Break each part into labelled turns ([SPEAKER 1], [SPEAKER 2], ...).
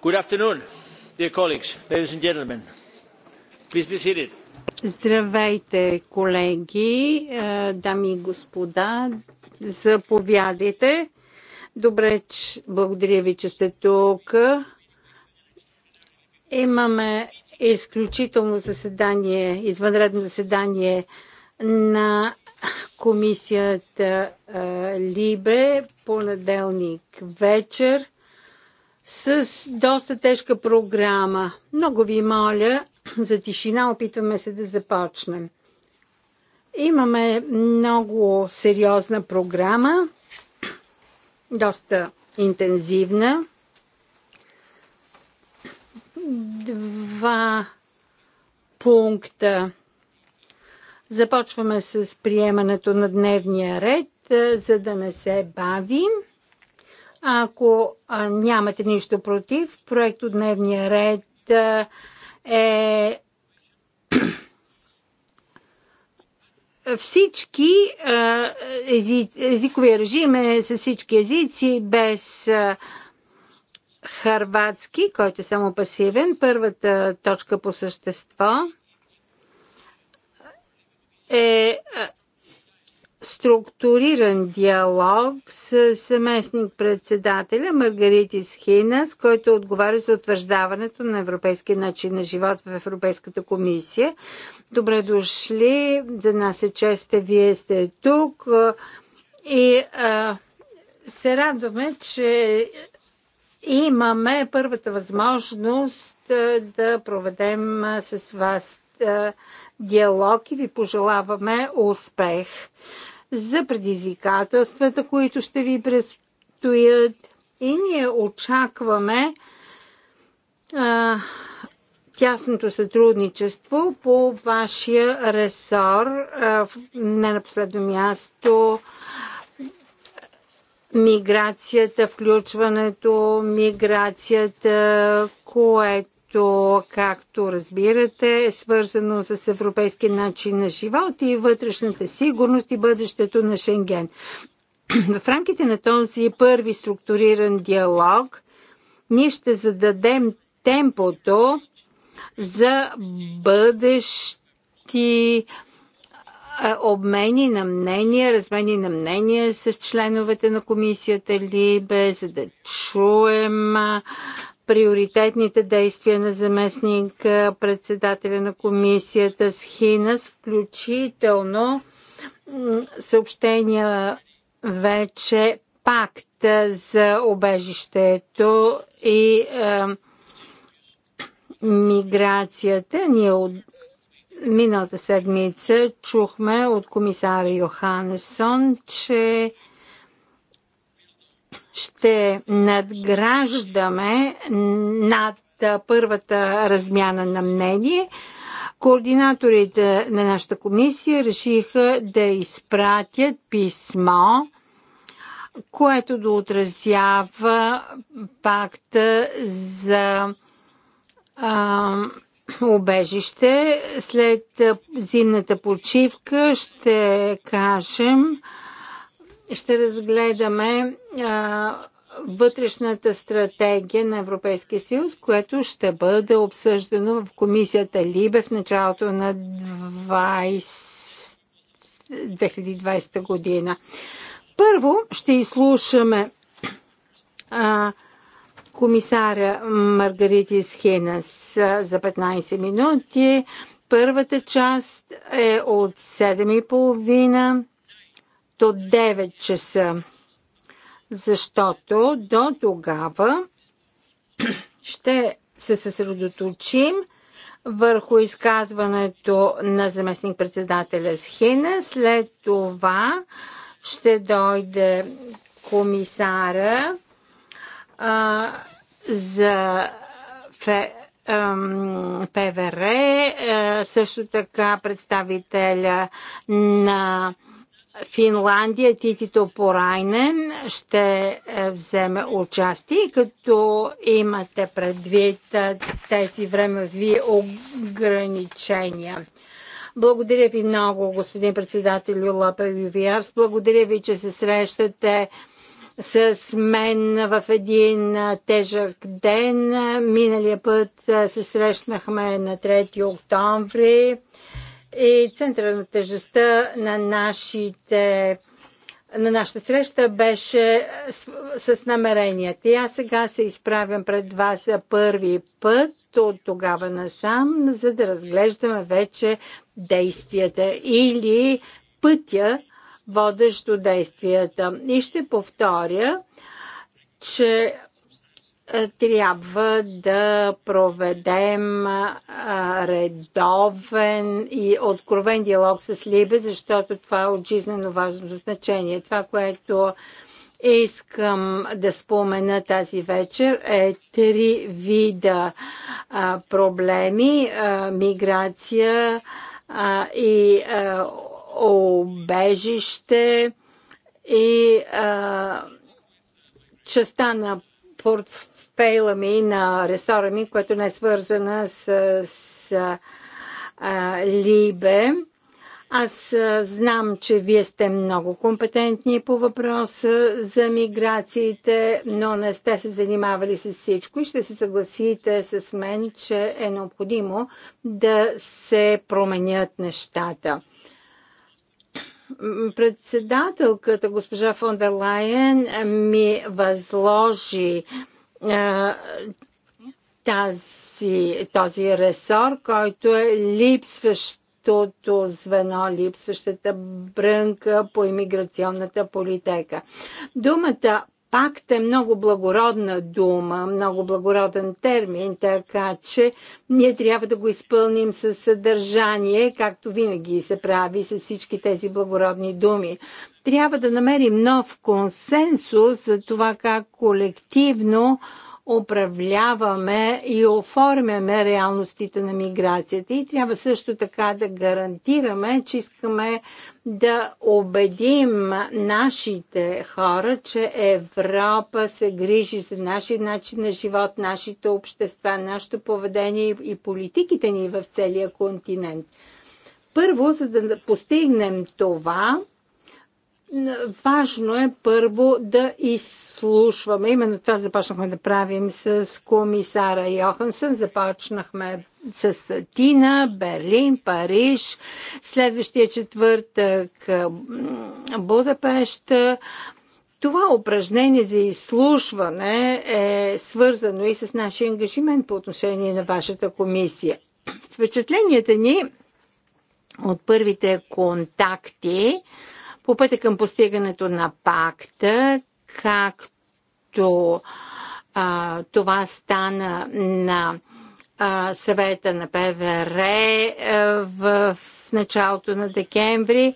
[SPEAKER 1] Good afternoon, dear colleagues, ladies and gentlemen. Please be seated.
[SPEAKER 2] Здравейте, колеги, е, дами и господа, заповядайте. Добре, че, благодаря ви, че сте тук. Имаме изключително заседание, извънредно заседание на комисията Либе понеделник вечер с доста тежка програма. Много ви моля за тишина, опитваме се да започнем. Имаме много сериозна програма, доста интензивна. Два пункта Започваме с приемането на дневния ред, е, за да не се бавим. Ако нямате нищо против, от дневния ред е, е всички е, езикови езиковия режим е с всички езици, без харватски, който е само пасивен. Първата точка по същество – е, е структуриран диалог с съместник председателя Маргарити Схина, с който отговаря за утвърждаването на европейския начин на живот в Европейската комисия. Добре дошли, за нас е чест, вие сте тук и а, е, се радваме, че имаме първата възможност е, да проведем с вас диалог и ви пожелаваме успех за предизвикателствата, които ще ви предстоят. И ние очакваме а, тясното сътрудничество по вашия ресор. А, не на последно място миграцията, включването, миграцията, което което, както разбирате, е свързано с европейския начин на живот и вътрешната сигурност и бъдещето на Шенген. В рамките на този първи структуриран диалог ние ще зададем темпото за бъдещи обмени на мнения, размени на мнения с членовете на комисията Либе, за да чуем приоритетните действия на заместник председателя на комисията с Хинас, включително съобщения вече пакт за обежището и е, миграцията. Ние от миналата седмица чухме от комисара Йоханесон, че ще надграждаме над първата размяна на мнение. Координаторите на нашата комисия решиха да изпратят писмо, което да отразява пакта за а, убежище. След зимната почивка ще кажем ще разгледаме а, вътрешната стратегия на Европейския съюз, което ще бъде обсъждано в комисията Либе в началото на 20... 2020 година. Първо ще изслушаме а, комисаря Маргарити Схенас за 15 минути. Първата част е от 7.30 до 9 часа, защото до тогава ще се съсредоточим върху изказването на заместник-председателя Схина. След това ще дойде комисара а, за фе, а, ПВР, а, също така представителя на Финландия Титито Порайнен ще е, вземе участие, като имате предвид е, тези времеви ограничения. Благодаря ви много, господин председател Лапе Ювиарс. Благодаря ви, че се срещате с мен в един е, тежък ден. Миналия път се срещнахме на 3 октомври и центъра на тежестта на нашите на нашата среща беше с, с намеренията. И аз сега се изправям пред вас за първи път от тогава насам, за да разглеждаме вече действията или пътя, водещ до действията. И ще повторя, че е, трябва да проведем редовен и откровен диалог с Либе, защото това е от жизнено важно значение. Това, което искам да спомена тази вечер е три вида проблеми миграция и обежище и частта на портфейла ми, на ресора ми, което не е свързана с, с а, Либе. Аз знам, че вие сте много компетентни по въпроса за миграциите, но не сте се занимавали с всичко и ще се съгласите с мен, че е необходимо да се променят нещата. Председателката госпожа фон дер Лайен ми възложи тази, този ресор, който е липсващото звено, липсващата брънка по иммиграционната политика. Думата пакт е много благородна дума, много благороден термин, така че ние трябва да го изпълним със съдържание, както винаги се прави с всички тези благородни думи. Трябва да намерим нов консенсус за това как колективно управляваме и оформяме реалностите на миграцията. И трябва също така да гарантираме, че искаме да убедим нашите хора, че Европа се грижи за нашия начин на живот, нашите общества, нашето поведение и политиките ни в целия континент. Първо, за да постигнем това, важно е първо да изслушваме. Именно това започнахме да правим с комисара Йохансън. Започнахме с Тина, Берлин, Париж. Следващия четвъртък Будапеща. Това упражнение за изслушване е свързано и с нашия ангажимент по отношение на вашата комисия. Впечатленията ни от първите контакти по пътя към постигането на пакта, както а, това стана на а, съвета на ПВР а, в, в началото на декември,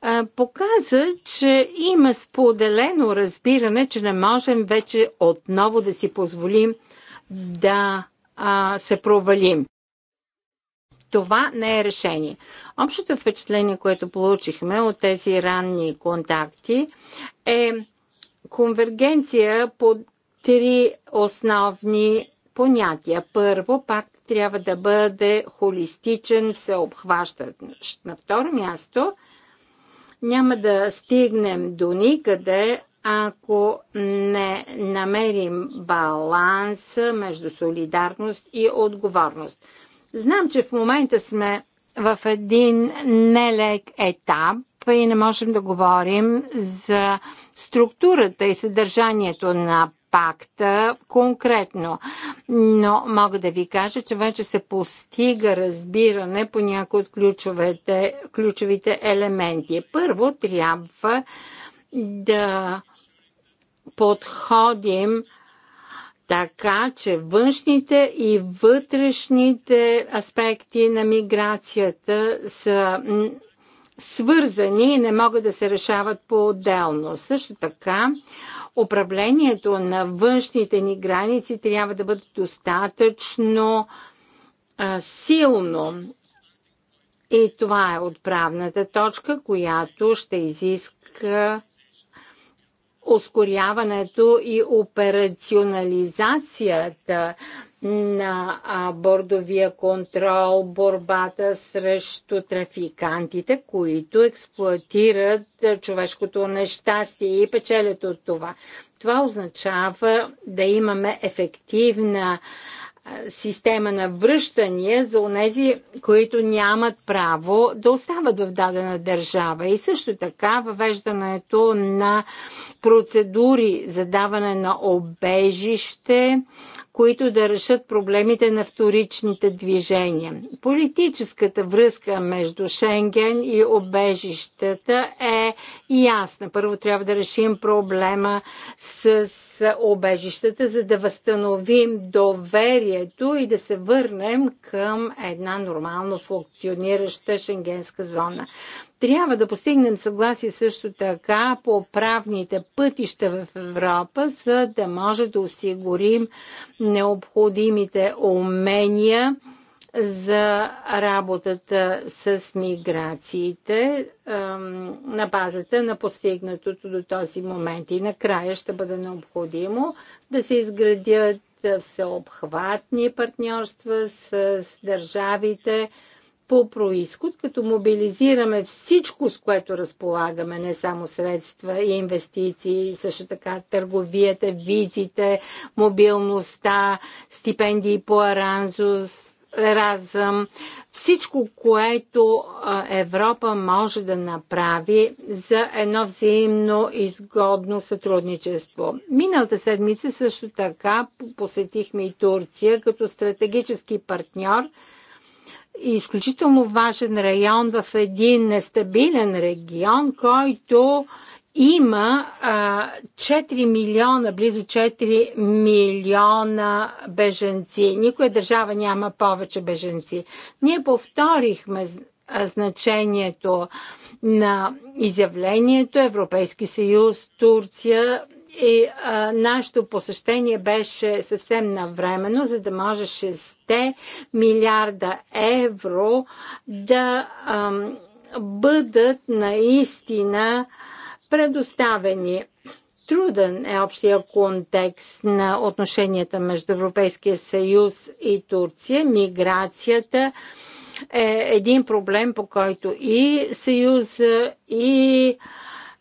[SPEAKER 2] а, показа, че има споделено разбиране, че не можем вече отново да си позволим да а, се провалим това не е решение. Общото впечатление, което получихме от тези ранни контакти е конвергенция по три основни понятия. Първо, пак трябва да бъде холистичен, всеобхващащ. На второ място, няма да стигнем до никъде, ако не намерим баланс между солидарност и отговорност. Знам, че в момента сме в един нелек етап и не можем да говорим за структурата и съдържанието на пакта конкретно. Но мога да ви кажа, че вече се постига разбиране по някои от ключовете, ключовите елементи. Първо трябва да подходим така че външните и вътрешните аспекти на миграцията са свързани и не могат да се решават по-отделно. Също така, управлението на външните ни граници трябва да бъде достатъчно а, силно. И това е отправната точка, която ще изиска ускоряването и операционализацията на бордовия контрол, борбата срещу трафикантите, които експлуатират човешкото нещастие и печелят от това. Това означава да имаме ефективна система на връщания за онези, които нямат право да остават в дадена държава. И също така въвеждането на процедури за даване на обежище които да решат проблемите на вторичните движения. Политическата връзка между Шенген и обежищата е ясна. Първо трябва да решим проблема с обежищата, за да възстановим доверието и да се върнем към една нормално функционираща шенгенска зона. Трябва да постигнем съгласие също така по правните пътища в Европа, за да може да осигурим необходимите умения за работата с миграциите на базата на постигнатото до този момент. И накрая ще бъде необходимо да се изградят всеобхватни партньорства с държавите, по происход, като мобилизираме всичко, с което разполагаме, не само средства и инвестиции, също така търговията, визите, мобилността, стипендии по Аранзус, разъм, всичко, което Европа може да направи за едно взаимно изгодно сътрудничество. Миналата седмица също така посетихме и Турция като стратегически партньор – изключително важен район в един нестабилен регион, който има а, 4 милиона, близо 4 милиона беженци. Никоя държава няма повече беженци. Ние повторихме значението на изявлението Европейски съюз, Турция и а, нашето посещение беше съвсем навременно, за да може 6 милиарда евро да а, бъдат наистина предоставени. Труден е общия контекст на отношенията между Европейския съюз и Турция, миграцията е един проблем, по който и съюз и а,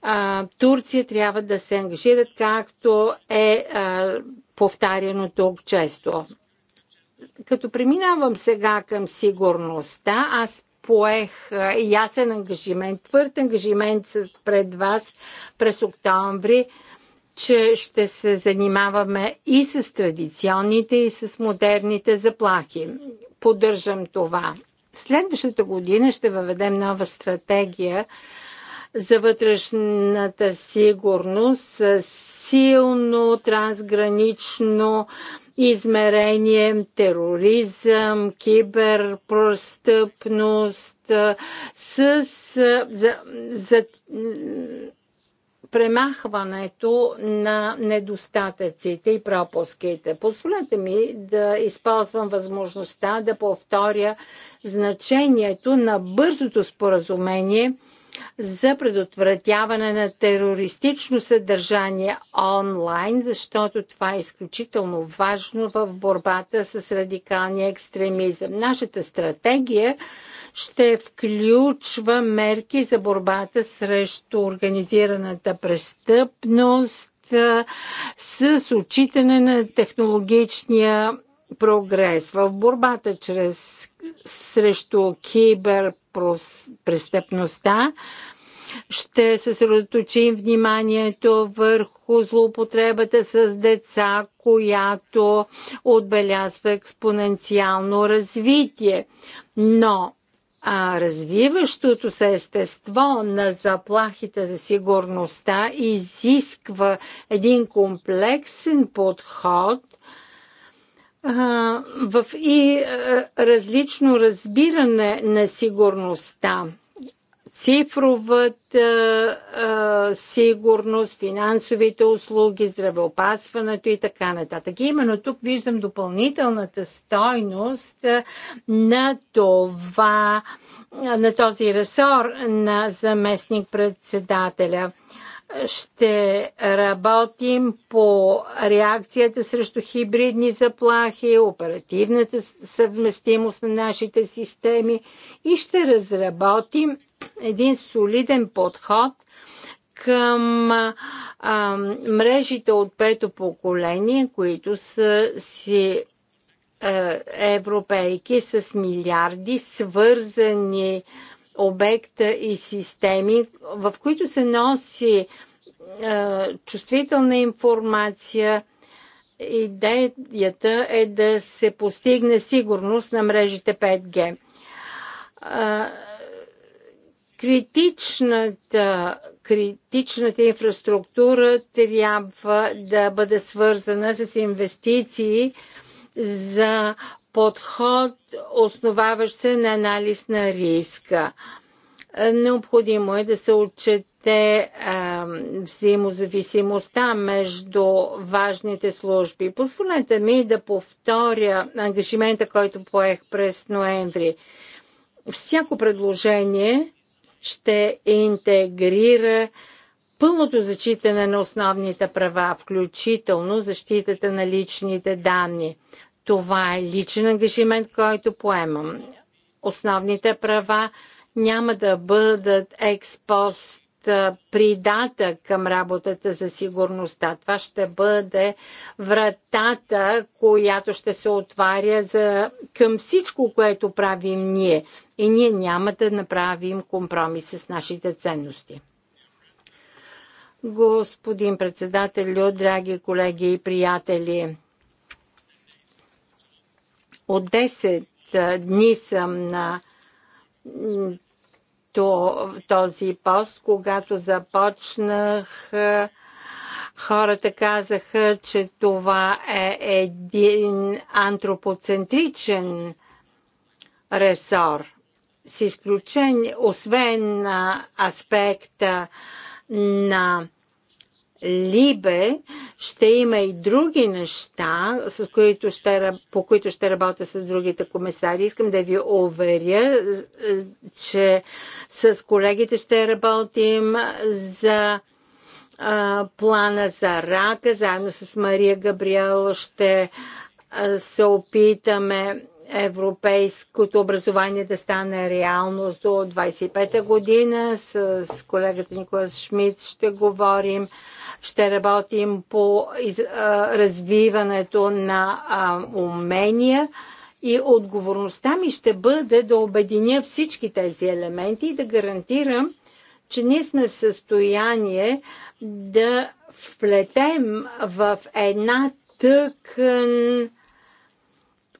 [SPEAKER 2] а, Турция трябва да се ангажират, както е а, повтаряно тук често. Като преминавам сега към сигурността, аз поех ясен ангажимент, твърд ангажимент пред вас през октомври, че ще се занимаваме и с традиционните, и с модерните заплахи. Поддържам това. Следващата година ще въведем нова стратегия за вътрешната сигурност с силно трансгранично измерение, тероризъм, киберпростъпност, с за, за, премахването на недостатъците и пропуските. Позволете ми да използвам възможността да повторя значението на бързото споразумение – за предотвратяване на терористично съдържание онлайн, защото това е изключително важно в борбата с радикалния екстремизъм. Нашата стратегия ще включва мерки за борбата срещу организираната престъпност с отчитане на технологичния прогрес в борбата чрез, срещу кибер престъпността. Ще съсредоточим вниманието върху злоупотребата с деца, която отбелязва експоненциално развитие. Но а развиващото се естество на заплахите за сигурността изисква един комплексен подход в и различно разбиране на сигурността. Цифровата а, сигурност, финансовите услуги, здравеопасването и така нататък. И именно тук виждам допълнителната стойност на това, на този ресор на заместник председателя ще работим по реакцията срещу хибридни заплахи, оперативната съвместимост на нашите системи и ще разработим един солиден подход към а, мрежите от пето поколение, които са си а, е, европейки с милиарди свързани а, обекта и системи, в които се носи е, чувствителна информация. Идеята е да се постигне сигурност на мрежите 5G. Е, критичната, критичната инфраструктура трябва да бъде свързана с инвестиции за подход, основаващ се на анализ на риска. Е, необходимо е да се отчете а, е, взаимозависимостта между важните служби. Позволете ми да повторя ангажимента, който поех през ноември. Всяко предложение ще интегрира пълното зачитане на основните права, включително защитата на личните данни. Това е личен ангажимент, който поемам. Основните права няма да бъдат експост придатък към работата за сигурността. Това ще бъде вратата, която ще се отваря за, към всичко, което правим ние. И ние няма да направим компромиси с нашите ценности. Господин председател, драги колеги и приятели, от 10 дни съм на този пост, когато започнах хората казаха, че това е един антропоцентричен ресор. С изключение, освен аспекта на Либе ще има и други неща, с които ще, по които ще работя с другите комисари. Искам да ви уверя, е, че с колегите ще работим за плана за рака. Заедно с Мария Габриел ще се опитаме европейското образование да стане реалност до 25-та година. С колегата Николас Шмидт ще говорим, ще работим по развиването на умения и отговорността ми ще бъде да обединя всички тези елементи и да гарантирам, че ние сме в състояние да вплетем в една тъкън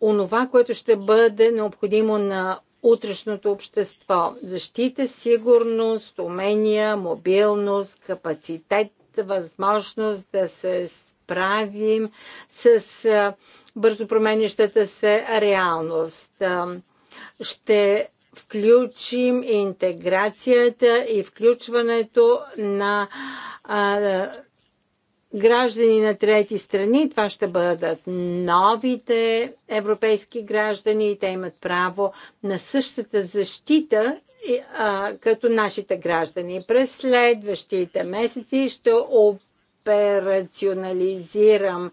[SPEAKER 2] онова, което ще бъде необходимо на утрешното общество. Защита, сигурност, умения, мобилност, капацитет, възможност да се справим с бързо променящата се реалност. Ще включим интеграцията и включването на граждани на трети страни. Това ще бъдат новите европейски граждани и те имат право на същата защита като нашите граждани. През следващите месеци ще операционализирам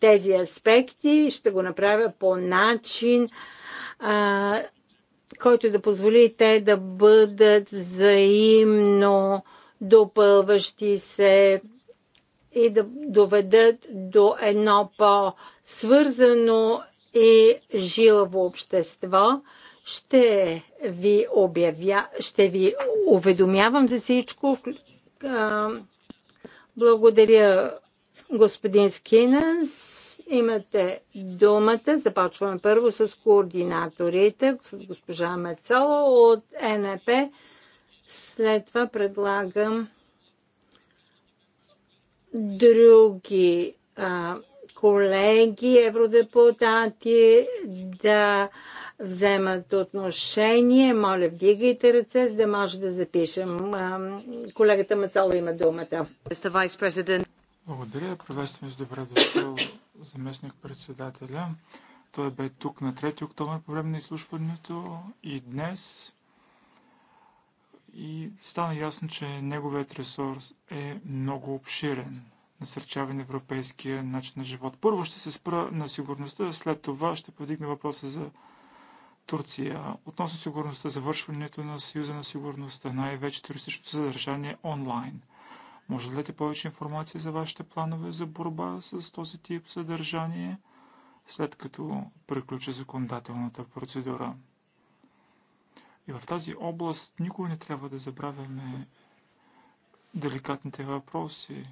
[SPEAKER 2] тези аспекти, ще го направя по начин, а, който да позволи те да бъдат взаимно допълващи се и да доведат до едно по-свързано и жилаво общество. Ще ви, обявя, ще ви уведомявам за всичко. Благодаря, господин Скинанс. Имате думата. Започваме първо с координаторите, с госпожа Мецало от НП. След това предлагам други а, колеги, евродепутати да вземат отношение. Моля, вдигайте ръце, за да може да запишем. А, колегата Мацало има думата.
[SPEAKER 3] Благодаря. Приветствам с добре дошъл заместник председателя. Той бе тук на 3 октомври по време на изслушването и днес и стана ясно, че неговият ресурс е много обширен. Насърчава на европейския начин на живот. Първо ще се спра на сигурността, след това ще повдигне въпроса за Турция. Относно сигурността, завършването на Съюза на сигурността, най-вече туристичното съдържание онлайн. Може да дадете повече информация за вашите планове за борба с този тип съдържание, след като приключи законодателната процедура. И в тази област никога не трябва да забравяме деликатните въпроси,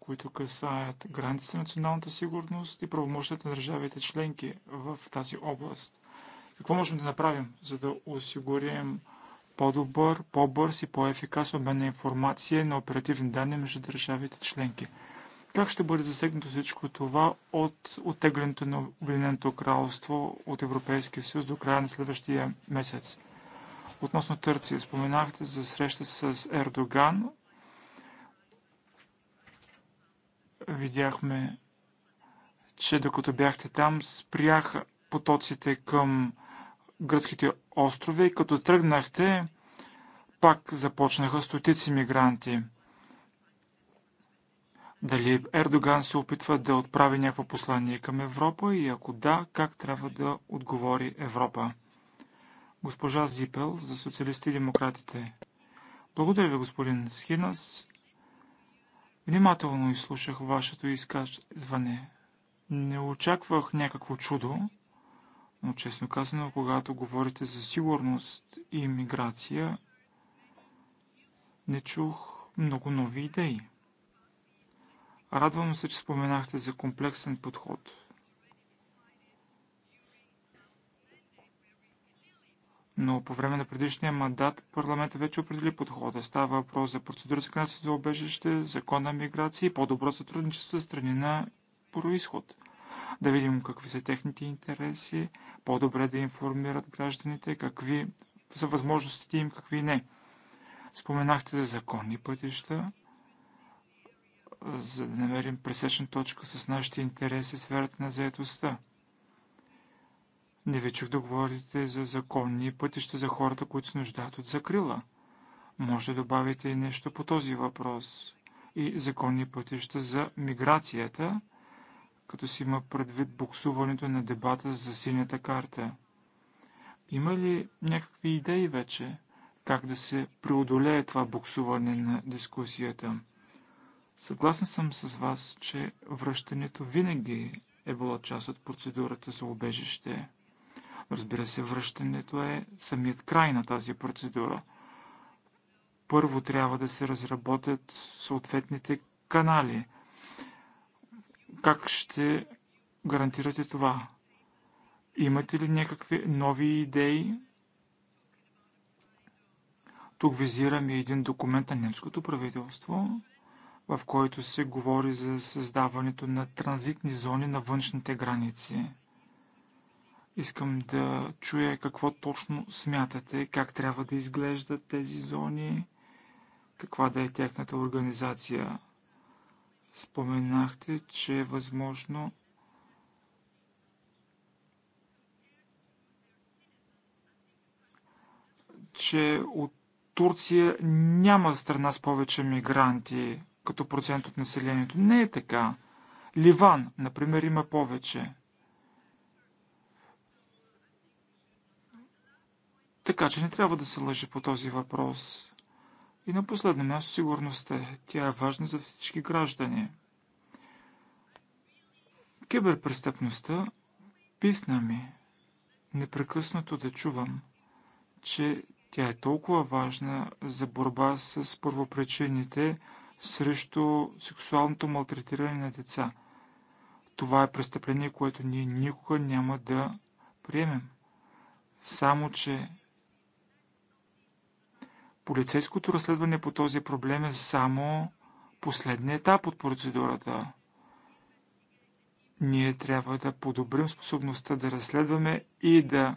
[SPEAKER 3] които касаят границите на националната сигурност и правомощите на държавите членки в тази област. Какво можем да направим, за да осигурим по-добър, по-бърз и по ефикасно обмен на информация на оперативни данни между държавите членки? Как ще бъде засегнато всичко това от оттеглянето на Обединеното кралство от Европейския съюз до края на следващия месец? Относно Търция, споменахте за среща с Ердоган. Видяхме, че докато бяхте там, спряха потоците към гръцките острови и като тръгнахте, пак започнаха стотици мигранти. Дали Ердоган се опитва да отправи някакво послание към Европа и ако да, как трябва да отговори Европа? Госпожа Зипел за социалисти и демократите. Благодаря ви, господин Схинас. Внимателно изслушах вашето изказване. Не очаквах някакво чудо, но честно казано, когато говорите за сигурност и иммиграция, не чух много нови идеи. Радвам се, че споменахте за комплексен подход – но по време на предишния мандат парламента вече определи подхода. Става въпрос за процедура за кандидатство за обежище, законна миграция и по-добро сътрудничество с страни на происход. Да видим какви са техните интереси, по-добре да информират гражданите, какви са възможностите им, какви не. Споменахте за законни пътища, за да намерим пресечна точка с нашите интереси в сферата на заедостта. Не ви чух да говорите за законни пътища за хората, които се нуждаят от закрила. Може да добавите и нещо по този въпрос. И законни пътища за миграцията, като си има предвид буксуването на дебата за синята карта. Има ли някакви идеи вече как да се преодолее това буксуване на дискусията? Съгласен съм с вас, че връщането винаги е било част от процедурата за убежище. Разбира се, връщането е самият край на тази процедура. Първо трябва да се разработят съответните канали. Как ще гарантирате това? Имате ли някакви нови идеи? Тук визираме един документ на немското правителство, в който се говори за създаването на транзитни зони на външните граници. Искам да чуя какво точно смятате, как трябва да изглеждат тези зони, каква да е тяхната организация. Споменахте, че е възможно че от Турция няма страна с повече мигранти като процент от населението. Не е така. Ливан, например, има повече. Така че не трябва да се лъжи по този въпрос. И на последно място сигурността. Тя е важна за всички граждани. Киберпрестъпността писна ми непрекъснато да чувам, че тя е толкова важна за борба с първопричините срещу сексуалното малтретиране на деца. Това е престъпление, което ние никога няма да приемем. Само, че Полицейското разследване по този проблем е само последния етап от процедурата. Ние трябва да подобрим способността да разследваме и да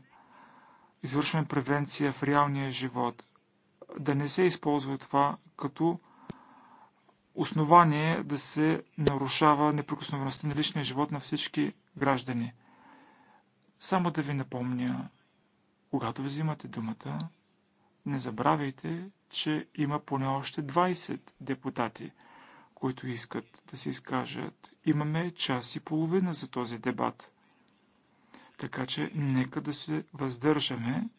[SPEAKER 3] извършваме превенция в реалния живот. Да не се използва това като основание да се нарушава неприкосновеността на личния живот на всички граждани. Само да ви напомня, когато ви взимате думата, не забравяйте, че има поне още 20 депутати, които искат да се изкажат. Имаме час и половина за този дебат. Така че нека да се въздържаме.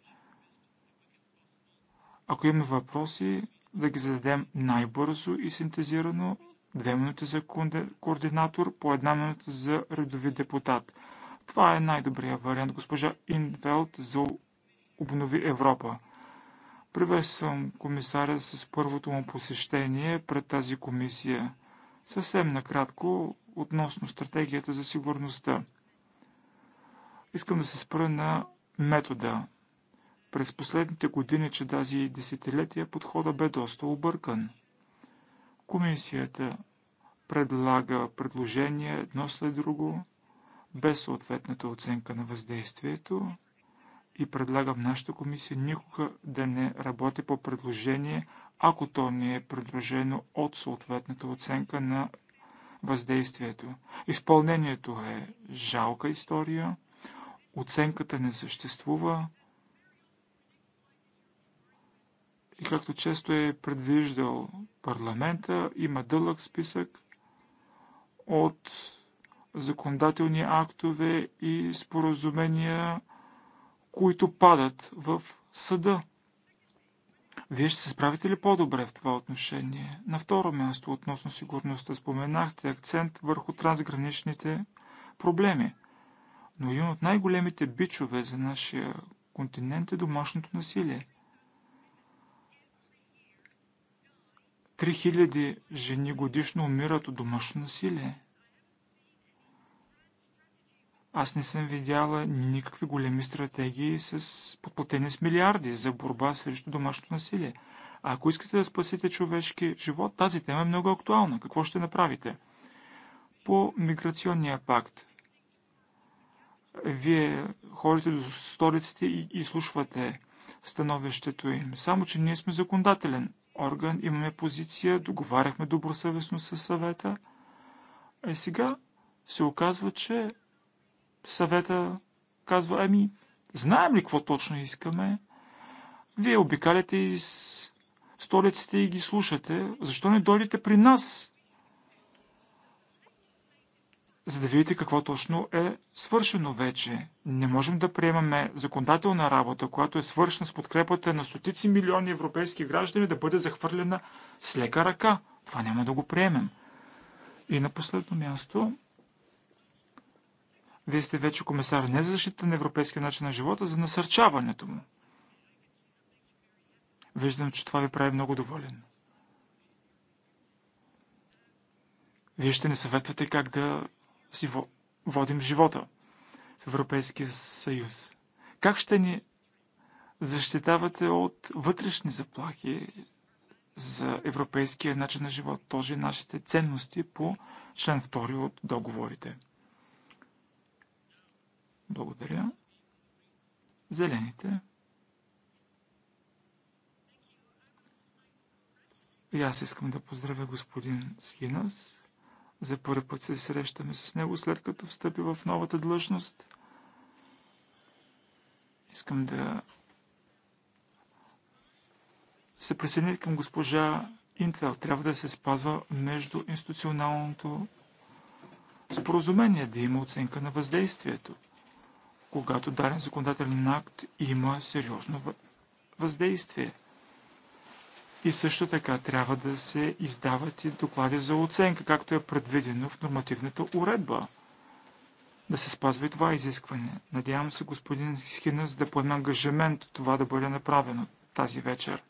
[SPEAKER 3] Ако имаме въпроси, да ги зададем най-бързо и синтезирано. Две минути за координатор, по една минута за редови депутат. Това е най-добрият вариант. Госпожа Инфелд за Обнови Европа. Приветствам комисаря с първото му посещение пред тази комисия. Съвсем накратко относно стратегията за сигурността. Искам да се спра на метода. През последните години, че тази десетилетия, подхода бе доста объркан. Комисията предлага предложения едно след друго, без съответната оценка на въздействието, и предлагам нашата комисия никога да не работи по предложение, ако то не е предложено от съответната оценка на въздействието. Изпълнението е жалка история, оценката не съществува и както често е предвиждал парламента, има дълъг списък от законодателни актове и споразумения, които падат в съда. Вие ще се справите ли по-добре в това отношение? На второ място, относно сигурността, споменахте акцент върху трансграничните проблеми. Но един от най-големите бичове за нашия континент е домашното насилие. 3000 жени годишно умират от домашно насилие. Аз не съм видяла никакви големи стратегии с подплатени с милиарди за борба срещу домашното насилие. А ако искате да спасите човешки живот, тази тема е много актуална. Какво ще направите? По миграционния пакт. Вие ходите до столиците и изслушвате становището им. Само, че ние сме законодателен орган, имаме позиция, договаряхме добросъвестно с съвета. Е сега се оказва, че Съвета казва, ами, знаем ли какво точно искаме? Вие обикаляте из столиците и ги слушате. Защо не дойдете при нас? За да видите какво точно е свършено вече. Не можем да приемаме законодателна работа, която е свършена с подкрепата на стотици милиони европейски граждани, да бъде захвърлена с лека ръка. Това няма да го приемем. И на последно място, вие сте вече комисар не за защита на европейския начин на живота, за насърчаването му. Виждам, че това ви прави много доволен. Вие ще не съветвате как да си водим живота в Европейския съюз. Как ще ни защитавате от вътрешни заплахи за европейския начин на живот, този нашите ценности по член 2 от договорите? Благодаря. Зелените. И аз искам да поздравя господин Скинас. За първи път се срещаме с него, след като встъпи в новата длъжност. Искам да се присъедини към госпожа Интвел. Трябва да се спазва между институционалното споразумение, да има оценка на въздействието когато даден законодателен акт има сериозно въздействие. И също така трябва да се издават и доклади за оценка, както е предвидено в нормативната уредба. Да се спазва и това изискване. Надявам се господин Схинас да поеме ангажимент това да бъде направено тази вечер.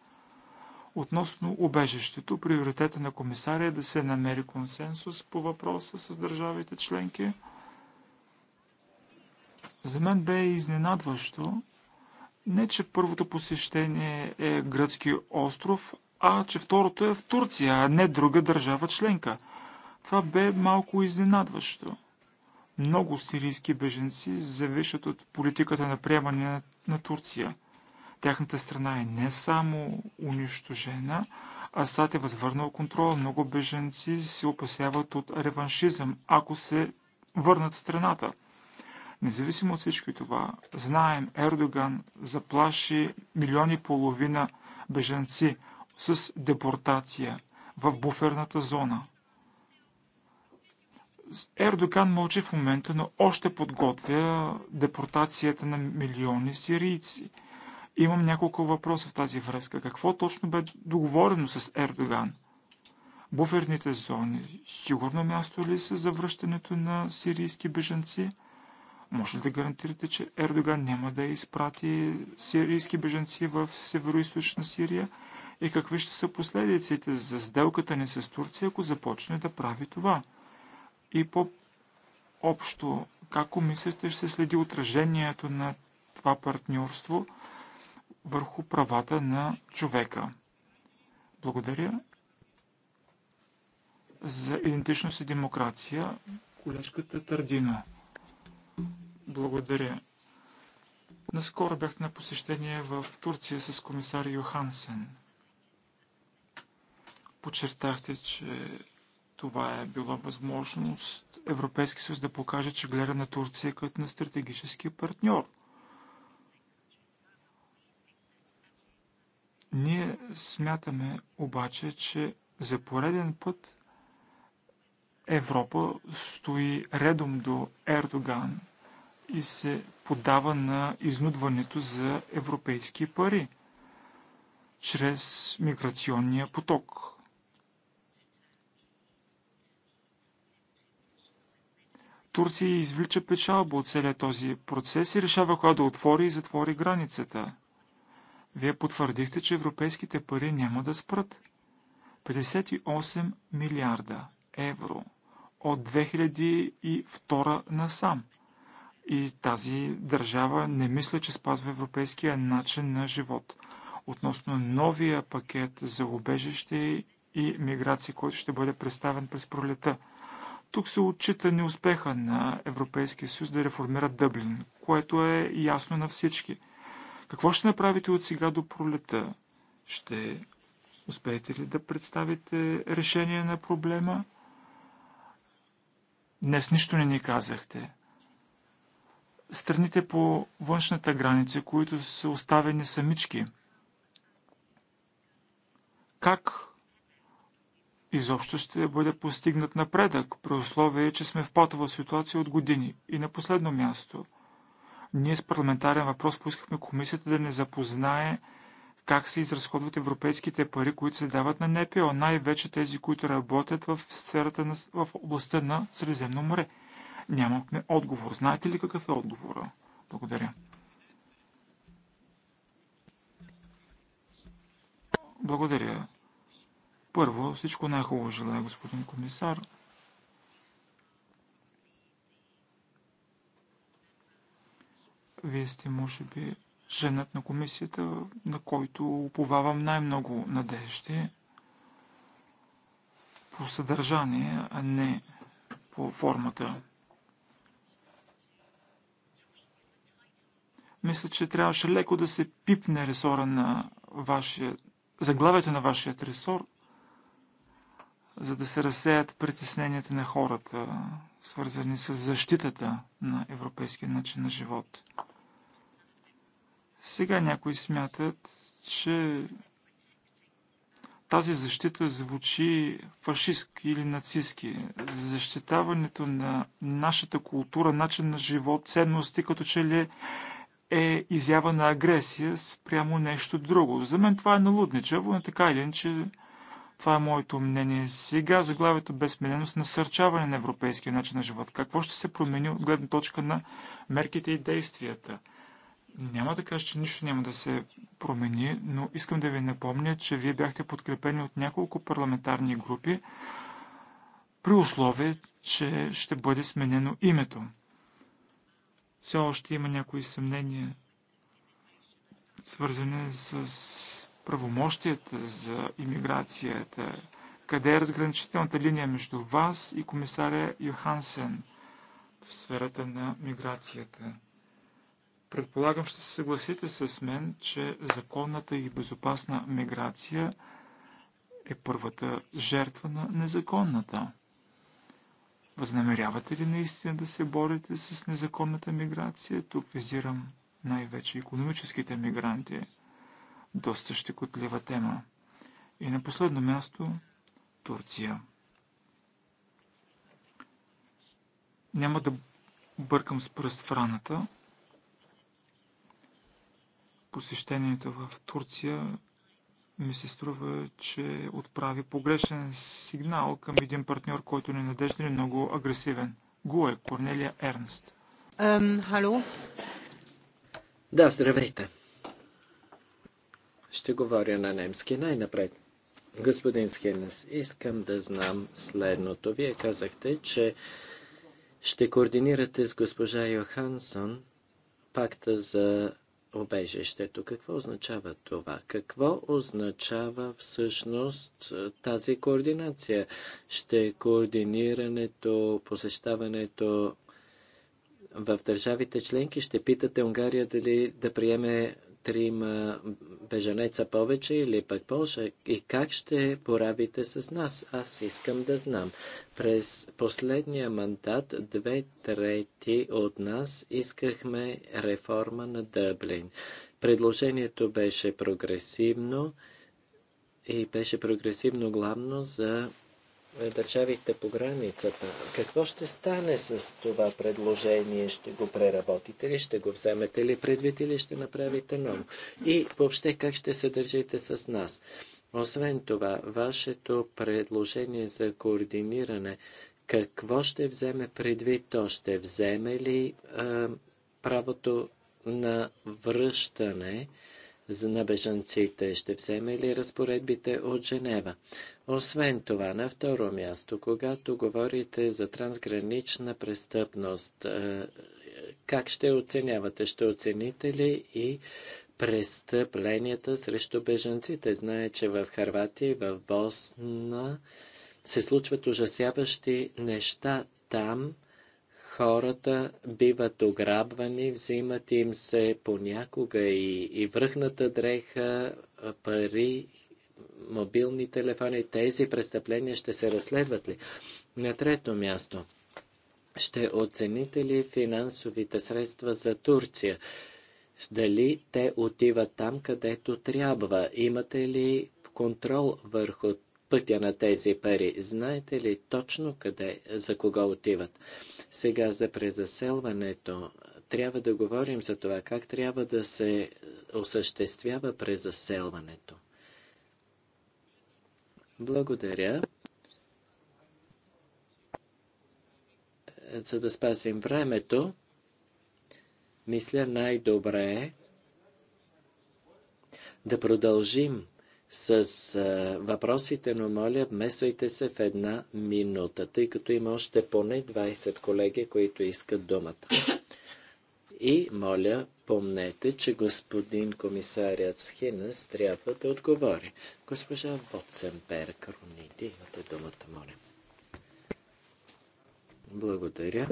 [SPEAKER 3] Относно убежището, приоритета на комисария е да се намери консенсус по въпроса с държавите членки – за мен бе изненадващо не, че първото посещение е гръцки остров, а че второто е в Турция, а не друга държава членка. Това бе малко изненадващо. Много сирийски беженци завишат от политиката на приемане на Турция. Тяхната страна е не само унищожена, а САД е възвърнал контрола. Много беженци се опасяват от реваншизъм, ако се върнат в страната. Независимо от всички това, знаем, Ердоган заплаши милиони и половина беженци с депортация в буферната зона. Ердоган мълчи в момента, но още подготвя депортацията на милиони сирийци. Имам няколко въпроса в тази връзка. Какво точно бе договорено с Ердоган? Буферните зони сигурно място ли са за връщането на сирийски беженци? Може ли да гарантирате, че Ердоган няма да изпрати сирийски беженци в северо-источна Сирия? И какви ще са последиците за сделката ни с Турция, ако започне да прави това? И по-общо, как комисията ще се следи отражението на това партньорство върху правата на човека? Благодаря за идентичност и демокрация, колежката Тардина. Благодаря. Наскоро бяхте на посещение в Турция с комисар Йохансен. Подчертахте, че това е била възможност Европейски съюз да покаже, че гледа на Турция като на стратегически партньор. Ние смятаме обаче, че за пореден път Европа стои редом до Ердоган – и се подава на изнудването за европейски пари чрез миграционния поток. Турция извлича печалба от целият този процес и решава кога да отвори и затвори границата. Вие потвърдихте, че европейските пари няма да спрат. 58 милиарда евро от 2002 насам. И тази държава не мисля, че спазва европейския начин на живот. Относно новия пакет за убежище и миграция, който ще бъде представен през пролета. Тук се отчита неуспеха на Европейския съюз да реформира Дъблин, което е ясно на всички. Какво ще направите от сега до пролета? Ще успеете ли да представите решение на проблема? Днес нищо не ни казахте страните по външната граница, които са оставени самички. Как изобщо ще бъде постигнат напредък, при условие, че сме в патова ситуация от години. И на последно място, ние с парламентарен въпрос поискахме комисията да не запознае как се изразходват европейските пари, които се дават на НПО, най-вече тези, които работят в сферата на, в областта на Средиземно море. Нямахме отговор. Знаете ли какъв е отговора? Благодаря. Благодаря. Първо, всичко най-хубаво желая, господин комисар. Вие сте, може би, женът на комисията, на който уповавам най-много надежди по съдържание, а не по формата. Мисля, че трябваше леко да се пипне ресора на вашия, заглавието на вашия ресор, за да се разсеят притесненията на хората, свързани с защитата на европейския начин на живот. Сега някои смятат, че тази защита звучи фашистски или нацистски. Защитаването на нашата култура, начин на живот, ценности, като че ли е е изява на агресия спрямо нещо друго. За мен това е налудничаво, но така или иначе това е моето мнение. Сега заглавието безсмеленост насърчаване на европейския начин на живот. Какво ще се промени от гледна точка на мерките и действията? Няма да кажа, че нищо няма да се промени, но искам да ви напомня, че вие бяхте подкрепени от няколко парламентарни групи при условие, че ще бъде сменено името. Все още има някои съмнения, свързани с правомощията за иммиграцията. Къде е разграничителната линия между вас и комисаря Йохансен в сферата на миграцията? Предполагам, ще се съгласите с мен, че законната и безопасна миграция е първата жертва на незаконната. Възнамерявате ли наистина да се борите с незаконната миграция? Тук визирам най-вече економическите мигранти. Доста щекотлива тема. И на последно място Турция. Няма да бъркам с пръст в раната. Посещението в Турция ми се струва, че отправи погрешен сигнал към един партньор, който не надежда и е много агресивен. Гуе, Корнелия Ернст.
[SPEAKER 2] Ем, хало?
[SPEAKER 4] Да, здравейте. Ще говоря на немски най-напред. Господин Схенес, искам да знам следното. Вие казахте, че ще координирате с госпожа Йохансон пакта за обежището. Какво означава това? Какво означава всъщност тази координация? Ще е координирането, посещаването в държавите членки, ще питате Унгария дали да приеме трима бежанеца повече или пък Польша? И как ще поравите с нас? Аз искам да знам. През последния мандат две трети от нас искахме реформа на Дъблин. Предложението беше прогресивно и беше прогресивно главно за е, държавите по границата. Какво ще стане с това предложение? Ще го преработите ли? Ще го вземете ли предвид или ще направите ново? И въобще как ще се държите с нас? Освен това, вашето предложение за координиране, какво ще вземе предвид то? Ще вземе ли е, правото на връщане? на бежанците? Ще вземе ли разпоредбите от Женева? Освен това, на второ място, когато говорите за трансгранична престъпност, е, как ще оценявате? Ще оцените ли и престъпленията срещу бежанците? Знае, че в Харватия и в Босна се случват ужасяващи неща там хората биват ограбвани, взимат им се понякога и, и връхната дреха, пари, мобилни телефони. Тези престъпления ще се разследват ли? На трето място, ще оцените ли финансовите средства за Турция? Дали те отиват там, където трябва? Имате ли контрол върху пътя на тези пари. Знаете ли точно къде, за кого отиват? Сега за презаселването трябва да говорим за това, как трябва да се осъществява презаселването. Благодаря. За да спасим времето, мисля най-добре е да продължим с въпросите, но моля, вмесвайте се в една минута, тъй като има още поне 20 колеги, които искат думата. И моля, помнете, че господин комисарят Схинес трябва да отговори. Госпожа Воценберг, Рониди, имате думата, моля. Благодаря.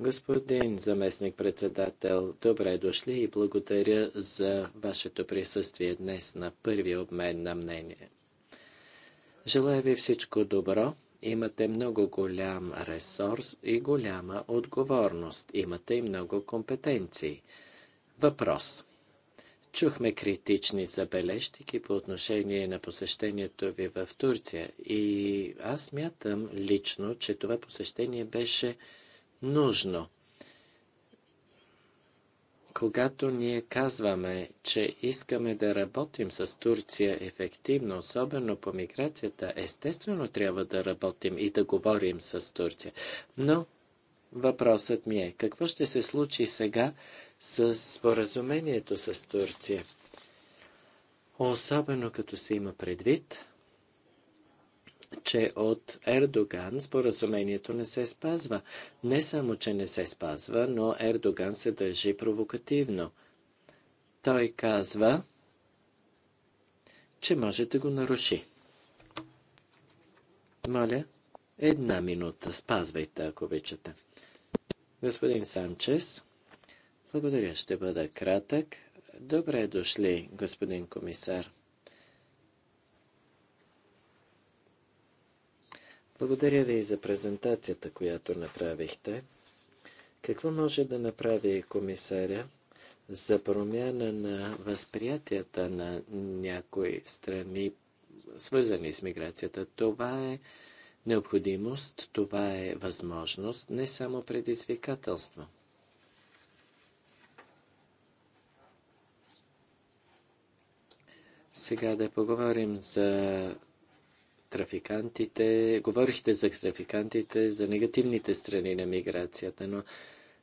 [SPEAKER 4] Господин заместник-председател, добре дошли и благодаря за вашето присъствие днес на първи обмен на мнение. Желая ви всичко добро. Имате много голям ресурс и голяма отговорност. Имате и много компетенции. Въпрос. Чухме критични забележки по отношение на посещението ви в Турция и аз мятам лично, че това посещение беше нужно. Когато ние казваме, че искаме да работим с Турция ефективно, особено по миграцията, естествено трябва да работим и да говорим с Турция. Но въпросът ми е, какво ще се случи сега с споразумението с Турция? Особено като се има предвид, че от Ердоган споразумението не се спазва. Не само, че не се спазва, но Ердоган се държи провокативно. Той казва, че може да го наруши. Моля, една минута спазвайте, ако обичате. Господин Санчес, благодаря, ще бъда кратък. Добре дошли, господин комисар. Благодаря ви за презентацията, която направихте. Какво може да направи комисаря за промяна на възприятията на някои страни, свързани с миграцията? Това е необходимост, това е възможност, не само предизвикателство. Сега да поговорим за трафикантите, говорихте за трафикантите, за негативните страни на миграцията, но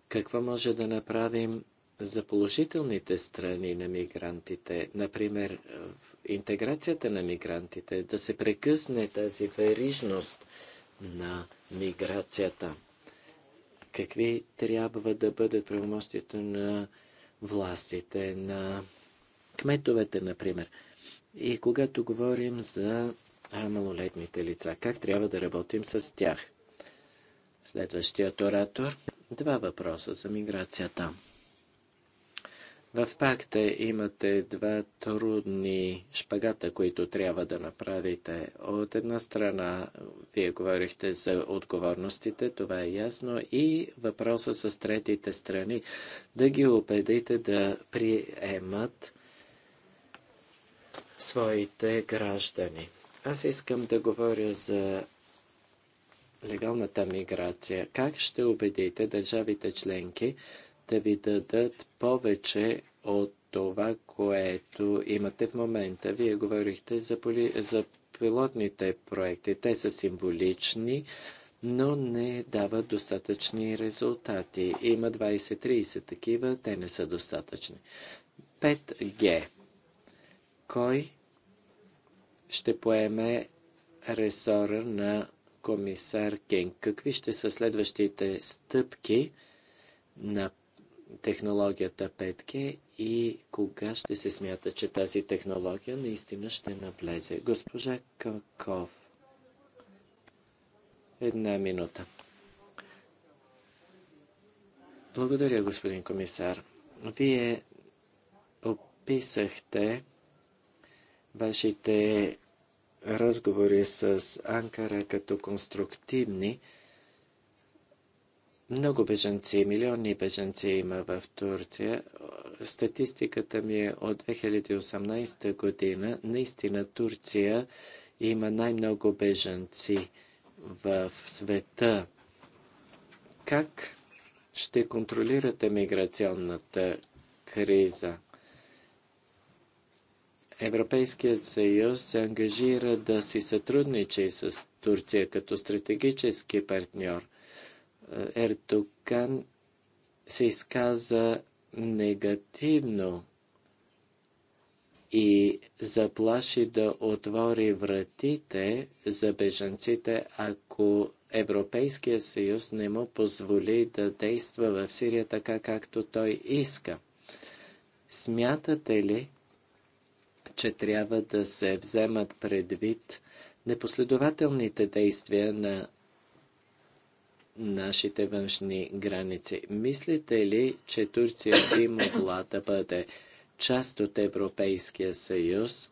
[SPEAKER 4] какво може да направим за положителните страни на мигрантите, например, интеграцията на мигрантите, да се прекъсне тази верижност на миграцията. Какви трябва да бъдат правомощите на властите, на кметовете, например. И когато говорим за а малолетните лица. Как трябва да работим с тях? Следващият оратор. Два въпроса за миграцията. В пакта имате два трудни шпагата, които трябва да направите. От една страна, вие говорихте за отговорностите, това е ясно, и въпроса с третите страни, да ги убедите да приемат своите граждани. Аз искам да говоря за легалната миграция. Как ще убедите държавите членки да ви дадат повече от това, което имате в момента? Вие говорихте за, поли... за пилотните проекти. Те са символични, но не дават достатъчни резултати. Има 20-30 такива, те не са достатъчни. 5G. Кой ще поеме ресора на комисар Кен. Какви ще са следващите стъпки на технологията 5G и кога ще се смята, че тази технология наистина ще навлезе? Госпожа Каков. Една минута. Благодаря, господин комисар. Вие описахте вашите разговори с Анкара като конструктивни. Много бежанци, милиони бежанци има в Турция. Статистиката ми е от 2018 година. Наистина Турция има най-много бежанци в света. Как ще контролирате миграционната криза? Европейският съюз се ангажира да си сътрудничи с Турция като стратегически партньор. Е, Ердоган се изказа негативно и заплаши да отвори вратите за бежанците, ако Европейския съюз не му позволи да действа в Сирия така, както той иска. Смятате ли, че трябва да се вземат предвид непоследователните действия на нашите външни граници. Мислите ли, че Турция би могла да бъде част от Европейския съюз,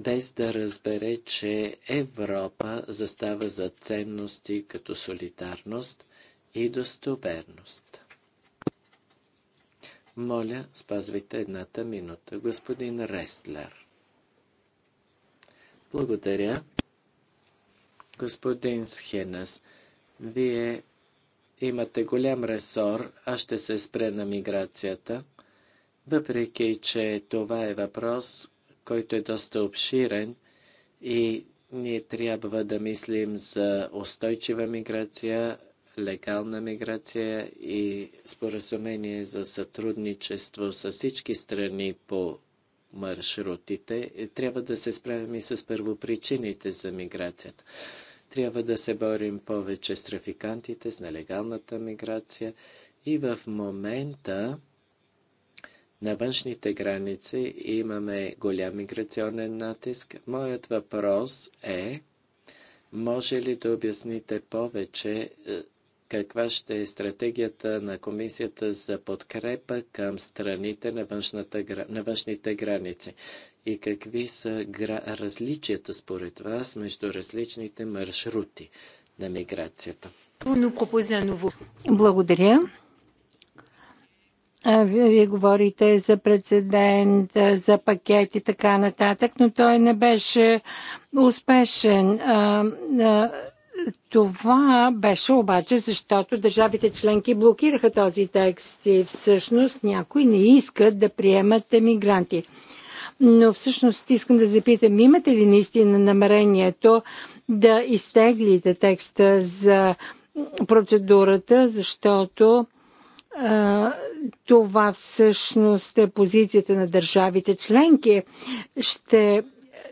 [SPEAKER 4] без да разбере, че Европа застава за ценности като солидарност и достоверност? Моля, спазвайте едната минута. Господин Рестлер. Благодаря. Господин Схенас, вие имате голям ресор, аз ще се спре на миграцията. Въпреки, че това е въпрос, който е доста обширен и ние трябва да мислим за устойчива миграция, легална миграция и споразумение за сътрудничество с всички страни по маршрутите. Е, трябва да се справим и с първопричините за миграцията. Трябва да се борим повече с трафикантите, с нелегалната миграция и в момента на външните граници имаме голям миграционен натиск. Моят въпрос е, може ли да обясните повече е, каква ще е стратегията на комисията за подкрепа към страните на, външната, на външните граници и какви са гра... различията според вас между различните маршрути на миграцията.
[SPEAKER 2] Благодаря. Вие, вие говорите за прецедент, за пакет и така нататък, но той не беше успешен. А, а, това беше обаче защото държавите членки блокираха този текст и всъщност някои не искат да приемат емигранти. Но всъщност искам да запитам, имате ли наистина намерението да изтеглите текста за процедурата, защото това всъщност е позицията на държавите членки. Ще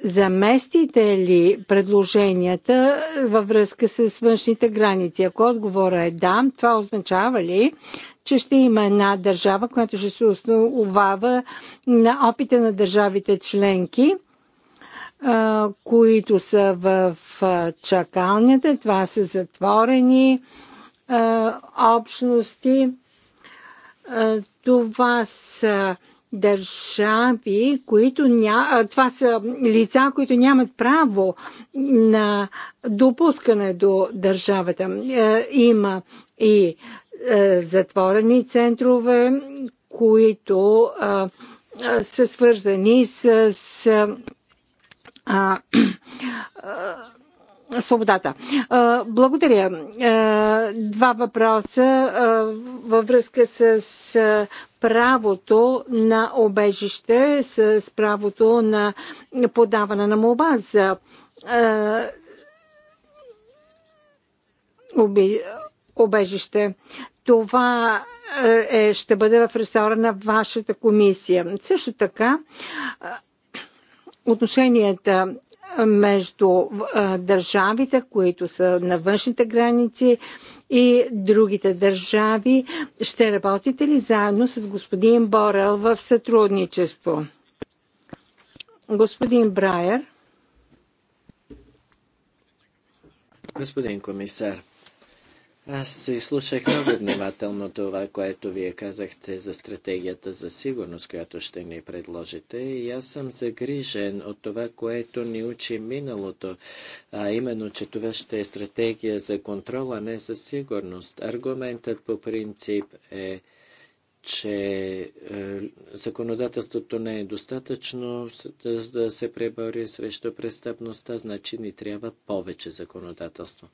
[SPEAKER 2] заместите ли предложенията във връзка с външните граници? Ако отговора е да, това означава ли, че ще има една държава, която ще се основава на опита на държавите членки, които са в чакалнята. Това са затворени общности. Това са държави, които ня... това са лица, които нямат право на допускане до държавата. Е, има и е, затворени центрове, които са свързани с, свободата. Благодаря. Два въпроса във връзка с правото на обежище, с правото на подаване на молба за обежище. Това е, ще бъде в ресора на вашата комисия. Също така, отношенията между държавите, които са на външните граници и другите държави. Ще работите ли заедно с господин Борел в сътрудничество? Господин Брайер.
[SPEAKER 4] Господин комисар, аз изслушах много внимателно това, което вие казахте за стратегията за сигурност, която ще ни предложите. И аз съм загрижен от това, което ни учи миналото, а именно, че това ще е стратегия за контрол, а не за сигурност. Аргументът по принцип е, че е, законодателството не е достатъчно да, да се пребори срещу престъпността, значи ни трябва повече законодателство.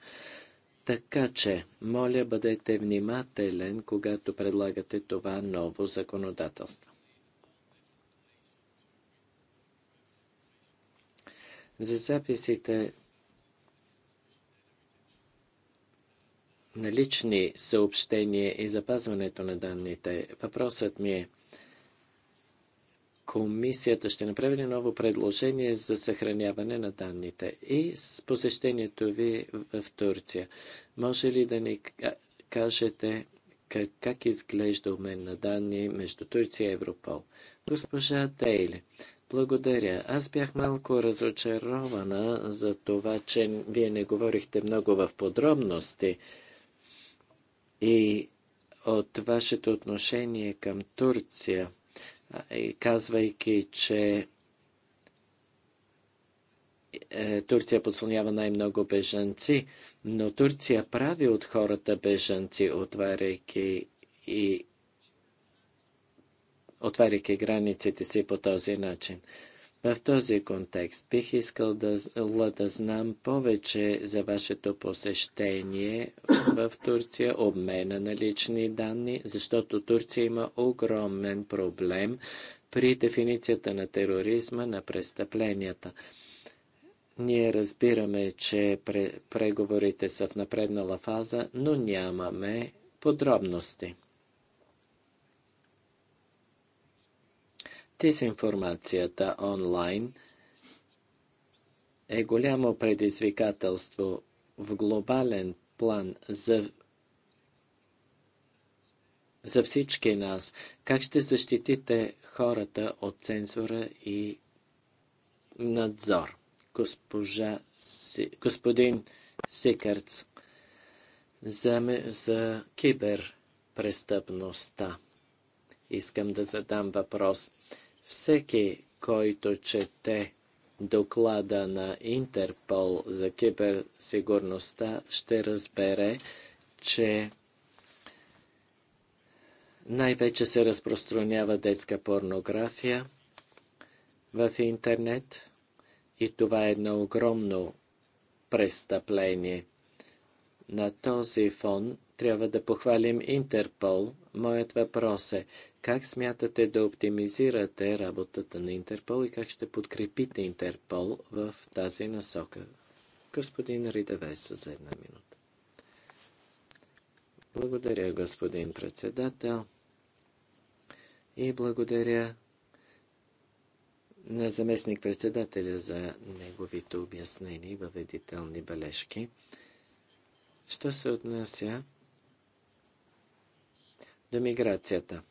[SPEAKER 4] Така че, моля бъдете внимателен, когато предлагате това ново законодателство. За записите на лични съобщения и запазването на данните, въпросът ми е – комисията ще направи ли ново предложение за съхраняване на данните и с посещението ви в Турция? Може ли да ни кажете как, как изглежда обмен на данни между Турция и Европол? Госпожа Дейли, благодаря. Аз бях малко разочарована за това, че вие не говорихте много в подробности и от вашето отношение към Турция – казвайки, че е, Турция подслонява най-много бежанци, но Турция прави от хората бежанци, отваряйки и отваряйки границите си по този начин. В този контекст бих искал да, да знам повече за вашето посещение в Турция, обмена на лични данни, защото Турция има огромен проблем при дефиницията на тероризма, на престъпленията. Ние разбираме, че преговорите са в напреднала фаза, но нямаме подробности. Дезинформацията онлайн е голямо предизвикателство в глобален план за, за всички нас. Как ще защитите хората от цензура и надзор? Госпожа, господин Сикърц за, за киберпрестъпността. Искам да задам въпрос. Всеки, който чете доклада на Интерпол за киберсигурността, ще разбере, че най-вече се разпространява детска порнография в интернет и това е едно огромно престъпление. На този фон трябва да похвалим Интерпол Моят въпрос е, как смятате да оптимизирате работата на Интерпол и как ще подкрепите Интерпол в тази насока? Господин Ридавес за една минута. Благодаря, господин председател. И благодаря на заместник-председателя за неговите обяснения и въведителни бележки. Що се отнася до миграцията.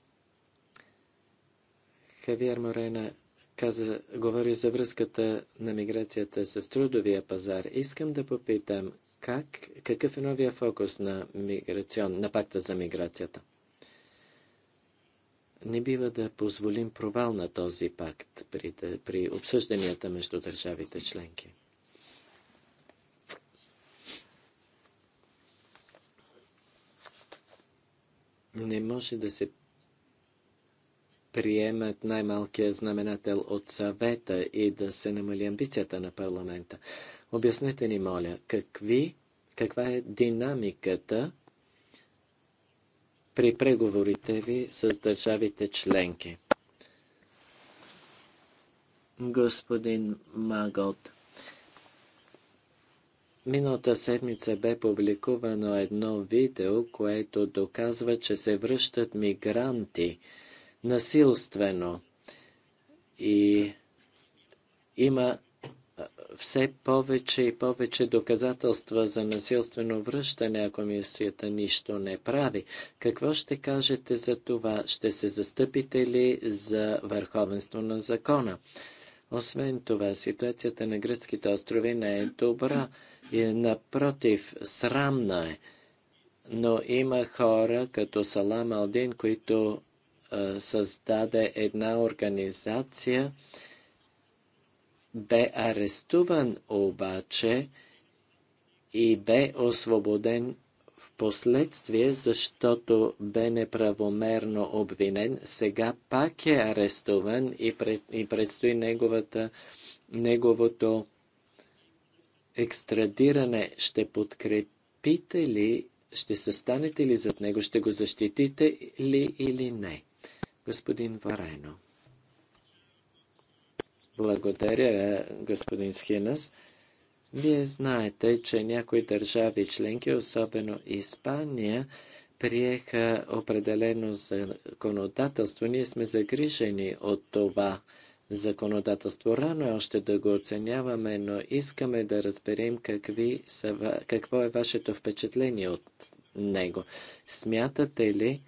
[SPEAKER 4] Хавиер Морена каза, говори за връзката на миграцията с трудовия пазар. Искам да попитам, как, какъв е новия фокус на, миграцион, на пакта за миграцията? Не бива да позволим провал на този пакт при, при обсъжданията между държавите членки. Не може да се приемат най-малкия знаменател от съвета и да се намали амбицията на парламента. Обяснете ни, моля, какви, каква е динамиката при преговорите ви с държавите членки? Господин Магот, Миналата седмица бе публикувано едно видео, което доказва, че се връщат мигранти насилствено. И има все повече и повече доказателства за насилствено връщане, ако комисията нищо не прави. Какво ще кажете за това? Ще се застъпите ли за върховенство на закона? Освен това, ситуацията на гръцките острови не е добра. Напротив, срамна е. Но има хора, като Салам Алдин, които е, създаде една организация, бе арестуван обаче и бе освободен в последствие, защото бе неправомерно обвинен. Сега пак е арестуван и, пред, и предстои неговата, неговото екстрадиране, ще подкрепите ли, ще се станете ли зад него, ще го защитите ли или не? Господин Варено. Благодаря, господин Схинас. Вие знаете, че някои държави членки, особено Испания, приеха определено законодателство. Ние сме загрижени от това законодателство. Рано е още да го оценяваме, но искаме да разберем какви са, какво е вашето впечатление от него. Смятате ли,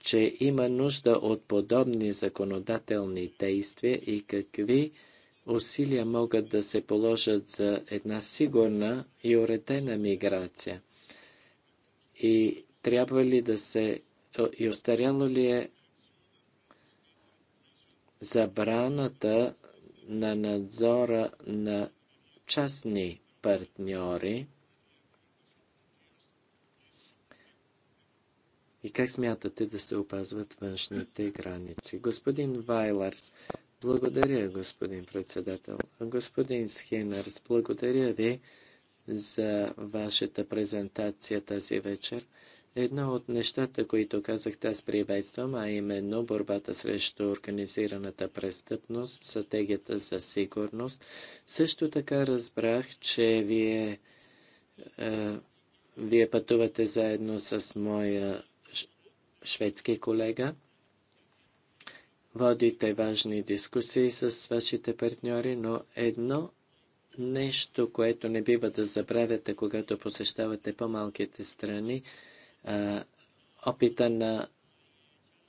[SPEAKER 4] че има нужда от подобни законодателни действия и какви усилия могат да се положат за една сигурна и уредена миграция? И трябва ли да се и остаряло ли е забраната на надзора на частни партньори и как смятате да се опазват външните граници. Господин Вайларс, благодаря, господин председател. Господин Схинърс, благодаря ви за вашата презентация тази вечер. Едно от нещата, които казахте, аз приветствам, а именно борбата срещу организираната престъпност, стратегията за сигурност. Също така разбрах, че вие, е, вие пътувате заедно с моя шведски колега. Водите важни дискусии с вашите партньори, но едно нещо, което не бива да забравяте, когато посещавате по-малките страни, опита на,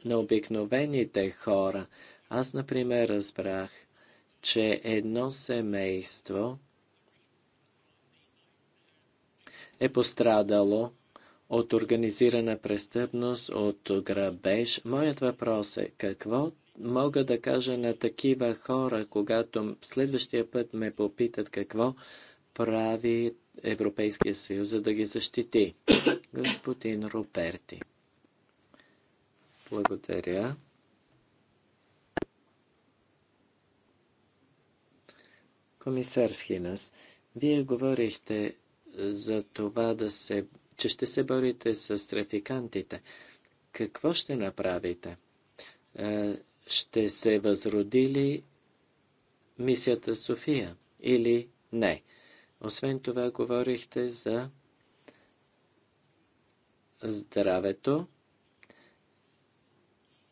[SPEAKER 4] на обикновените хора. Аз, например, разбрах, че едно семейство е пострадало от организирана престъпност, от грабеж. Моят въпрос е какво мога да кажа на такива хора, когато следващия път ме попитат какво прави Европейския съюз, за да ги защити господин Роберти. Благодаря. Комисар Схинас, вие говорихте за това да се, че ще се борите с трафикантите. Какво ще направите? Е, ще се възроди ли мисията София или не? Освен това, говорихте за здравето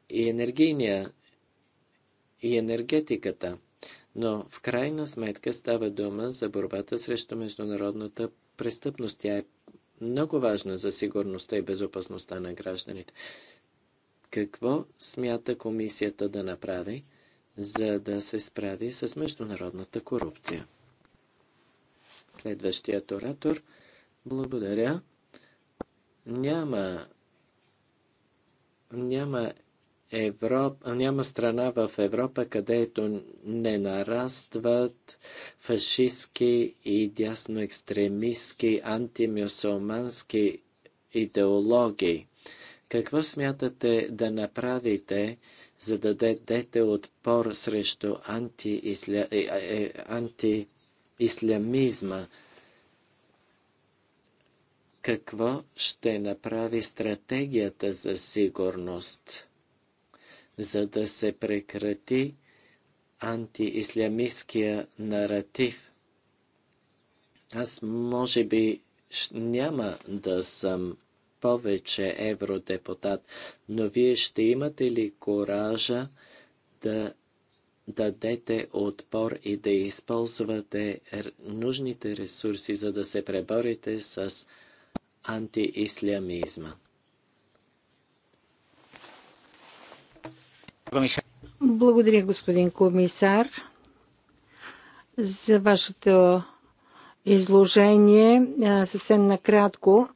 [SPEAKER 4] и енергийния и енергетиката. Но в крайна сметка става дума за борбата срещу международната престъпност. Тя е много важна за сигурността и безопасността на гражданите. Какво смята комисията да направи, за да се справи с международната корупция? Следващият оратор. Благодаря. Няма, няма, Европа, няма страна в Европа, където не нарастват фашистски и екстремистски антимюсулмански идеологии. Какво смятате да направите, за да дадете отпор срещу антиисля... Е, е, е, антиислямизма? какво ще направи стратегията за сигурност, за да се прекрати антиислямистския наратив. Аз може би няма да съм повече евродепутат, но вие ще имате ли коража да дадете отпор и да използвате нужните ресурси, за да се преборите с mesma.
[SPEAKER 2] Благодаря, господин комисар, за вашето изложение. Съвсем накратко,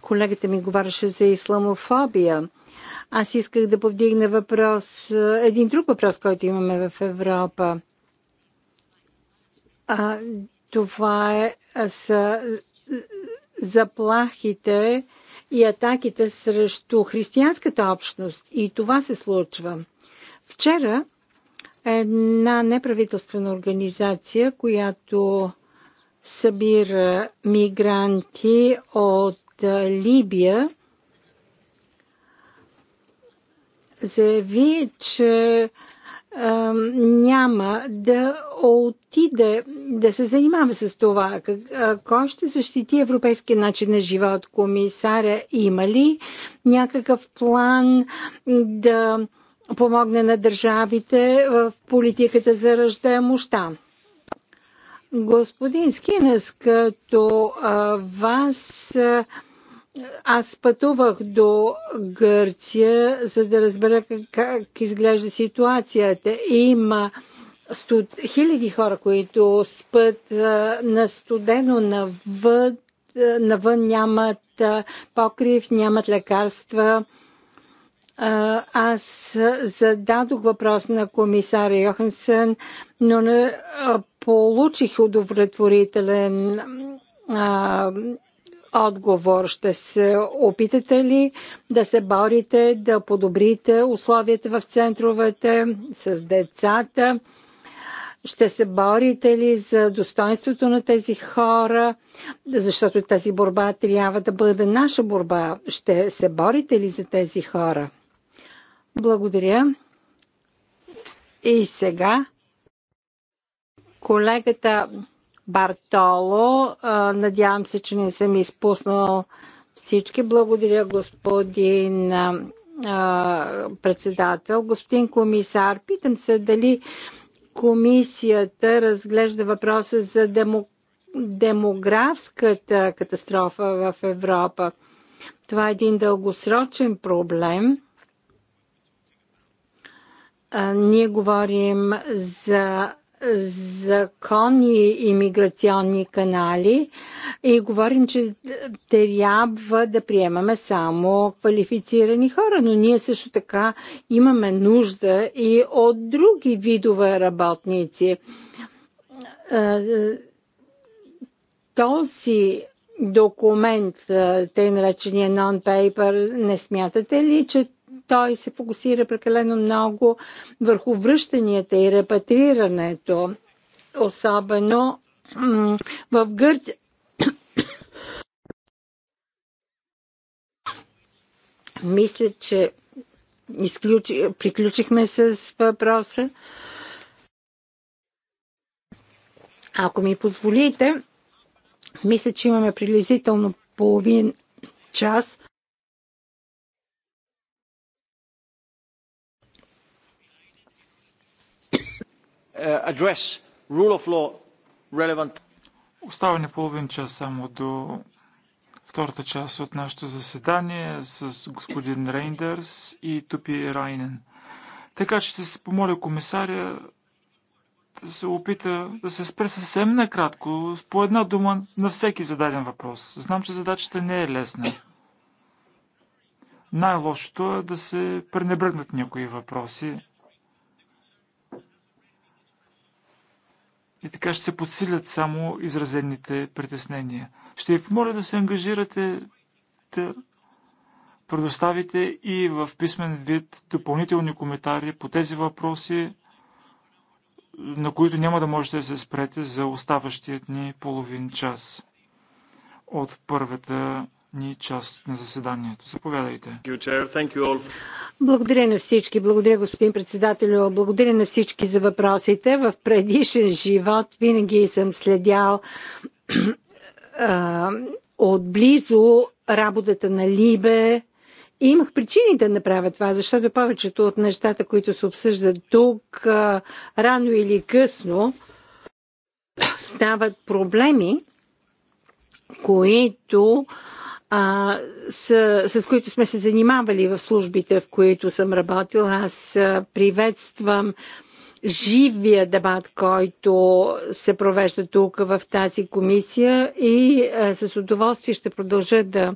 [SPEAKER 2] колегата ми говореше за исламофобия. Аз исках да повдигна въпрос, един друг въпрос, който имаме в Европа. А, това е, са заплахите и атаките срещу християнската общност. И това се случва. Вчера една неправителствена организация, която събира мигранти от Либия, заяви, че няма да отиде да се занимава с това. Кой ще защити европейския начин на живот? Комисаря има ли някакъв план да помогне на държавите в политиката за ръждаемостта? Господин Скинес, като а, вас а, аз пътувах до Гърция, за да разбера как, как изглежда ситуацията. Има студ... хиляди хора, които спът на студено навън, навън нямат покрив, нямат лекарства. аз зададох въпрос на комисар Йохансен, но не получих удовлетворителен а, отговор. Ще се опитате ли да се борите, да подобрите условията в центровете с децата? Ще се борите ли за достоинството на тези хора, защото тази борба трябва да бъде наша борба? Ще се борите ли за тези хора? Благодаря. И сега колегата Бартоло. Надявам се, че не съм изпуснал всички. Благодаря, господин председател. Господин комисар, питам се дали комисията разглежда въпроса за демографската катастрофа в Европа. Това е един дългосрочен проблем. ние говорим за законни имиграционни канали и говорим, че трябва да приемаме само квалифицирани хора, но ние също така имаме нужда и от други видове работници. Е, този документ, е, тъй наречения non-paper, не смятате ли, че той се фокусира прекалено много върху връщанията и репатрирането, особено в Гърция. Мисля, че изключи, приключихме с въпроса. Ако ми позволите, мисля, че имаме приблизително половин час
[SPEAKER 1] Uh, address rule of law relevant.
[SPEAKER 3] Остава ни половин час само до втората част от нашето заседание с господин Рейндърс и Тупи Райнен. Така че ще се помоля комисаря да се опита да се спре съвсем накратко, с по една дума на всеки зададен въпрос. Знам, че задачата не е лесна. Най-лошото е да се пренебръгнат някои въпроси. И така ще се подсилят само изразените притеснения. Ще ви помоля да се ангажирате да предоставите и в писмен вид допълнителни коментари по тези въпроси, на които няма да можете да се спрете за оставащият ни половин час от първата ни част на заседанието. Заповядайте.
[SPEAKER 2] Благодаря на всички. Благодаря, господин председател. Благодаря на всички за въпросите. В предишен живот винаги съм следял отблизо работата на Либе. И имах причини да направя това, защото повечето от нещата, които се обсъждат тук, рано или късно, стават проблеми, които а, с, с които сме се занимавали в службите, в които съм работил. Аз приветствам живия дебат, който се провежда тук в тази комисия и а, с удоволствие ще продължа да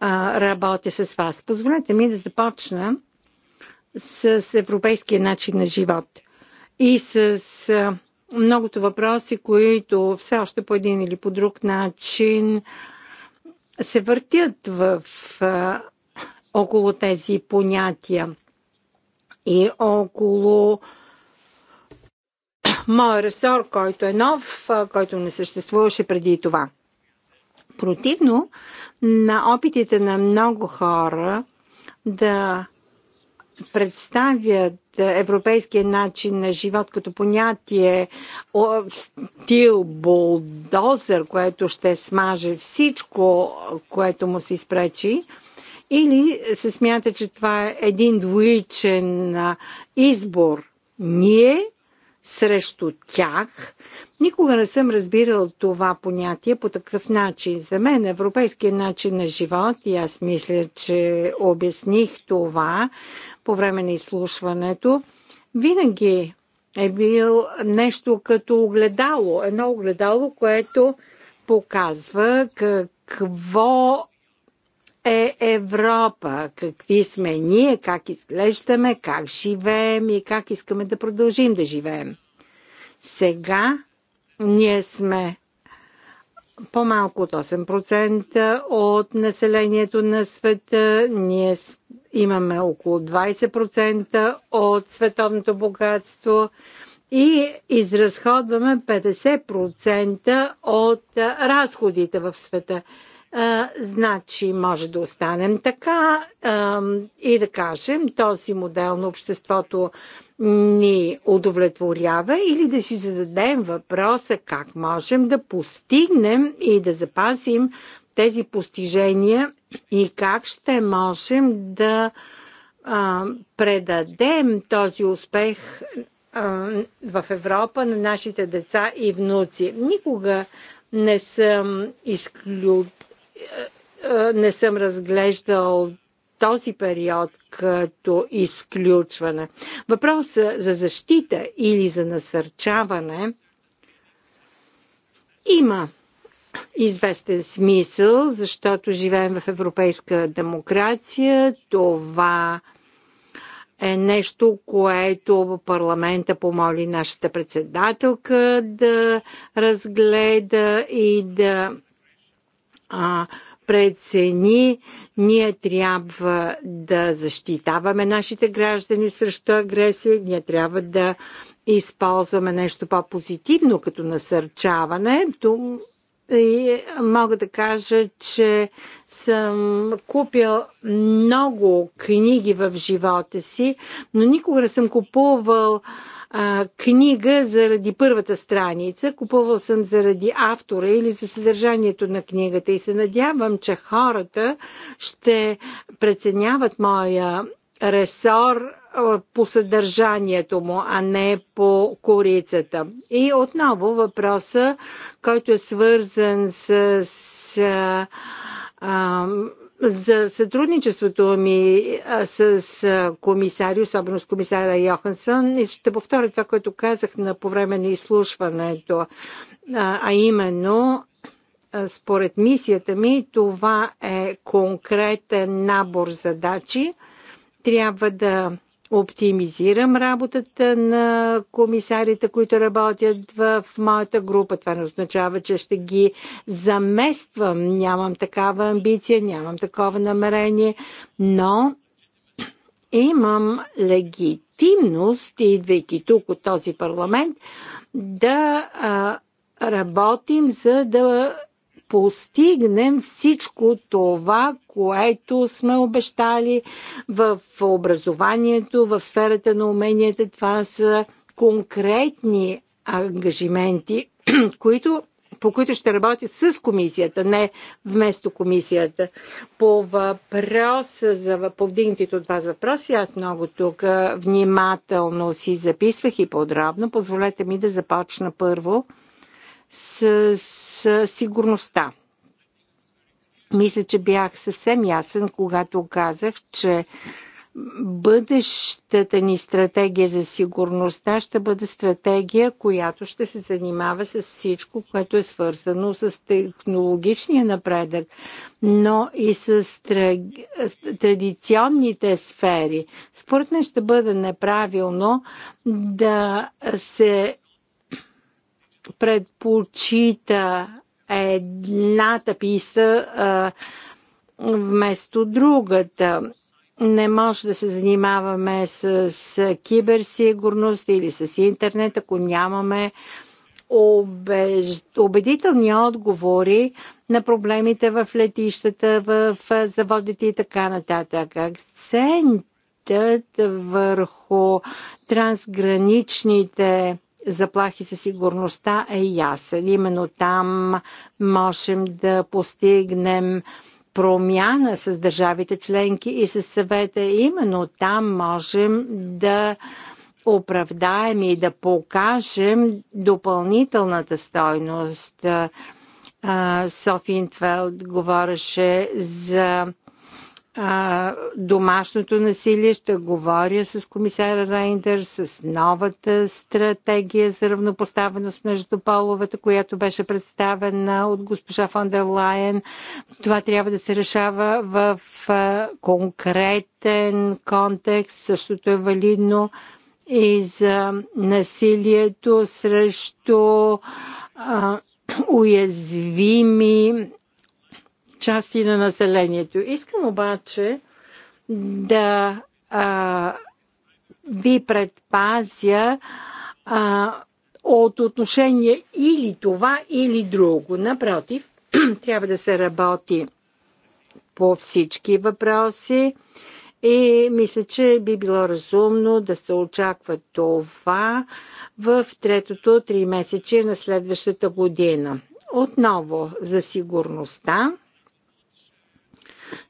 [SPEAKER 2] а, работя с вас. Позволете ми да започна с, европейския начин на живот и с а, многото въпроси, които все още по един или по друг начин а, се въртят в, а, около тези понятия и около моя ресор, който е нов, който не съществуваше преди това. Противно на опитите на много хора да представят европейския начин на живот като понятие, стил булдозер, което ще смаже всичко, което му се изпречи, или се смята, че това е един двоичен избор. Ние срещу тях. Никога не съм разбирал това понятие по такъв начин. За мен европейският начин на живот, и аз мисля, че обясних това по време на изслушването, винаги е бил нещо като огледало, едно огледало, което показва какво е Европа, какви сме ние, как изглеждаме, как живеем и как искаме да продължим да живеем. Сега ние сме по-малко от 8% от населението на света. Ние имаме около 20% от световното богатство и изразходваме 50% от разходите в света. А, значи, може да останем така а, и да кажем, този модел на обществото ни удовлетворява или да си зададем въпроса как можем да постигнем и да запазим тези постижения и как ще можем да а, предадем този успех а, в Европа на нашите деца и внуци. Никога не съм изклю... не съм разглеждал този период като изключване. Въпросът за защита или за насърчаване има известен смисъл, защото живеем в европейска демокрация. Това е нещо, което парламента помоли нашата председателка да разгледа и да а, прецени, ние трябва да защитаваме нашите граждани срещу агресия, ние трябва да използваме нещо по-позитивно като насърчаване. И мога да кажа, че съм купил много книги в живота си, но никога не съм купувал а, книга заради първата страница, купувал съм заради автора или за съдържанието на книгата и се надявам, че хората ще преценяват моя ресор по съдържанието му, а не по корицата. И отново въпроса, който е свързан с, с а, за сътрудничеството ми с комисари, особено с комисара Йохансън. И ще повторя това, което казах на, по време на изслушването, а именно според мисията ми това е конкретен набор задачи. Трябва да оптимизирам работата на комисарите, които работят в моята група. Това не означава, че ще ги замествам. Нямам такава амбиция, нямам такова намерение, но имам легитимност, идвайки тук от този парламент, да а, работим, за да постигнем всичко това, което сме обещали в образованието, в сферата на уменията. Това са конкретни ангажименти, които по които ще работи с комисията, не вместо комисията. По въпроса за повдигнатите от вас въпроси, аз много тук внимателно си записвах и подробно. Позволете ми да започна първо с, с сигурността. Мисля, че бях съвсем ясен, когато казах, че бъдещата ни стратегия за сигурността ще бъде стратегия, която ще се занимава с всичко, което е свързано с технологичния напредък, но и с традиционните сфери. Според мен ще бъде неправилно да се предпочита едната писа а, вместо другата. Не може да се занимаваме с, с киберсигурност или с интернет, ако нямаме обеж... убедителни отговори на проблемите в летищата, в заводите и така нататък. Акцентът върху трансграничните заплахи със сигурността е ясен. Именно там можем да постигнем промяна с държавите членки и с съвета. Именно там можем да оправдаем и да покажем допълнителната стойност. Софи Интвелд говореше за а, домашното насилие. Ще говоря с комисара Рейндър, с новата стратегия за равнопоставеност между половете, която беше представена от госпожа Фондер Лайен. Това трябва да се решава в а, конкретен контекст. Същото е валидно и за насилието срещу а, уязвими части на населението. Искам обаче да а, ви предпазя а, от отношение или това, или друго. Напротив, трябва да се работи по всички въпроси и мисля, че би било разумно да се очаква това в третото три месече на следващата година. Отново за сигурността.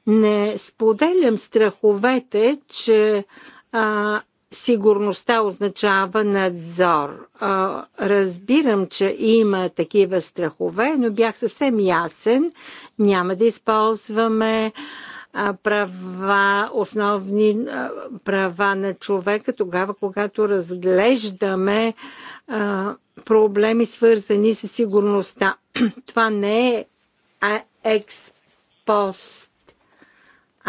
[SPEAKER 2] Не споделям страховете, че а, сигурността означава надзор. А, разбирам, че има такива страхове, но бях съвсем ясен. Няма да използваме права, основни права на човека, тогава, когато разглеждаме а, проблеми, свързани с сигурността. Това не е експост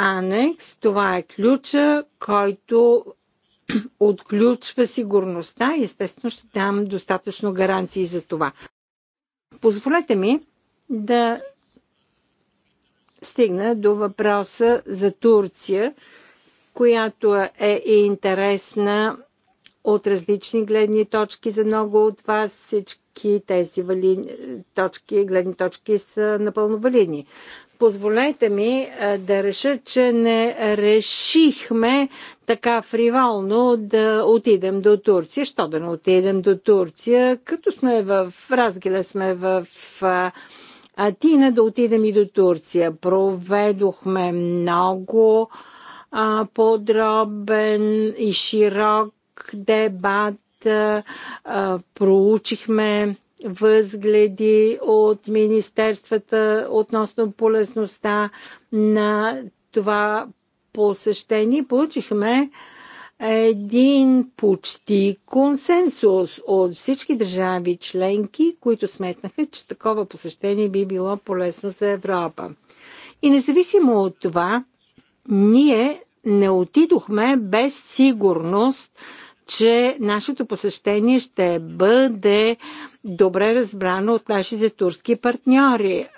[SPEAKER 2] анекс. Това е ключа, който отключва сигурността и естествено ще дам достатъчно гаранции за това. Позволете ми да стигна до въпроса за Турция, която е интересна от различни гледни точки за много от вас. Всички тези вали... точки, гледни точки са напълно валидни. Позволете ми е, да реша, че не решихме така фриволно да отидем до Турция. Що да не отидем до Турция? Като сме в Разгиле, сме в Атина, да отидем и до Турция. Проведохме много а, подробен и широк дебат. а, проучихме възгледи от министерствата относно полезността на това посещение. Получихме един почти консенсус от всички държави членки, които сметнаха, че такова посещение би било полезно за Европа. И независимо от това, ние не отидохме без сигурност, че нашето посещение ще бъде добре разбрано от нашите турски партньори.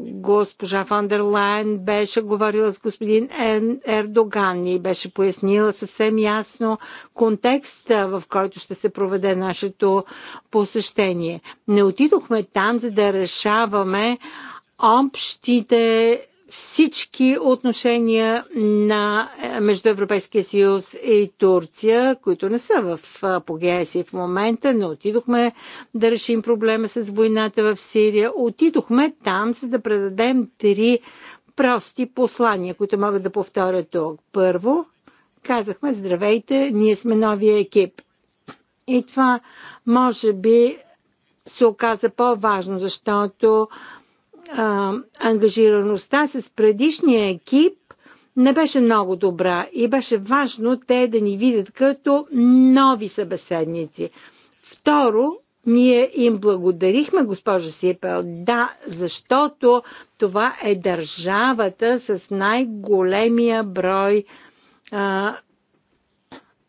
[SPEAKER 2] Госпожа Фандерлайн беше говорила с господин Ердоган и беше пояснила съвсем ясно контекста, в който ще се проведе нашето посещение. Не отидохме там, за да решаваме общите всички отношения на, е, между Европейския съюз и Турция, които не са в апогея си в момента, но отидохме да решим проблема с войната в Сирия. Отидохме там, за да предадем три прости послания, които могат да повторя тук. Първо, казахме здравейте, ние сме новия екип. И това може би се оказа по-важно, защото а, ангажираността с предишния екип не беше много добра и беше важно те да ни видят като нови събеседници. Второ, ние им благодарихме, госпожа Сипел, да, защото това е държавата с най-големия брой а,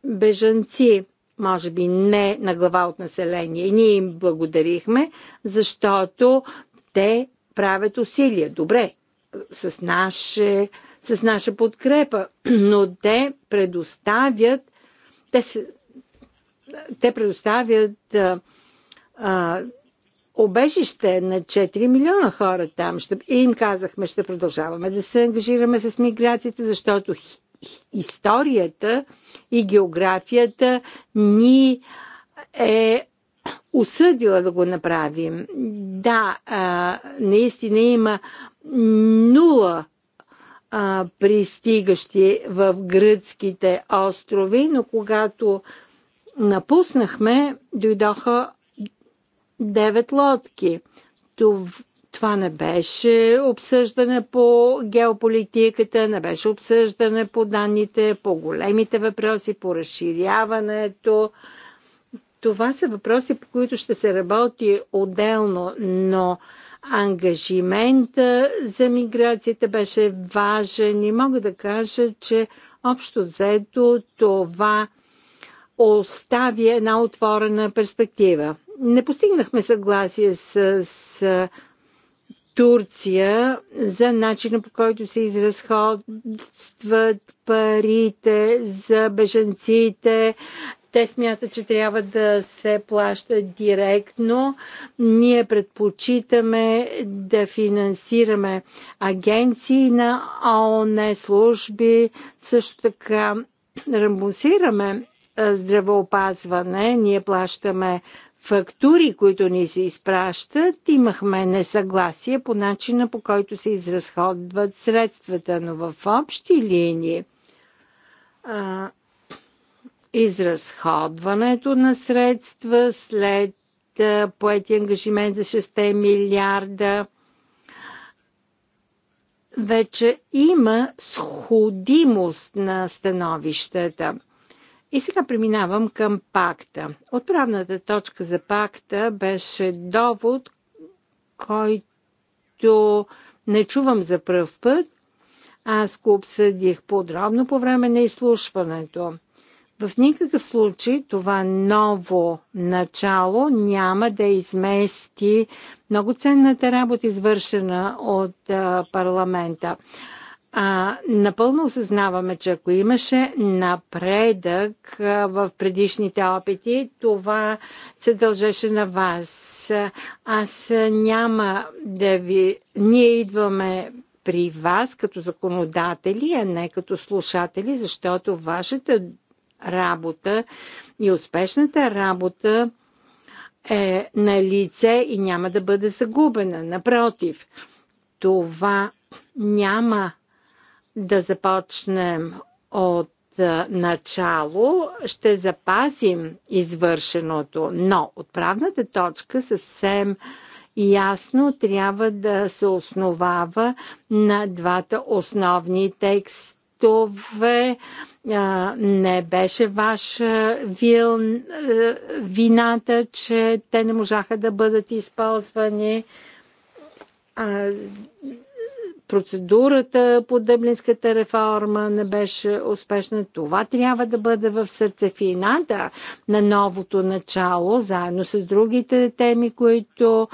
[SPEAKER 2] бежанци, може би не на глава от население. И ние им благодарихме, защото те правят усилия. Добре, с, наше, с наша подкрепа, но те предоставят, те, се, те предоставят а, а, обежище на 4 милиона хора там. Ще, и им казахме, ще продължаваме да се ангажираме с миграцията, защото историята и географията ни е осъдила да го направим. Да, а, наистина има нула а, пристигащи в гръцките острови, но когато напуснахме, дойдоха девет лодки. Това не беше обсъждане по геополитиката, не беше обсъждане по данните, по големите въпроси, по разширяването, това са въпроси, по които ще се работи отделно, но ангажимента за миграцията беше важен и мога да кажа, че общо взето това остави една отворена перспектива. Не постигнахме съгласие с, с Турция за начина по който се изразходват парите за беженците те смятат, че трябва да се плаща директно. Ние предпочитаме да финансираме агенции на ООН служби, също така рамбусираме здравеопазване, ние плащаме фактури, които ни се изпращат, имахме несъгласие по начина по който се изразходват средствата, но в общи линии изразходването на средства след поети ангажимент за 6 милиарда. Вече има сходимост на становищата. И сега преминавам към пакта. Отправната точка за пакта беше довод, който не чувам за пръв път. Аз го обсъдих подробно по време на изслушването. В никакъв случай това ново начало няма да измести много ценната работа, извършена от парламента. А, напълно осъзнаваме, че ако имаше напредък а, в предишните опити, това се дължеше на вас. Аз няма да ви. Ние идваме при вас като законодатели, а не като слушатели, защото вашата работа и успешната работа е на лице и няма да бъде загубена. Напротив, това няма да започнем от начало ще запазим извършеното, но отправната точка съвсем ясно трябва да се основава на двата основни текста актове. Не беше ваша вината, че те не можаха да бъдат използвани. Процедурата по дъблинската реформа не беше успешна. Това трябва да бъде в сърцефината на новото начало, заедно с другите теми, които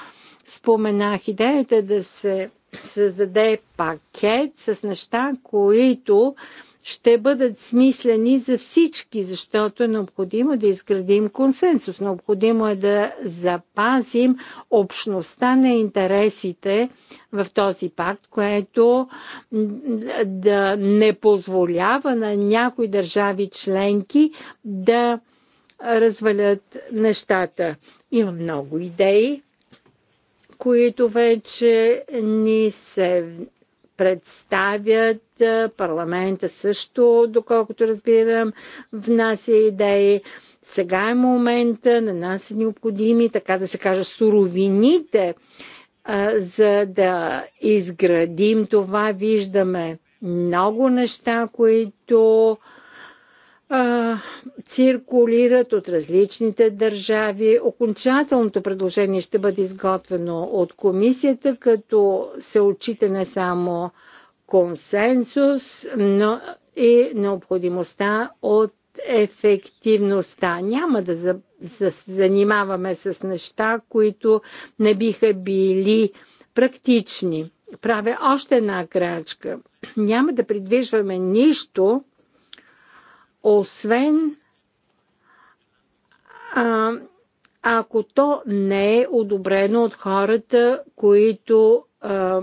[SPEAKER 2] споменах. Идеята да се създаде пакет с неща, които ще бъдат смислени за всички, защото е необходимо да изградим консенсус. Необходимо е да запазим общността на интересите в този пакт, което да не позволява на някои държави членки да развалят нещата. Има много идеи, които вече ни се представят. Парламента също, доколкото разбирам, внася идеи. Сега е момента, на нас са е необходими, така да се каже, суровините, за да изградим това. Виждаме много неща, които а, циркулират от различните държави. Окончателното предложение ще бъде изготвено от комисията, като се отчита не само консенсус, но и необходимостта от ефективността. Няма да се за, за, занимаваме с неща, които не биха били практични. Правя още една крачка. Няма да придвижваме нищо, освен а, ако то не е одобрено от хората, които а,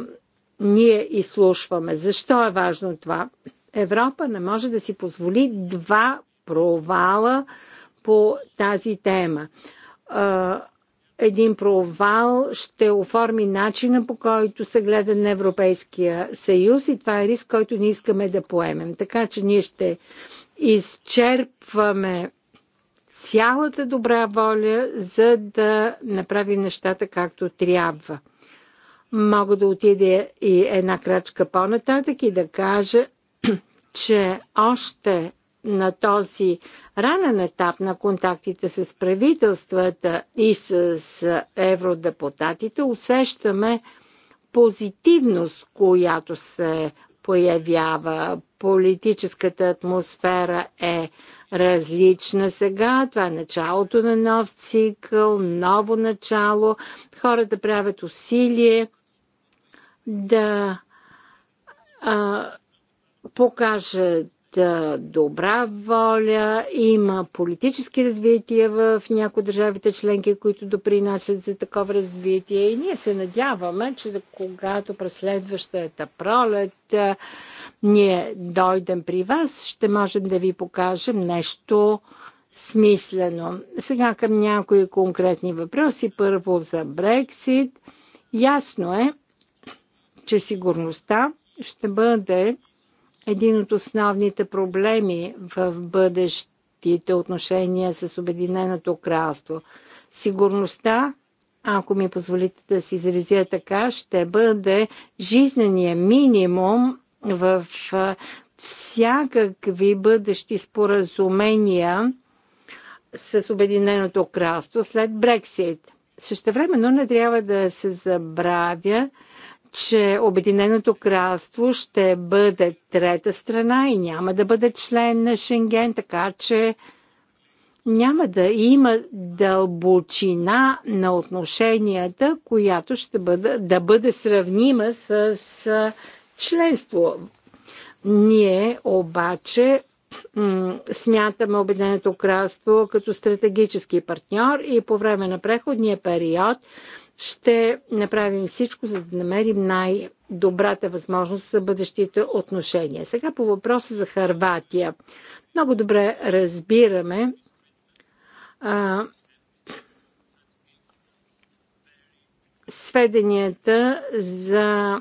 [SPEAKER 2] ние изслушваме. Защо е важно това? Европа не може да си позволи два провала по тази тема. А, един провал ще оформи начина по който се гледа на Европейския съюз и това е риск, който не искаме да поемем. Така че ние ще изчерпваме цялата добра воля, за да направим нещата както трябва. Мога да отида и една крачка по-нататък и да кажа, че още на този ранен етап на контактите с правителствата и с евродепутатите усещаме позитивност, която се появява. Политическата атмосфера е различна сега. Това е началото на нов цикъл, ново начало. Хората правят усилие да а, покажат добра воля, има политически развитие в някои държавите членки, които допринасят за такова развитие и ние се надяваме, че когато през следващата пролет ние дойдем при вас, ще можем да ви покажем нещо смислено. Сега към някои конкретни въпроси. Първо за Брексит. Ясно е, че сигурността ще бъде един от основните проблеми в бъдещите отношения с Обединеното кралство. Сигурността, ако ми позволите да се изразя така, ще бъде жизнения минимум в всякакви бъдещи споразумения с Обединеното кралство след Брексит. Същевременно не трябва да се забравя, че Обединеното кралство ще бъде трета страна и няма да бъде член на Шенген, така че няма да има дълбочина на отношенията, която ще бъде, да бъде сравнима с членство. Ние обаче смятаме Обединеното кралство като стратегически партньор и по време на преходния период ще направим всичко, за да намерим най-добрата възможност за бъдещите отношения. Сега по въпроса за Харватия. Много добре разбираме а, сведенията за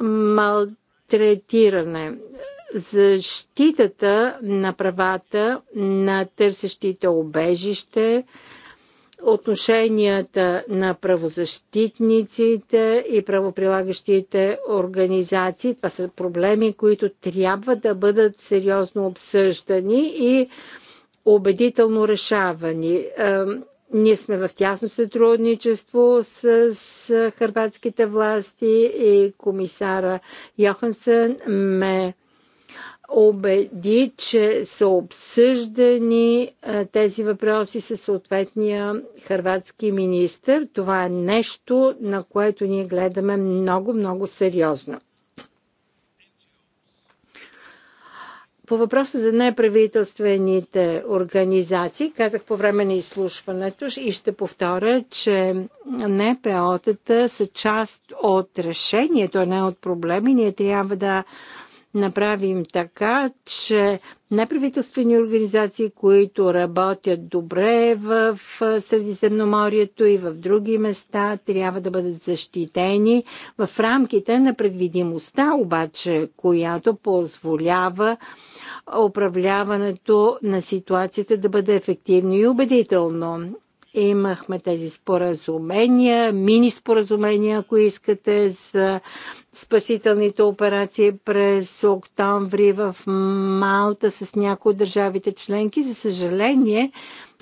[SPEAKER 2] малтретиране, защитата на правата на търсещите обежище, отношенията на правозащитниците и правоприлагащите организации. Това са проблеми, които трябва да бъдат сериозно обсъждани и убедително решавани. Ние сме в тясно сътрудничество с, с хрватските власти и комисара Йохансън ме убеди, че са обсъждани тези въпроси със съответния хрватски министр. Това е нещо, на което ние гледаме много, много сериозно. По въпроса за неправителствените организации, казах по време на изслушването и ще повторя, че НПО-тата са част от решението, а е не от проблеми. Ние трябва да направим така, че неправителствени организации, които работят добре в Средиземноморието и в други места, трябва да бъдат защитени в рамките на предвидимостта, обаче, която позволява управляването на ситуацията да бъде ефективно и убедително. Имахме тези споразумения, мини споразумения, ако искате, за спасителните операции през октомври в Малта с някои от държавите членки. За съжаление,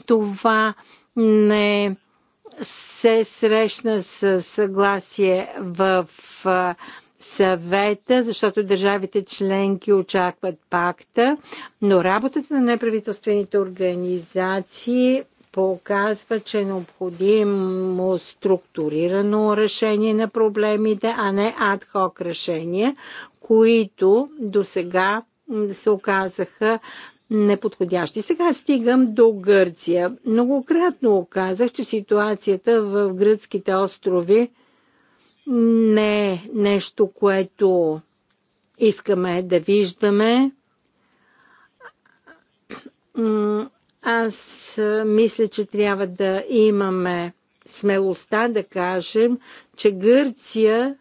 [SPEAKER 2] това не се срещна с съгласие в съвета, защото държавите членки очакват пакта, но работата на неправителствените организации показва, че е необходимо структурирано решение на проблемите, а не адхок решения, които до сега се оказаха неподходящи. Сега стигам до Гърция. Многократно оказах, че ситуацията в гръцките острови не е нещо, което искаме да виждаме аз мисля, че трябва да имаме смелостта да кажем, че Гърция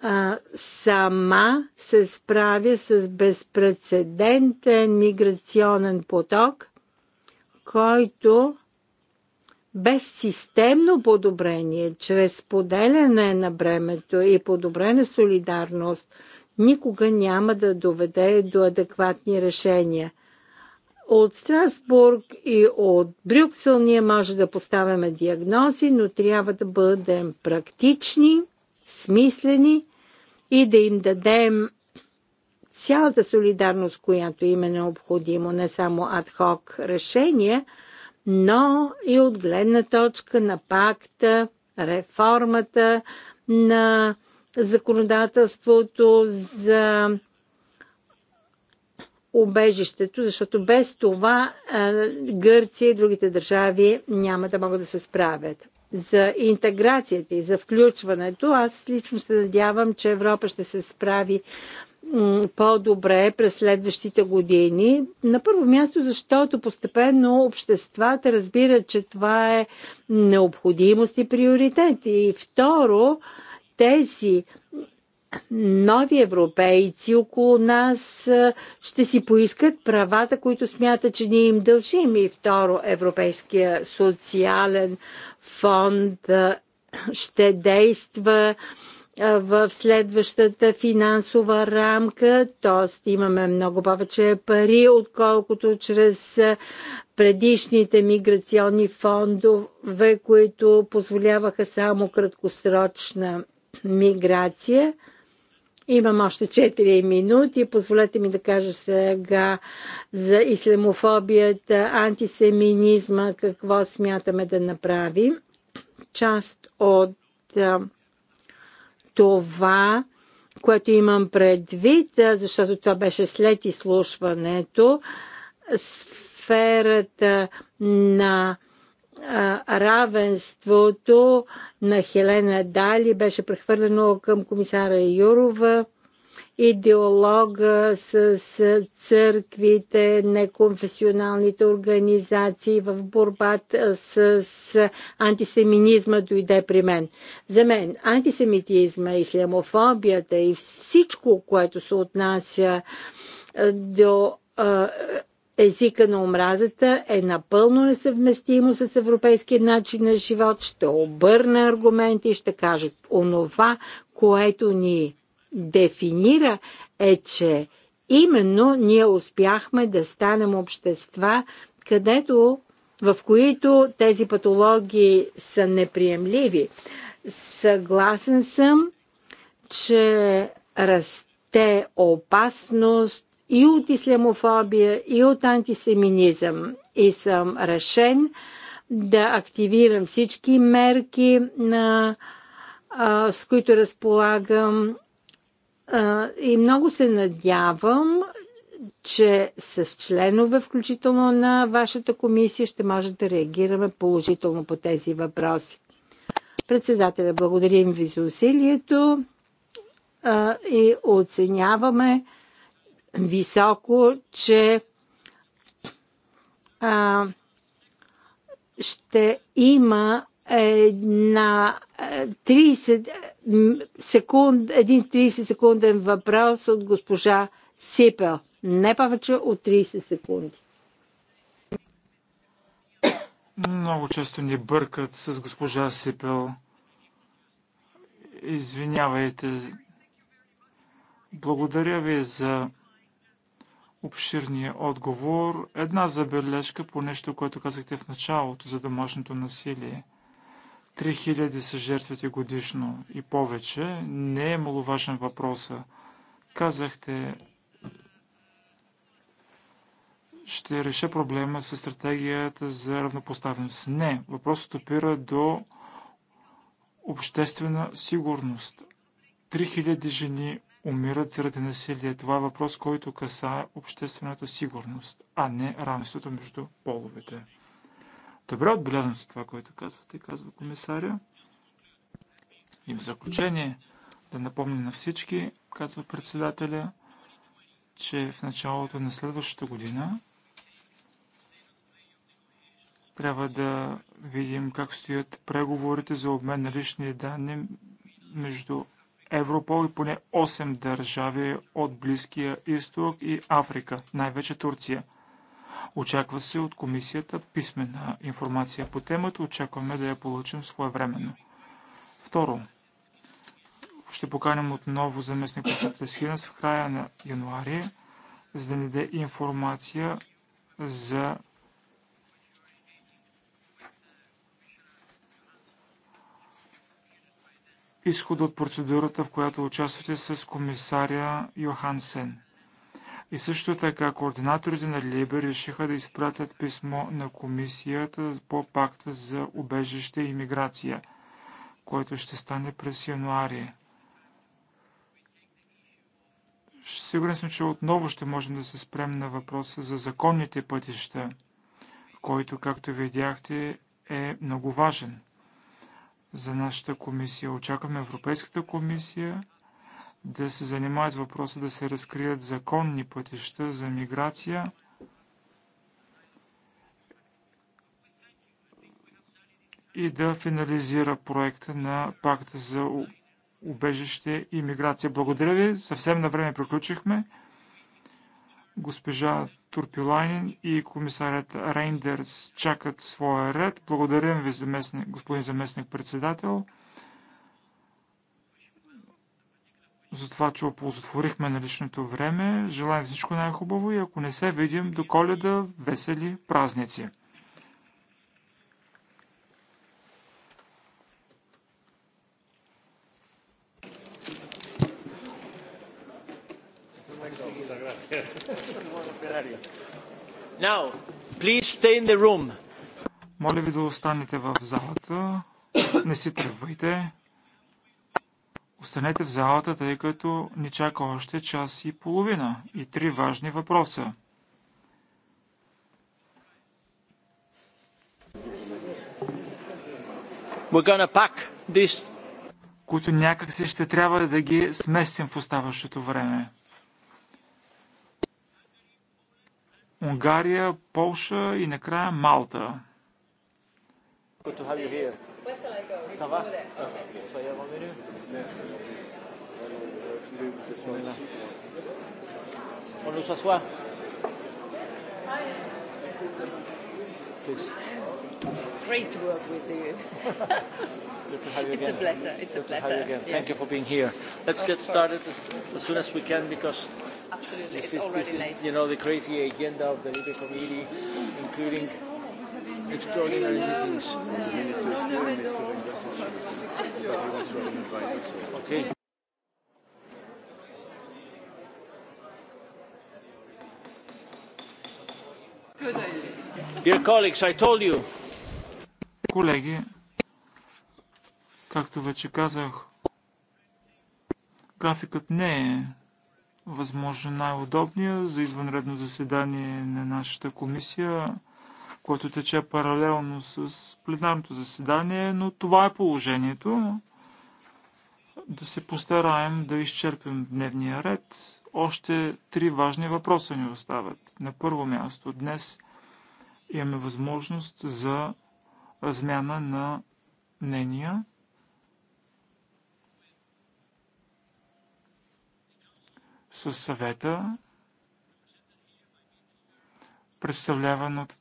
[SPEAKER 2] а, сама се справя с безпредседентен миграционен поток, който без системно подобрение, чрез поделяне на бремето и подобрена солидарност, никога няма да доведе до адекватни решения – от Страсбург и от Брюксел ние може да поставяме диагнози, но трябва да бъдем практични, смислени и да им дадем цялата солидарност, която им е необходимо, не само адхок решение, но и от гледна точка на пакта, реформата на законодателството за убежището, защото без това Гърция и другите държави няма да могат да се справят. За интеграцията и за включването, аз лично се надявам, че Европа ще се справи по-добре през следващите години. На първо място, защото постепенно обществата разбират, че това е необходимост и приоритет. И второ, тези нови европейци около нас ще си поискат правата, които смятат, че ние им дължим. И второ, Европейския социален фонд ще действа в следващата финансова рамка, т.е. имаме много повече пари, отколкото чрез предишните миграционни фондове, които позволяваха само краткосрочна миграция – Имам още 4 минути. Позволете ми да кажа сега за ислемофобията, антисеминизма, какво смятаме да направим. Част от това, което имам предвид, защото това беше след изслушването, сферата на равенството на Хелена Дали беше прехвърлено към комисара Юрова. Идеолога с църквите, неконфесионалните организации в борбата с антисеминизма дойде при мен. За мен антисемитизма, ислямофобията и всичко, което се отнася до езика на омразата е напълно несъвместимо с европейския начин на живот. Ще обърна аргументи и ще кажат онова, което ни дефинира е, че именно ние успяхме да станем общества, където в които тези патологии са неприемливи. Съгласен съм, че расте опасност и от ислямофобия, и от антисеминизъм. И съм решен да активирам всички мерки, на, а, с които разполагам. А, и много се надявам, че с членове, включително на вашата комисия, ще може да реагираме положително по тези въпроси. Председателя, благодарим ви за усилието а, и оценяваме високо, че а, ще има една 30 секунд, един 30 секунден въпрос от госпожа Сипел. Не повече от 30 секунди.
[SPEAKER 3] Много често ни бъркат с госпожа Сипел. Извинявайте. Благодаря ви за обширния отговор. Една забележка по нещо, което казахте в началото за домашното насилие. 3000 са жертвите годишно и повече. Не е маловажен въпроса. Казахте, ще реша проблема с стратегията за равнопоставеност. Не. Въпросът опира до обществена сигурност. 3000 жени умират заради насилие. Това е въпрос, който касае обществената сигурност, а не равенството между половете. Добре отбелязвам се това, което казвате, казва комисаря. И в заключение да напомня на всички, казва председателя, че в началото на следващата година трябва да видим как стоят преговорите за обмен на лични данни между Европол и поне 8 държави от Близкия изток и Африка, най-вече Турция. Очаква се от комисията писмена информация по темата. Очакваме да я получим своевременно. Второ, ще поканим отново заместник председател Схинас в края на януари, за да ни даде информация за Изход от процедурата, в която участвате с комисаря Йохансен. И също така координаторите на Либер решиха да изпратят писмо на комисията по пакта за убежище и миграция, който ще стане през януари. Сигурен съм, че отново ще можем да се спрем на въпроса за законните пътища, който, както видяхте, е много важен за нашата комисия. Очакваме Европейската комисия да се занимава с въпроса да се разкрият законни пътища за миграция. и да финализира проекта на пакта за убежище и миграция. Благодаря ви. Съвсем на време приключихме. Госпожа Турпилайнин и комисарят Рейндерс чакат своя ред. Благодарим ви, заместник, господин заместник председател, за това, че оползотворихме личното време. Желаем всичко най-хубаво и ако не се видим до коледа, весели празници! Please stay in the room. Моля ви да останете в залата. Не си тръгвайте. Останете в залата, тъй като ни чака още час и половина и три важни въпроса. This... Които някак ще трябва да ги сместим в оставащото време. Унгария, Полша и накрая Малта.
[SPEAKER 1] On nous s'assoit.
[SPEAKER 4] Please. Great to work with you. Good to have you again. It's a pleasure. It's a pleasure. Thank you for being
[SPEAKER 1] here. Let's get started as, as soon as we can because absolutely. This it's is, already this late. Is, you know, the crazy agenda of the Libre Committee, including extraordinary meetings. Okay.
[SPEAKER 3] Dear colleagues, I told you. Колеги, както вече казах, графикът не е възможно най-удобния за извънредно заседание на нашата комисия, което тече паралелно с пленарното заседание, но това е положението. Да се постараем да изчерпим дневния ред. Още три важни въпроса ни остават. На първо място днес имаме възможност за размяна на мнения с съвета, представляван от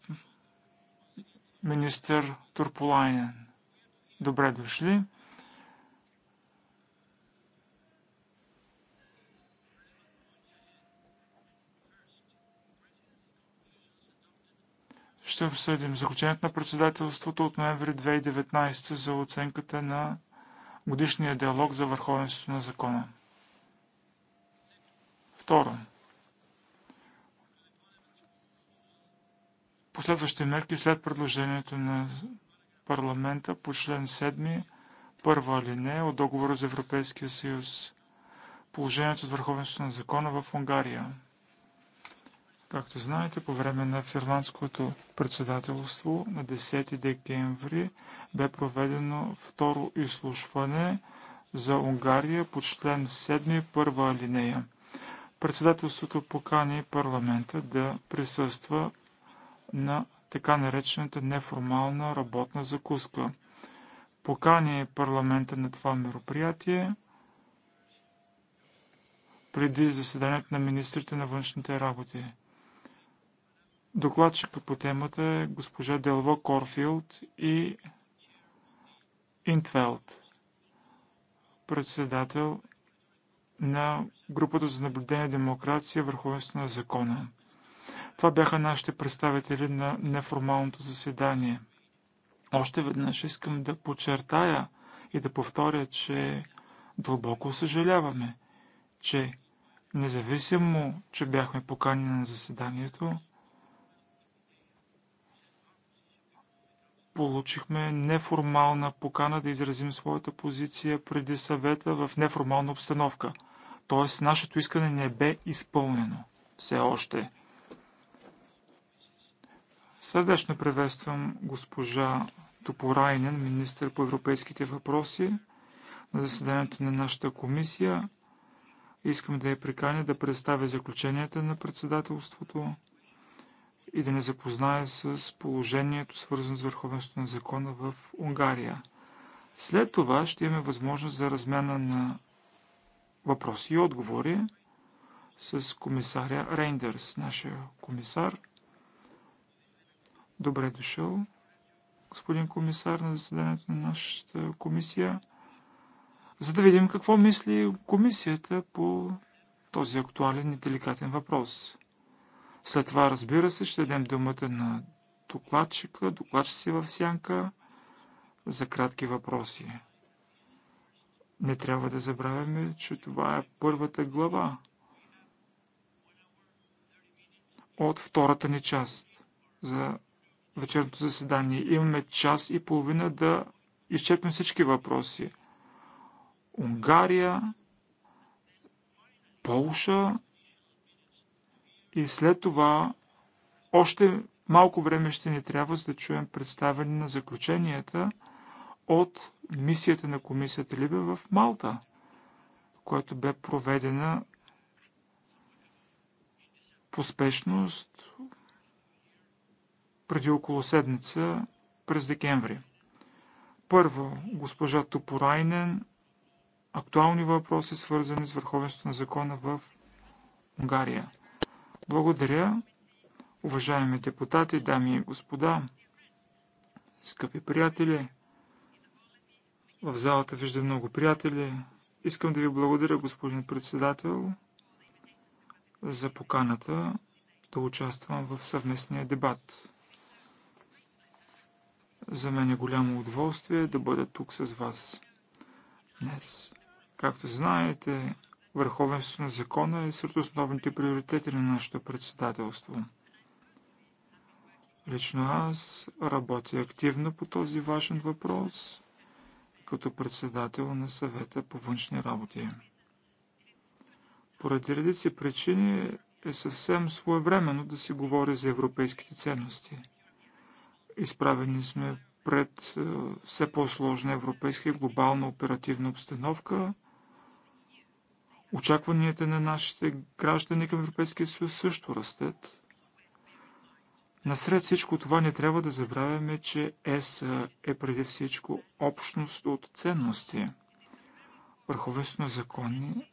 [SPEAKER 3] министър Турполайнен. Добре дошли! ще обсъдим заключението на председателството от ноември 2019 за оценката на годишния диалог за върховенството на закона. Второ, последващи мерки след предложението на парламента по член 7, първа алинея от договора за Европейския съюз. Положението с върховенството на закона в Унгария. Както знаете, по време на фирландското председателство на 10 декември бе проведено второ изслушване за Унгария по член 7, първа алинея председателството покани парламента да присъства на така наречената неформална работна закуска. Покани парламента на това мероприятие преди заседанието на министрите на външните работи. Докладчика по темата е госпожа Делво Корфилд и Интфелд, председател на групата за наблюдение демокрация върховенство на закона. Това бяха нашите представители на неформалното заседание. Още веднъж искам да подчертая и да повторя, че дълбоко съжаляваме, че независимо, че бяхме поканени на заседанието, Получихме неформална покана да изразим своята позиция преди съвета в неформална обстановка. Т.е. нашето искане не бе изпълнено все още. Сърдечно приветствам госпожа Топорайнен, министър по европейските въпроси, на заседанието на нашата комисия. Искам да я приканя да представя заключенията на председателството и да не запознае с положението, свързано с върховенството на закона в Унгария. След това ще имаме възможност за размяна на въпроси и отговори с комисаря Рейндърс, нашия комисар. Добре дошъл, господин комисар, на заседанието на нашата комисия, за да видим какво мисли комисията по този актуален и деликатен въпрос. След това, разбира се, ще дадем думата на докладчика, докладчици в сянка за кратки въпроси. Не трябва да забравяме, че това е първата глава от втората ни част за вечерното заседание. Имаме час и половина да изчерпим всички въпроси. Унгария, Полша, и след това още малко време ще ни трябва, за да чуем представяне на заключенията от мисията на комисията Либе в Малта, която бе проведена по спешност преди около седмица през декември. Първо, госпожа Топорайнен, актуални въпроси, свързани с върховенството на закона в Унгария – благодаря, уважаеми депутати, дами и господа, скъпи приятели. В залата виждам много приятели. Искам да ви благодаря, господин председател, за поканата да участвам в съвместния дебат. За мен е голямо удоволствие да бъда тук с вас днес. Както знаете, Върховенството на закона е сред основните приоритети на нашето председателство. Лично аз работя активно по този важен въпрос като председател на съвета по външни работи. Поради редици причини е съвсем своевременно да се говори за европейските ценности. Изправени сме пред е, все по-сложна европейска и глобална оперативна обстановка – Очакванията на нашите граждани към Европейския съюз също растат. Насред всичко това не трябва да забравяме, че ЕС е преди всичко общност от ценности. Върховенството на закони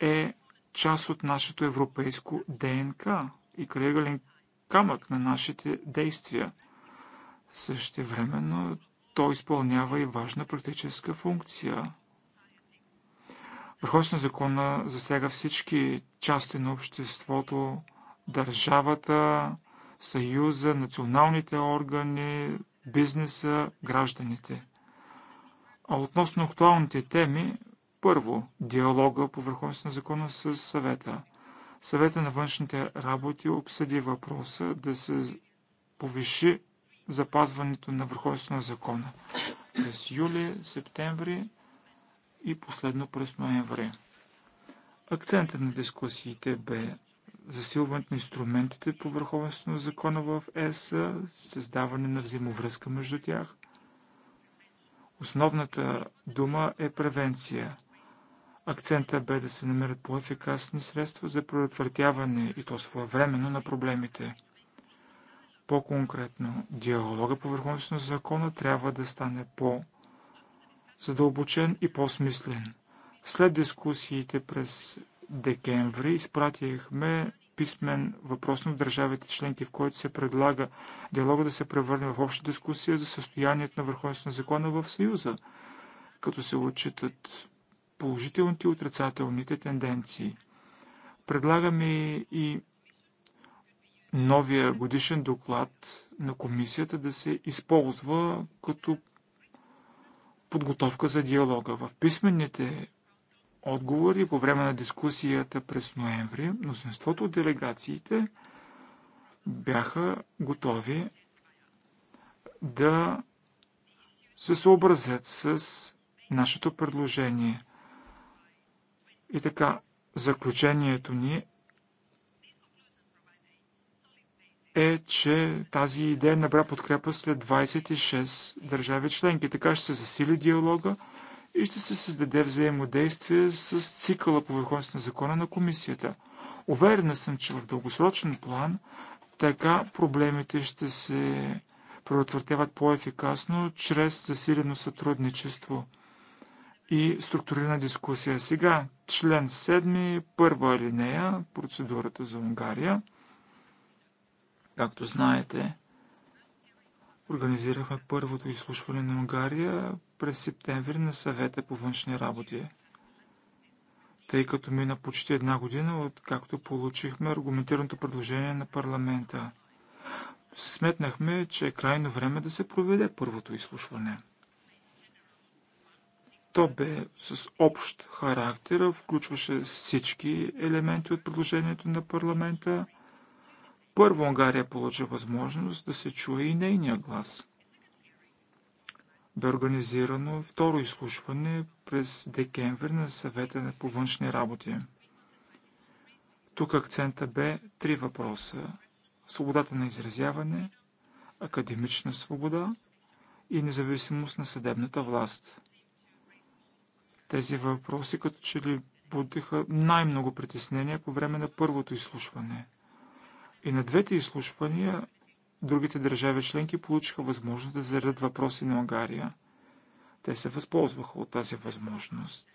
[SPEAKER 3] е част от нашето европейско ДНК и крегален камък на нашите действия. Същевременно то изпълнява и важна практическа функция – Върховенството на закона засяга всички части на обществото, държавата, съюза, националните органи, бизнеса, гражданите. А относно актуалните теми, първо, диалога по върховенство на закона с съвета. Съвета на външните работи обсъди въпроса да се повиши запазването на върховенство на закона. През юли, септември и последно през ноември. Акцентът на дискусиите бе засилването на инструментите по върховенството на закона в ЕС, създаване на взаимовръзка между тях. Основната дума е превенция. Акцента бе да се намерят по-ефикасни средства за предотвратяване и то своевременно на проблемите. По-конкретно, диалога по върховенството на закона трябва да стане по задълбочен и по-смислен. След дискусиите през декември изпратихме писмен въпрос на държавите членки, в който се предлага диалога да се превърне в обща дискусия за състоянието на върховенството на закона в Съюза, като се отчитат положителните и отрицателните тенденции. Предлагаме и новия годишен доклад на комисията да се използва като подготовка за диалога. В писмените отговори по време на дискусията през ноември, мнозинството от делегациите бяха готови да се съобразят с нашето предложение. И така, заключението ни е, че тази идея набра подкрепа след 26 държави членки. Така ще се засили диалога и ще се създаде взаимодействие с цикъла по върховенство на закона на комисията. Уверена съм, че в дългосрочен план така проблемите ще се предотвратяват по-ефикасно чрез засилено сътрудничество и структурирана дискусия. Сега, член 7, първа алинея, процедурата за Унгария – Както знаете, организирахме първото изслушване на Унгария през септември на съвета по външни работи. Тъй като мина почти една година, откакто получихме аргументираното предложение на парламента, сметнахме, че е крайно време да се проведе първото изслушване. То бе с общ характер, включваше всички елементи от предложението на парламента, първо Унгария получи възможност да се чуе и нейния глас. Бе организирано второ изслушване през декември на съвета по външни работи. Тук акцента бе три въпроса. Свободата на изразяване, академична свобода и независимост на съдебната власт. Тези въпроси като че ли будиха най-много притеснения по време на първото изслушване. И на двете изслушвания другите държави членки получиха възможност да зададат въпроси на Унгария. Те се възползваха от тази възможност.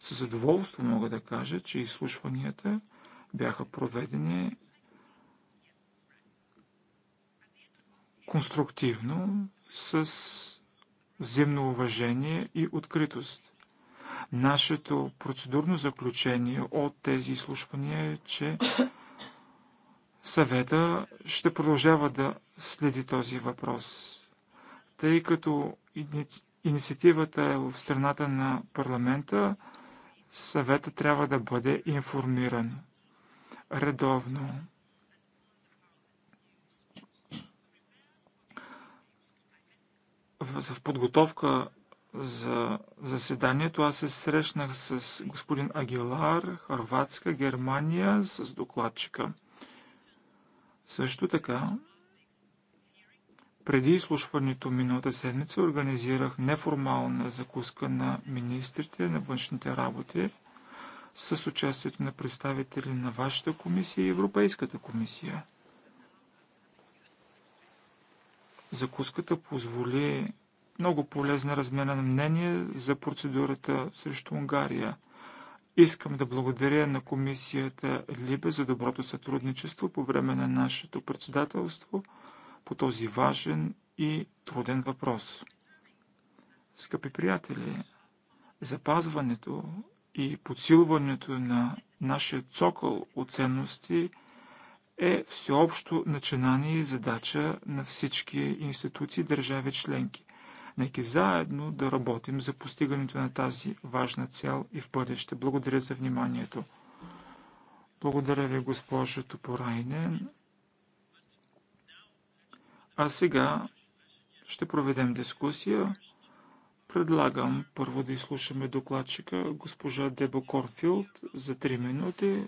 [SPEAKER 3] Със задоволство мога да кажа, че изслушванията бяха проведени конструктивно, с взаимно уважение и откритост. Нашето процедурно заключение от тези изслушвания е, че Съвета ще продължава да следи този въпрос, тъй като инициативата е в страната на парламента, съвета трябва да бъде информиран редовно. В подготовка за заседанието аз се срещнах с господин Агилар, Харватска, Германия, с докладчика. Също така, преди изслушването миналата седмица организирах неформална закуска на министрите на външните работи с участието на представители на вашата комисия и Европейската комисия. Закуската позволи много полезна размена на мнение за процедурата срещу Унгария – Искам да благодаря на комисията Либе за доброто сътрудничество по време на нашето председателство по този важен и труден въпрос. Скъпи приятели, запазването и подсилването на нашия цокъл от ценности е всеобщо начинание и задача на всички институции и държави членки нека заедно да работим за постигането на тази важна цел и в бъдеще. Благодаря за вниманието. Благодаря ви, госпожо Топорайнен. А сега ще проведем дискусия. Предлагам първо да изслушаме докладчика госпожа Дебо Корфилд за 3 минути.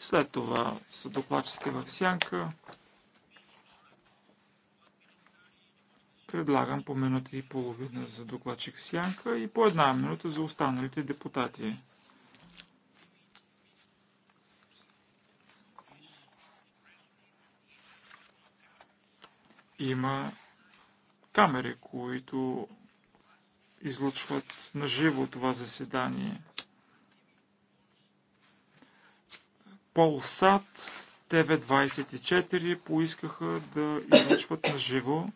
[SPEAKER 3] След това са докладчиците в сянка. Предлагам по минута и половина за докладчик Сянка и по една минута за останалите депутати. Има камери, които излъчват на живо това заседание. Полсат, ТВ-24 поискаха да излъчват на живо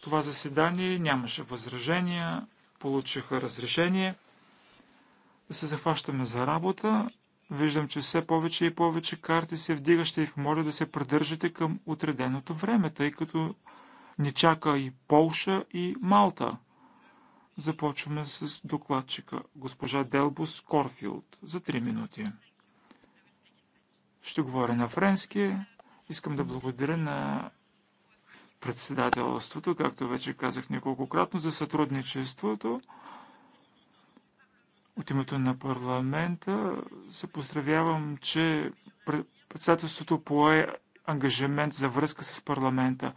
[SPEAKER 3] това заседание нямаше възражения, получиха разрешение да се захващаме за работа. Виждам, че все повече и повече карти се вдига. Ще ви помоля да се придържате към отреденото време, тъй като ни чака и Полша, и Малта. Започваме с докладчика, госпожа Делбус Корфилд, за 3 минути. Ще говоря на френски. Искам да благодаря на председателството, както вече казах неколкократно, за сътрудничеството. От името на парламента се поздравявам, че председателството пое ангажимент за връзка с парламента,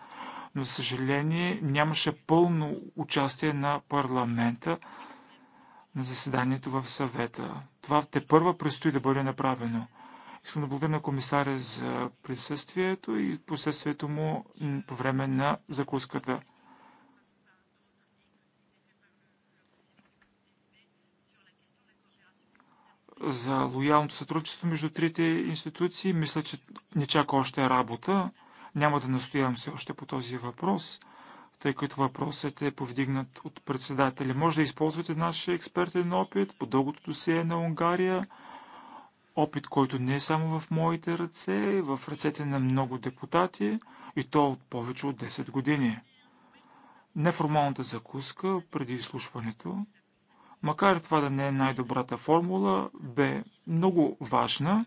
[SPEAKER 3] но за съжаление нямаше пълно участие на парламента на заседанието в съвета. Това те първа предстои да бъде направено. Искам да благодаря на комисаря за присъствието и присъствието му по време на закуската. За лоялното сътрудничество между трите институции мисля, че не чака още работа. Няма да настоявам се още по този въпрос, тъй като въпросът е повдигнат от председателя. Може да използвате нашия експертен опит по дългото досие на Унгария – опит, който не е само в моите ръце, е в ръцете на много депутати и то от повече от 10 години. Неформалната закуска преди изслушването, макар това да не е най-добрата формула, бе много важна.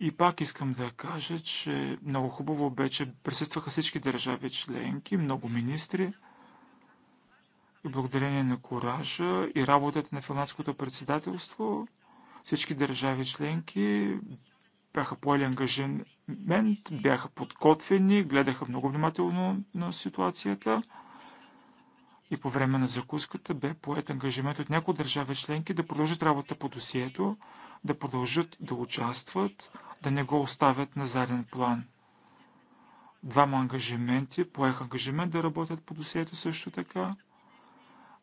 [SPEAKER 3] И пак искам да кажа, че много хубаво бе, че присъстваха всички държави членки, много министри – и благодарение на коража и работата на финландското председателство, всички държави членки бяха поели ангажимент, бяха подготвени, гледаха много внимателно на ситуацията и по време на закуската бе поет ангажимент от някои държави членки да продължат работа по досието, да продължат да участват, да не го оставят на заден план. Двама ангажименти, поех ангажимент да работят по досието също така.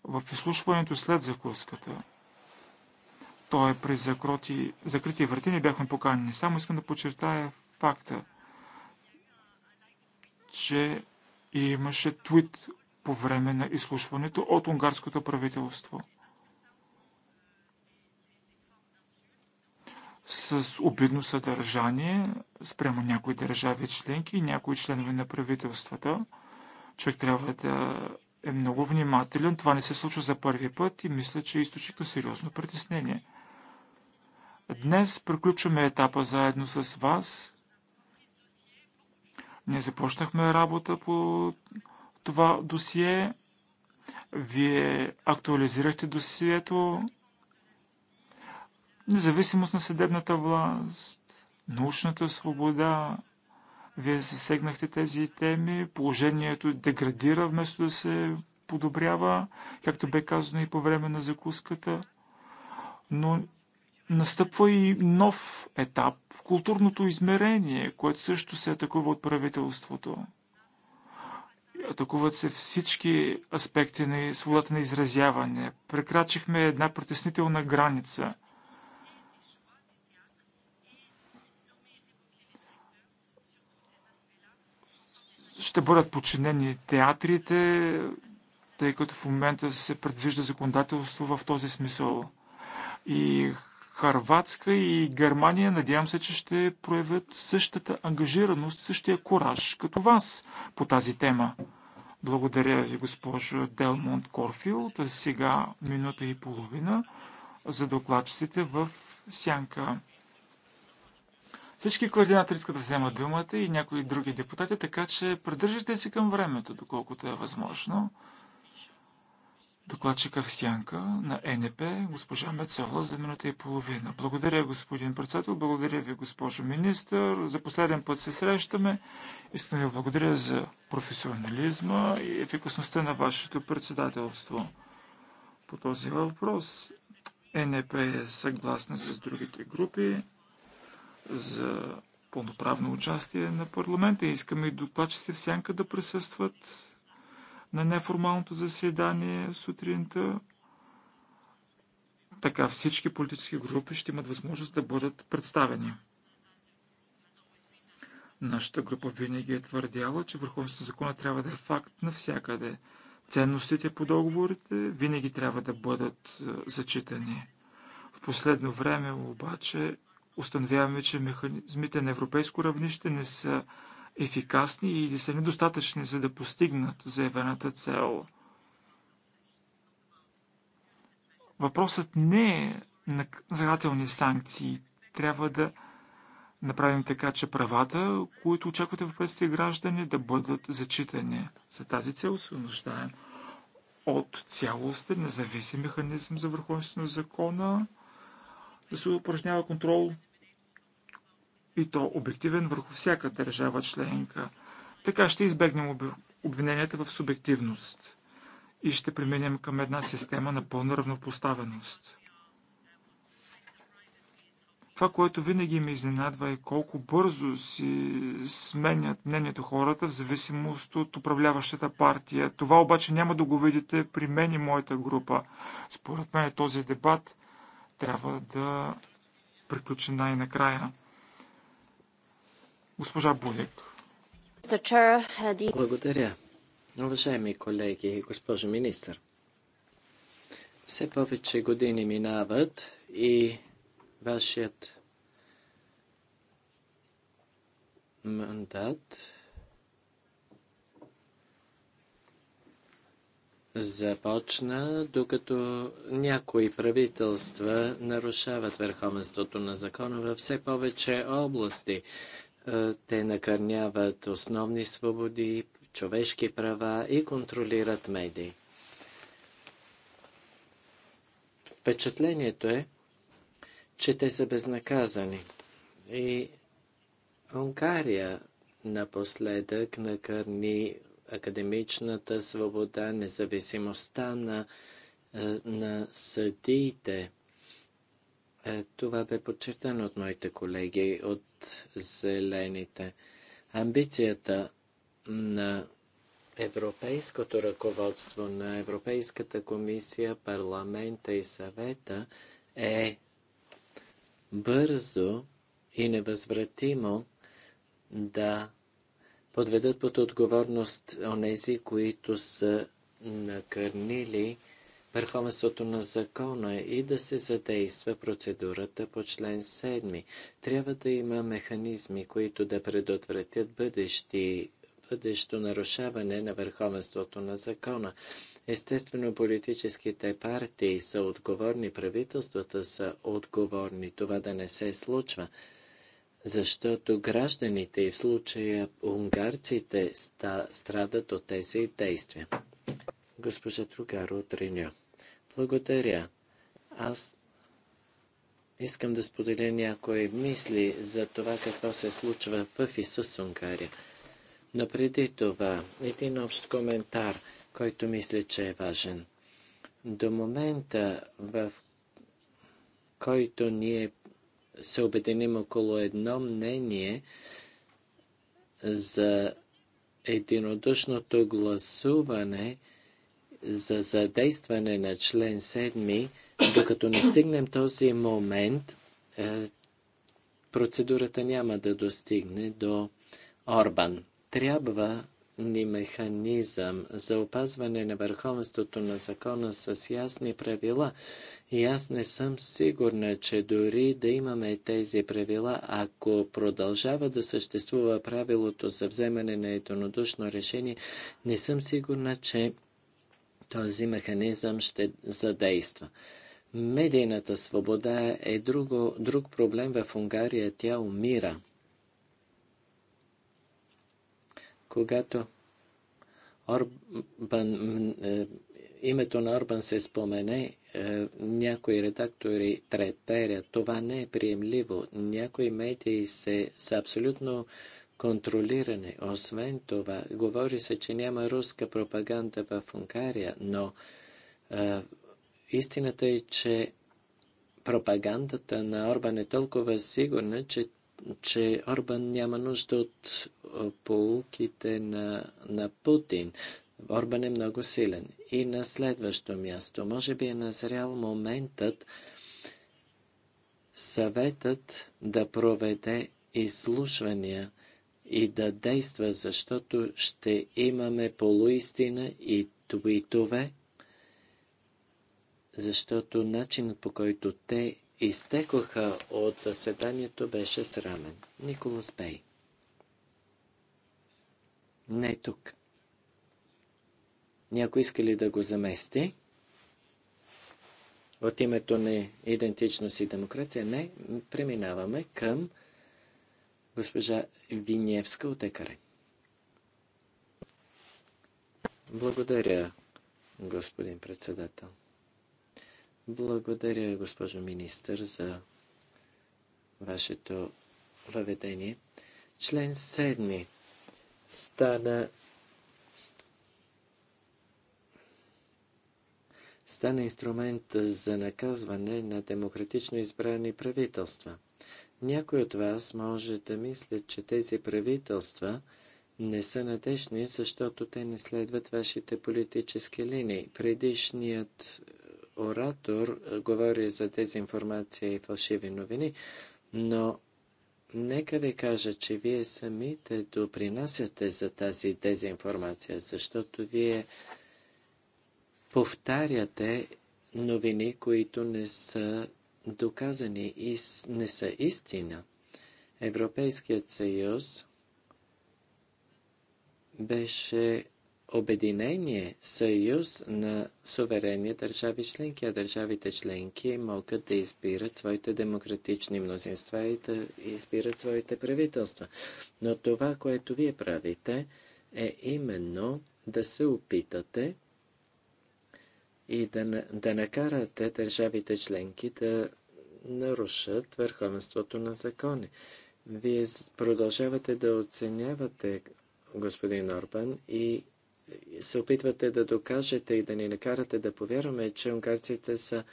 [SPEAKER 3] В изслушването след закуската, то е при закроти, закрити врати, не бяхме поканени. Само искам да подчертая факта, че имаше твит по време на изслушването от унгарското правителство. с обидно съдържание спрямо някои държави членки и някои членове на правителствата. Човек трябва да е много внимателен. Това не се случва за първи път и мисля, че е източник на сериозно притеснение. Днес приключваме етапа заедно с вас. Ние започнахме работа по това досие. Вие актуализирахте досието. Независимост на съдебната власт, научната свобода, вие засегнахте тези теми, положението деградира вместо да се подобрява, както бе казано и по време на закуската. Но настъпва и нов етап културното измерение, което също се атакува от правителството. Атакуват се всички аспекти на свободата на изразяване. Прекрачихме една притеснителна граница – ще бъдат подчинени театрите, тъй като в момента се предвижда законодателство в този смисъл. И Харватска и Германия, надявам се, че ще проявят същата ангажираност, същия кораж като вас по тази тема. Благодаря ви, госпожо Делмонт Корфилд. Сега минута и половина за докладчиците в Сянка. Всички координатори искат да вземат думата и някои други депутати, така че придържайте се към времето, доколкото е възможно. Докладчика в сянка на НП, госпожа Мецола, за минута и половина. Благодаря, господин председател, благодаря ви, госпожо министър. За последен път се срещаме. Искам да ви благодаря за професионализма и ефикасността на вашето председателство. По този въпрос НП е съгласна с другите групи за пълноправно участие на парламента. Искаме и докладчите в сянка да присъстват на неформалното заседание сутринта. Така всички политически групи ще имат възможност да бъдат представени. Нашата група винаги е твърдяла, че върховенството на закона трябва да е факт навсякъде. Ценностите по договорите винаги трябва да бъдат е, зачитани. В последно време обаче установяваме, че механизмите на европейско равнище не са ефикасни или са недостатъчни, за да постигнат заявената цел. Въпросът не е наказателни санкции. Трябва да направим така, че правата, които очакват европейските граждани, да бъдат зачитани. За тази цел се нуждаем от цялостен независим механизъм за върховенство на закона, да се упражнява контрол и то обективен върху всяка държава членка. Така ще избегнем обвиненията в субективност и ще преминем към една система на пълна равнопоставеност. Това, което винаги ме изненадва е колко бързо си сменят мнението хората в зависимост от управляващата партия. Това обаче няма да го видите при мен и моята група. Според мен този дебат трябва да приключи най-накрая. Госпожа Будек.
[SPEAKER 2] Uh, Благодаря.
[SPEAKER 4] Уважаеми колеги и госпожо министър, все повече години минават и вашият мандат започна, докато някои правителства нарушават върховенството на закона във все повече области. Е, те накърняват основни свободи, човешки права и контролират медии. Впечатлението е, че те са безнаказани. И Унгария напоследък накърни академичната свобода, независимостта на, е, на съдиите. Е, това бе подчертано от моите колеги от Зелените. Амбицията на европейското ръководство, на Европейската комисия, парламента и съвета е бързо и невъзвратимо да подведат под отговорност онези, които са накърнили върховенството на закона е и да се задейства процедурата по член 7. Трябва да има механизми, които да предотвратят бъдещи, бъдещо нарушаване на върховенството на закона. Естествено, политическите партии са отговорни, правителствата са отговорни това да не се случва, защото гражданите и в случая унгарците ста, страдат от тези действия госпожа Тругаро от Реня. Благодаря. Аз искам да споделя някои мисли за това какво се случва в и с Унгария. Но преди това, един общ коментар, който мисля, че е важен. До момента, в който ние се обединим около едно мнение за единодушното гласуване – за задействане на член 7, докато не стигнем този момент, е, процедурата няма да достигне до Орбан. Трябва ни механизъм за опазване на върховенството на закона с ясни правила. И аз не съм сигурна, че дори да имаме тези правила, ако продължава да съществува правилото за вземане на единодушно решение, не съм сигурна, че този механизъм ще задейства. Медийната свобода е друго, друг проблем в Унгария. Тя умира. Когато Орбан, е, името на Орбан се спомене, е, някои редактори треперят. Това не е приемливо. Някои медии се, са абсолютно контролиране. Освен това, говори се, че няма руска пропаганда в Унгария, но а, истината е, че пропагандата на Орбан е толкова сигурна, че, че Орбан няма нужда от полуките на, на Путин. Орбан е много силен. И на следващо място, може би е назрял моментът съветът да проведе изслушвания и да действа, защото ще имаме полуистина и твитове, защото начинът по който те изтекоха от заседанието беше срамен. Николас Бей. Не е тук. Някой иска ли да го замести? От името на идентичност и демокрация? Не. Преминаваме към Госпожа Виневска от Екаре. Благодаря, господин председател. Благодаря, госпожо министър, за вашето въведение. Член 7 стана стана инструмент за наказване на демократично избрани правителства – някой от вас може да мислят, че тези правителства не са надежни, защото те не следват вашите политически линии. Предишният е, оратор е, говори за дезинформация и фалшиви новини, но нека ви кажа, че вие самите допринасяте за тази дезинформация, защото вие повтаряте новини, които не са доказани и не са истина. Европейският съюз беше обединение, съюз на суверенни държави членки, а държавите членки могат да избират своите демократични мнозинства и да избират своите правителства. Но това, което вие правите, е именно да се опитате и да, да накарате държавите членки да нарушат върховенството на закони. Вие продължавате да оценявате господин Орбан и се опитвате да докажете и да ни накарате да повярваме, че унгарците са,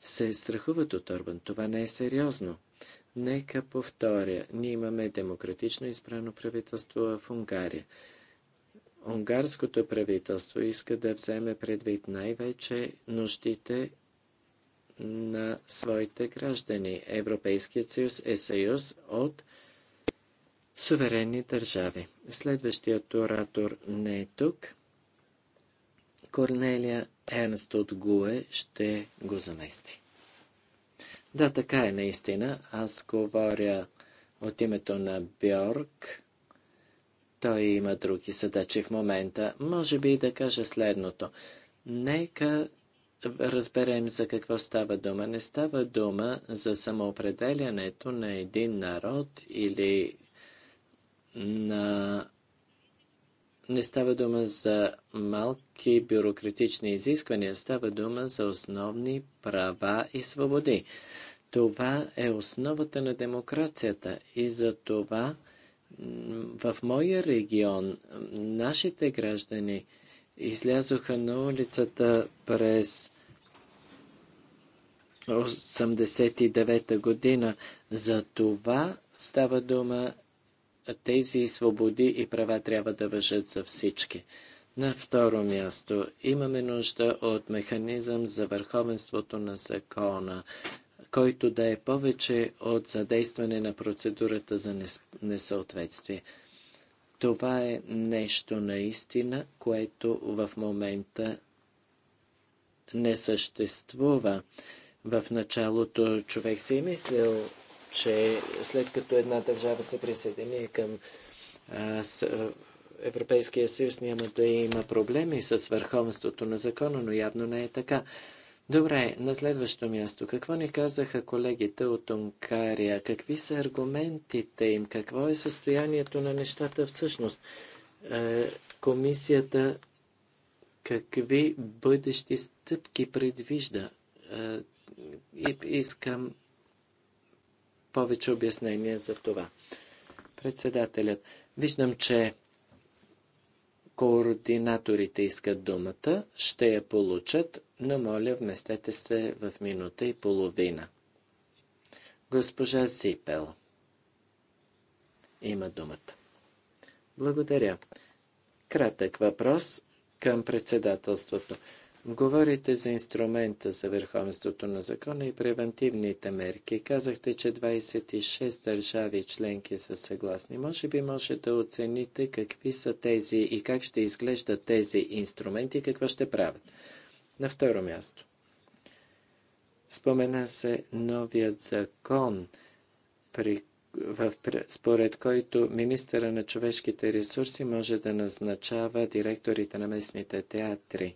[SPEAKER 4] се страхуват от Орбан. Това не е сериозно. Нека повторя, ние имаме демократично избрано правителство в Унгария. Унгарското правителство иска да вземе предвид най-вече нуждите на своите граждани. Европейският съюз е съюз от суверенни държави. Следващият оратор не е тук. Корнелия Ернст от Гуе ще го замести. Да, така е наистина. Аз говоря от името на Бьорк. Той има други задачи в момента. Може би да кажа следното. Нека разберем за какво става дума. Не става дума за самоопределянето на един народ или на... Не става дума за малки бюрократични изисквания, става дума за основни права и свободи. Това е основата на демокрацията и за това в моя регион нашите граждани излязоха на улицата през 89-та година. За това става дума тези свободи и права трябва да въжат за всички. На второ място имаме нужда от механизъм за върховенството на закона, който да е повече от задействане на процедурата за несъответствие. Това е нещо наистина, което в момента не съществува. В началото човек си е мислил, че след като една държава се присъедини към а, с, Европейския съюз, няма да има проблеми с върховенството на закона, но явно не е така. Добре, на следващо място. Какво ни казаха колегите от Онкария? Какви са аргументите им? Какво е състоянието на нещата всъщност? Е, комисията какви бъдещи стъпки предвижда? Е, и искам повече обяснение за това. Председателят, виждам, че координаторите искат думата, ще я получат, но моля вместете се в минута и половина. Госпожа Зипел има думата. Благодаря. Кратък въпрос към председателството. Говорите за инструмента за върховенството на закона и превентивните мерки. Казахте, че 26 държави членки са съгласни. Може би може да оцените какви са тези и как ще изглеждат тези инструменти и какво ще правят. На второ място. Спомена се новият закон, при, в, според който министъра на човешките ресурси може да назначава директорите на местните театри.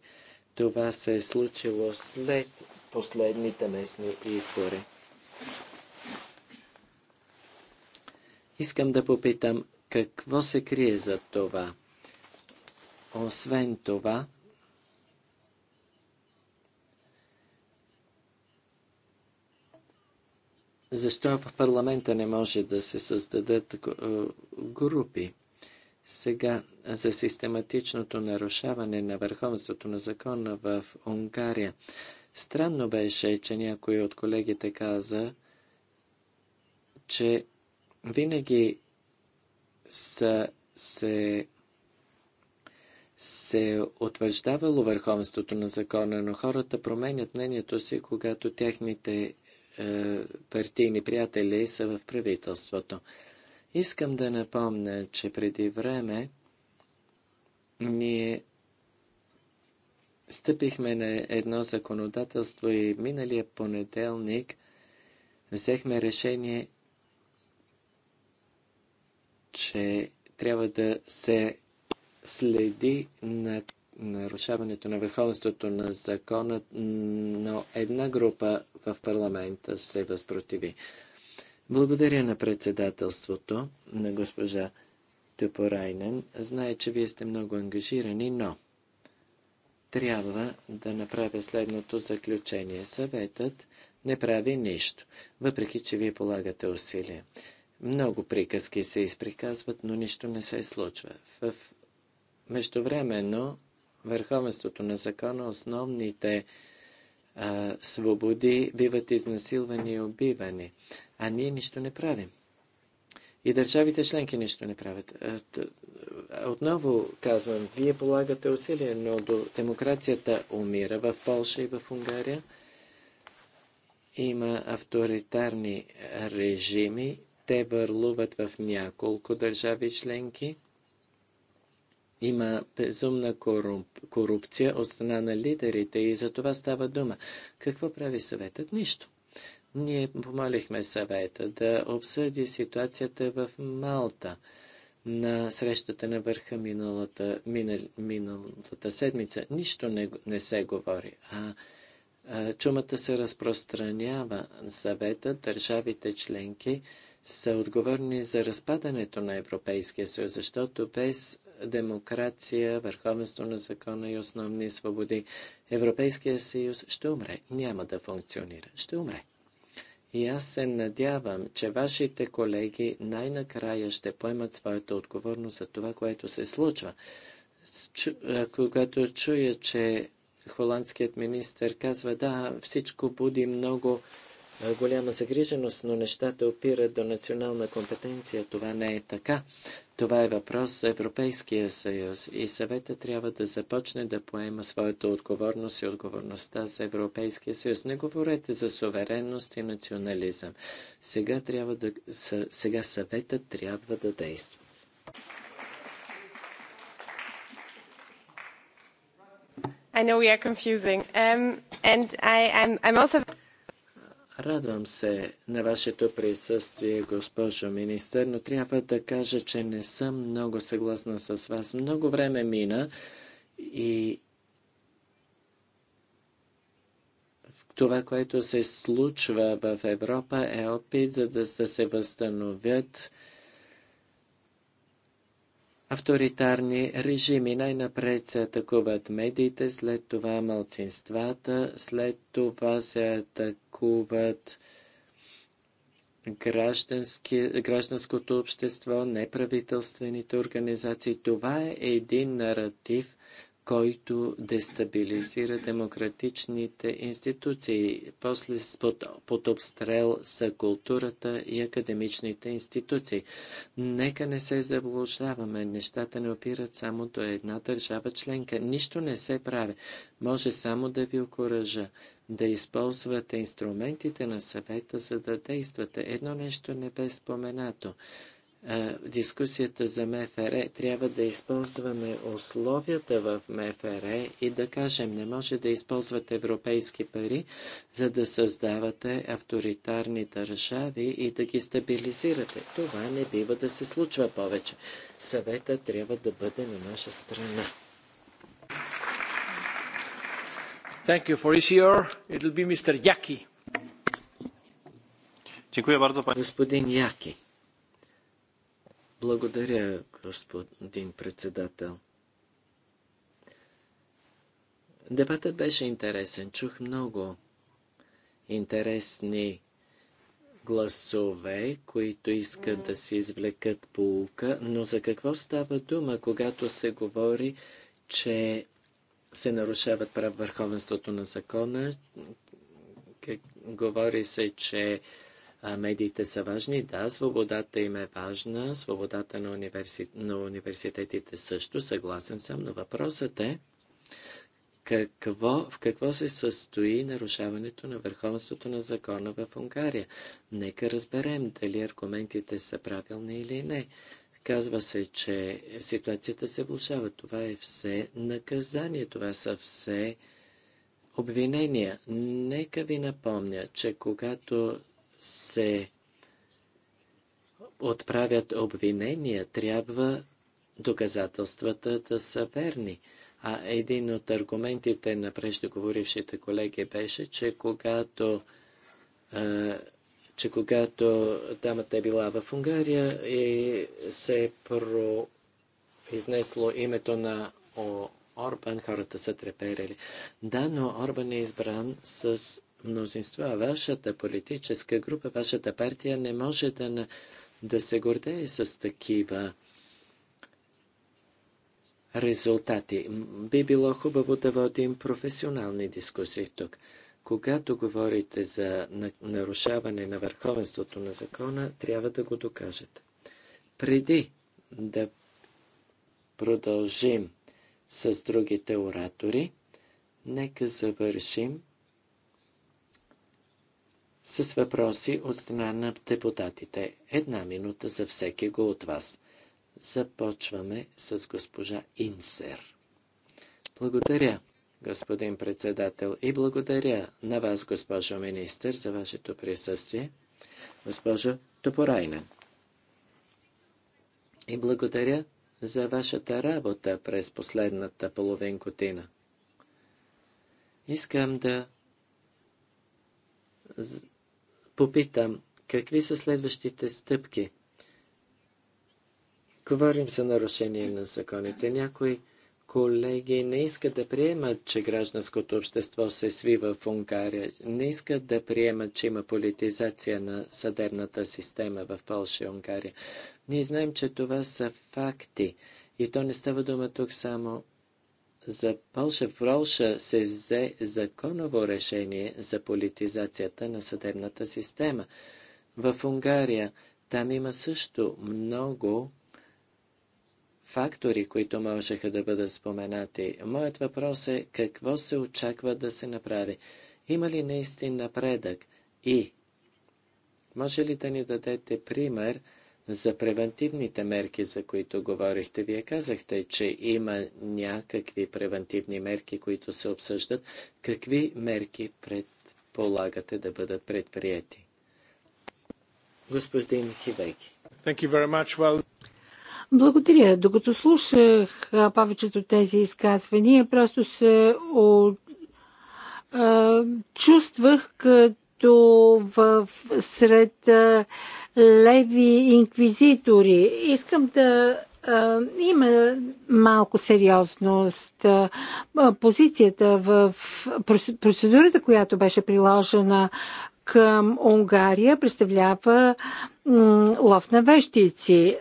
[SPEAKER 4] Това се е случило след последните местни избори. Искам да попитам, какво се крие за това? Освен това, защо в парламента не може да се създадат е, групи? Сега за систематичното нарушаване на върховенството на закона в Унгария. Странно беше, че някой от колегите каза, че винаги са се се утвърждавало върховенството на закона, но хората променят мнението си, когато техните е, партийни приятели са в правителството. Искам да напомня, че преди време ние стъпихме на едно законодателство и миналия понеделник взехме решение, че трябва да се следи на нарушаването на върховенството на закона, но една група в парламента се възпротиви. Благодаря на председателството на госпожа Тюпорайнен. Знае, че вие сте много ангажирани, но трябва да направя следното заключение. Съветът не прави нищо, въпреки че вие полагате усилия. Много приказки се изприказват, но нищо не се случва. В междувременно върховенството на закона, основните а, свободи, биват изнасилвани и убивани. А ние нищо не правим. И държавите членки нищо не правят. Отново казвам, вие полагате усилия, но до демокрацията умира в Польша и в Унгария. Има авторитарни режими. Те върлуват в няколко държави членки има безумна коруп, корупция от страна на лидерите и за това става дума. Какво прави съветът? Нищо. Ние помолихме съвета да обсъди ситуацията в Малта на срещата на върха миналата, минал, миналата седмица. Нищо не, не се говори. А, а чумата се разпространява. Съвета, държавите членки са отговорни за разпадането на Европейския съюз, защото без демокрация, върховенство на закона и основни свободи, Европейския съюз ще умре, няма да функционира, ще умре. И аз се надявам, че вашите колеги най-накрая ще поемат своята отговорност за това, което се случва. Чу, когато чуя, че холандският министр казва, да, всичко буди много голяма загриженост, но нещата опират до национална компетенция. Това не е така. Това е въпрос за Европейския съюз и съвета трябва да започне да поема своята отговорност и отговорността за Европейския съюз. Не говорете за суверенност и национализъм. Сега, трябва да, сега съвета трябва да действа.
[SPEAKER 2] I know we are confusing. Um, and I, I'm, I'm also...
[SPEAKER 4] Радвам се на вашето присъствие, госпожо министър, но трябва да кажа, че не съм много съгласна с вас. Много време мина и това, което се случва в Европа е опит за да се възстановят авторитарни режими. Най-напред се атакуват медиите, след това малцинствата, след това се атакуват атакуват гражданското общество, неправителствените организации. Това е един наратив, който дестабилизира демократичните институции. После под, под обстрел са културата и академичните институции. Нека не се заблуждаваме. Нещата не опират само до една държава членка. Нищо не се прави. Може само да ви окоръжа да използвате инструментите на съвета, за да действате. Едно нещо не бе споменато. Е, дискусията за МФР трябва да използваме условията в МФР и да кажем, не може да използвате европейски пари, за да създавате авторитарни държави и да ги стабилизирате. Това не бива да се случва повече. Съвета трябва да бъде на наша страна. Господин Яки. Благодаря, господин председател. Дебатът беше интересен. Чух много интересни гласове, които искат да се извлекат полука, но за какво става дума, когато се говори, че се нарушават прав върховенството на закона. Говори се, че медиите са важни. Да, свободата им е важна, свободата на, универси... на университетите също, съгласен съм, но въпросът е какво, в какво се състои нарушаването на върховенството на закона в Унгария. Нека разберем дали аргументите са правилни или не. Казва се, че ситуацията се влушава. Това е все наказание, това са все обвинения. Нека ви напомня, че когато се отправят обвинения, трябва доказателствата да са верни. А един от аргументите на преждеговорившите колеги беше, че когато е, че когато дамата е била в Унгария и се е про изнесло името на О... Орбан, хората са треперели. Да, но Орбан е избран с мнозинство, а вашата политическа група, вашата партия не може да, да се гордее с такива резултати. Би било хубаво да водим професионални дискусии тук. Когато говорите за нарушаване на върховенството на закона, трябва да го докажете. Преди да продължим с другите оратори, нека завършим с въпроси от страна на депутатите. Една минута за всеки го от вас. Започваме с госпожа Инсер. Благодаря господин председател, и благодаря на вас, госпожо министър, за вашето присъствие, госпожо Топорайна. И благодаря за вашата работа през последната половин година. Искам да попитам, какви са следващите стъпки? Говорим за нарушение на законите. Някои колеги не искат да приемат, че гражданското общество се свива в Унгария. Не искат да приемат, че има политизация на съдебната система в Польша и Унгария. Ние знаем, че това са факти. И то не става дума тук само за Польша. В Польша се взе законово решение за политизацията на съдебната система. В Унгария там има също много фактори, които можеха да бъдат споменати. Моят въпрос е какво се очаква да се направи? Има ли наистина напредък? И може ли да ни дадете пример за превентивните мерки, за които говорихте? Вие казахте, че има някакви превентивни мерки, които се обсъждат. Какви мерки предполагате да бъдат предприяти? Господин Хивеки. Thank you very much. Well...
[SPEAKER 2] Благодаря. Докато слушах повечето тези изказвания, просто се а, чувствах като в... сред леви инквизитори. Искам да има малко сериозност. Позицията в процедурата, която беше приложена към Унгария представлява лов на вещици.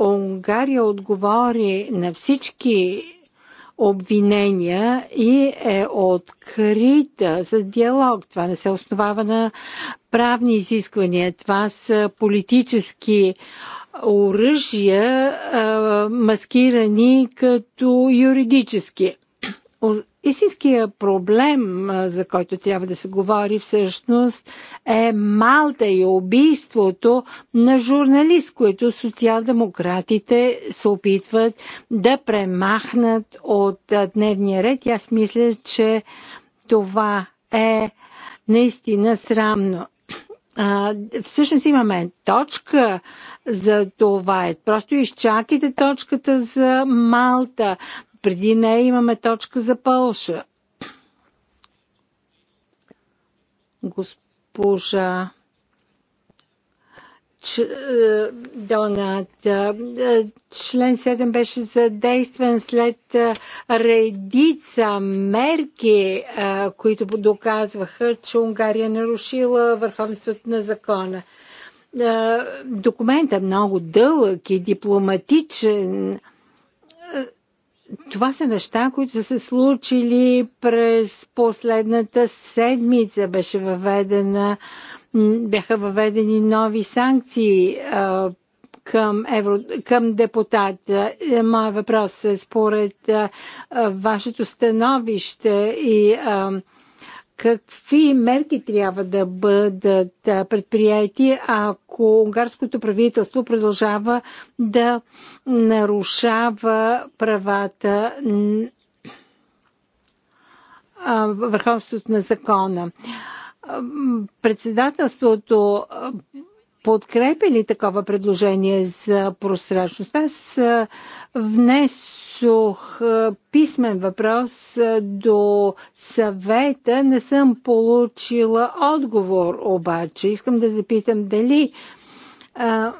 [SPEAKER 2] Унгария отговори на всички обвинения и е открита за диалог. Това не се основава на правни изисквания. Това са политически оръжия, маскирани като юридически. Истинския проблем, за който трябва да се говори всъщност, е Малта и убийството на журналист, които социал-демократите се опитват да премахнат от дневния ред. И аз мисля, че това е наистина срамно. всъщност имаме точка за това. Е, просто изчакайте точката за Малта. Преди нея имаме точка за Полша. Госпожа е, Донат. Е, член 7 беше задействан след е, редица мерки, които доказваха, че Унгария нарушила върховенството на закона. Документът е много дълъг и дипломатичен това са неща, които са се случили през последната седмица. Беше въведена, бяха въведени нови санкции а, към, евро, към депутата. Е, Моя въпрос е според а, вашето становище и а, какви мерки трябва да бъдат предприяти, ако унгарското правителство продължава да нарушава правата върховството на закона. Председателството подкрепили такова предложение за просрочност? Аз внесох писмен въпрос до съвета, не съм получила отговор обаче. Искам да запитам дали а,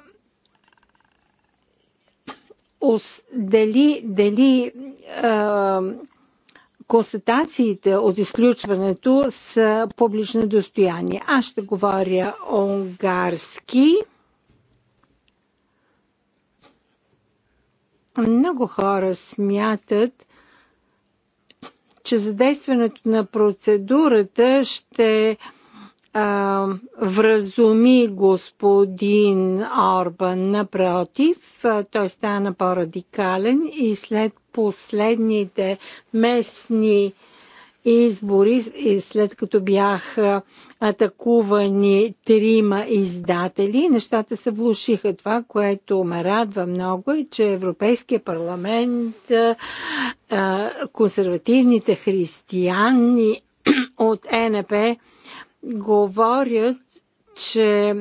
[SPEAKER 2] дали, дали а, констатациите от изключването са публично достояние. Аз ще говоря унгарски. Много хора смятат, че задействането на процедурата ще а, вразуми господин Орбан. Напротив, той стана по-радикален и след последните местни избори, след като бяха атакувани трима издатели, нещата се влушиха. Това, което ме радва много е, че Европейския парламент, консервативните християни от НП говорят, че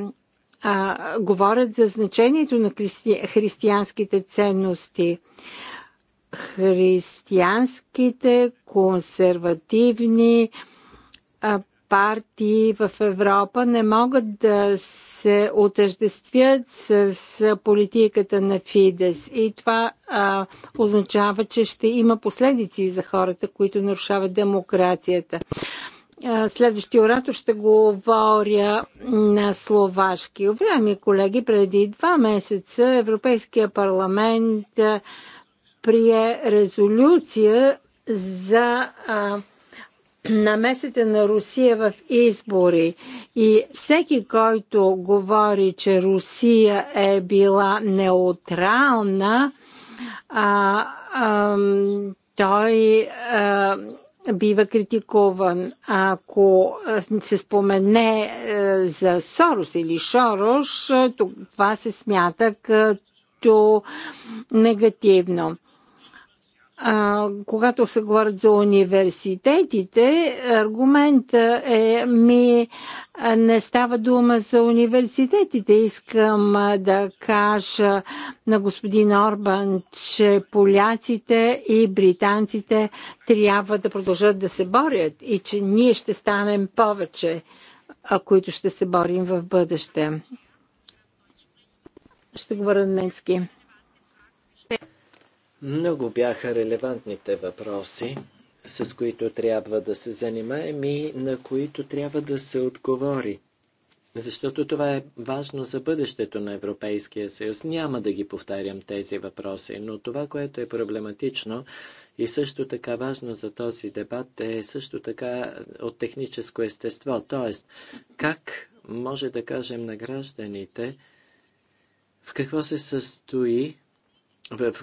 [SPEAKER 2] а, говорят за значението на християнските ценности християнските консервативни партии в Европа не могат да се отъждествят с политиката на Фидес. И това а, означава, че ще има последици за хората, които нарушават демокрацията. Следващия оратор ще говоря на словашки. Уважаеми колеги, преди два месеца Европейския парламент прие резолюция за а, намесите на Русия в избори и всеки, който говори, че Русия е била неутрална, а, а, той а, бива критикуван. Ако се спомене е, за Сорос или Шорош, е, това се смята като негативно. А, когато се говорят за университетите, аргумента е ми не става дума за университетите. Искам да кажа на господин Орбан, че поляците и британците трябва да продължат да се борят и че ние ще станем повече, които ще се борим в бъдеще. Ще говоря немски.
[SPEAKER 4] Много бяха релевантните въпроси, с които трябва да се занимаем и на които трябва да се отговори. Защото това е важно за бъдещето на Европейския съюз. Няма да ги повтарям тези въпроси, но това, което е проблематично и също така важно за този дебат е също така от техническо естество. Тоест, как може да кажем на гражданите в какво се състои в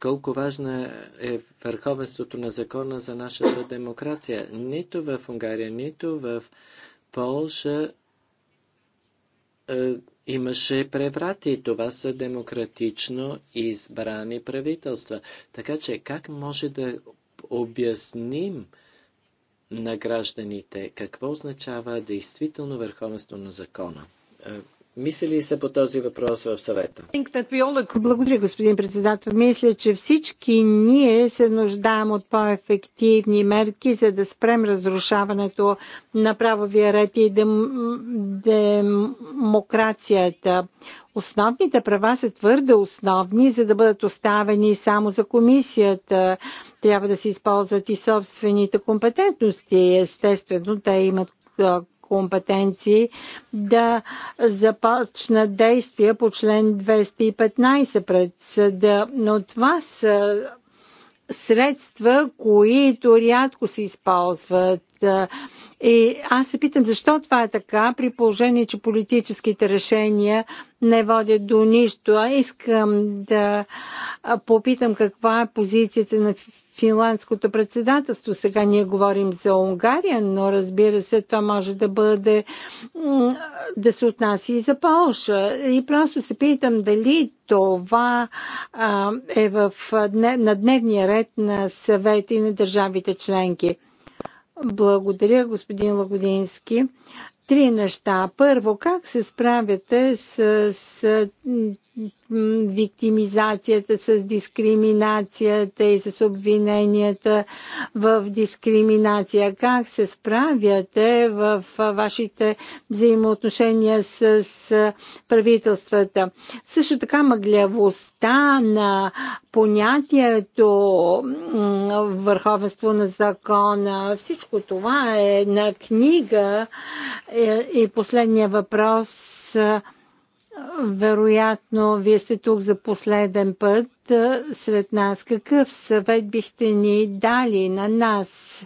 [SPEAKER 4] колко важна е върховенството на закона за нашата демокрация. Нито в Унгария, нито в Полша е, имаше преврати. Това са демократично избрани правителства. Така че как може да обясним на гражданите какво означава действително върховенство на закона? Е, Мислили са по този въпрос в съвета?
[SPEAKER 2] Благодаря, господин председател. Мисля, че всички ние се нуждаем от по-ефективни мерки, за да спрем разрушаването на правовия ред и дем... демокрацията. Основните права са твърде основни, за да бъдат оставени само за комисията. Трябва да се използват и собствените компетентности. Естествено, те имат компетенции да започнат действия по член 215 пред съда. Но това са средства, които рядко се използват и е, аз се питам защо това е така, при положение, че политическите решения не водят до нищо. А искам да попитам каква е позицията на финландското председателство. Сега ние говорим за Унгария, но разбира се, това може да бъде да се отнася и за Полша. И просто се питам дали това е в, на дневния ред на съвет и на държавите членки. Благодаря, господин Лагодински. Три неща. Първо, как се справяте с, с виктимизацията, с дискриминацията и с обвиненията в дискриминация. Как се справяте в вашите взаимоотношения с правителствата? Също така мъглявостта на понятието върховенство на закона, всичко това е на книга. Е, и последния въпрос – вероятно, вие сте тук за последен път сред нас. Какъв съвет бихте ни дали на нас,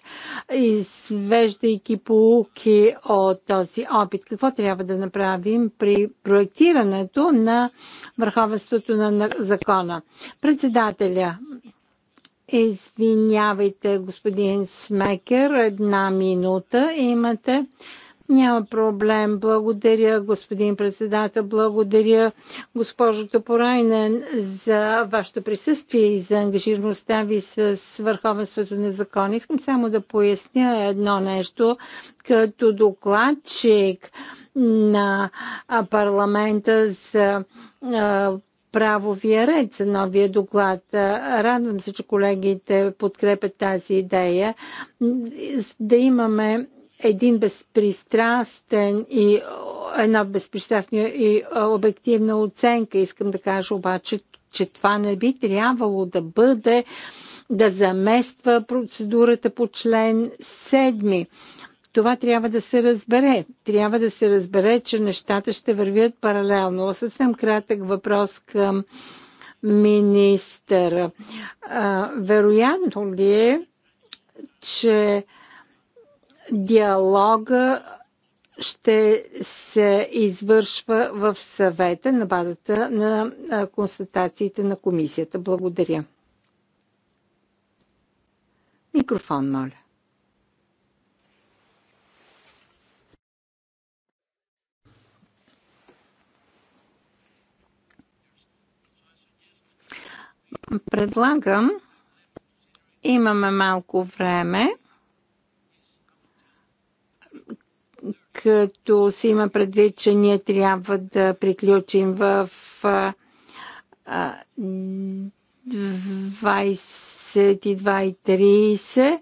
[SPEAKER 2] извеждайки поуки от този опит? Какво трябва да направим при проектирането на върховенството на закона? Председателя, извинявайте, господин Смекер, една минута имате. Няма проблем. Благодаря, господин председател. Благодаря, госпожо Топорайнен, за вашето присъствие и за ангажираността ви с върховенството на закон. Искам само да поясня едно нещо. Като докладчик на парламента за правовия ред за новия доклад. Радвам се, че колегите подкрепят тази идея да имаме един безпристрастен и една безпристрастна и обективна оценка. Искам да кажа обаче, че това не би трябвало да бъде да замества процедурата по член 7. Това трябва да се разбере. Трябва да се разбере, че нещата ще вървят паралелно. Съвсем кратък въпрос към министър. вероятно ли е, че диалога ще се извършва в съвета на базата на констатациите на комисията. Благодаря. Микрофон, моля. Предлагам, имаме малко време като се има предвид, че ние трябва да приключим в 22.30,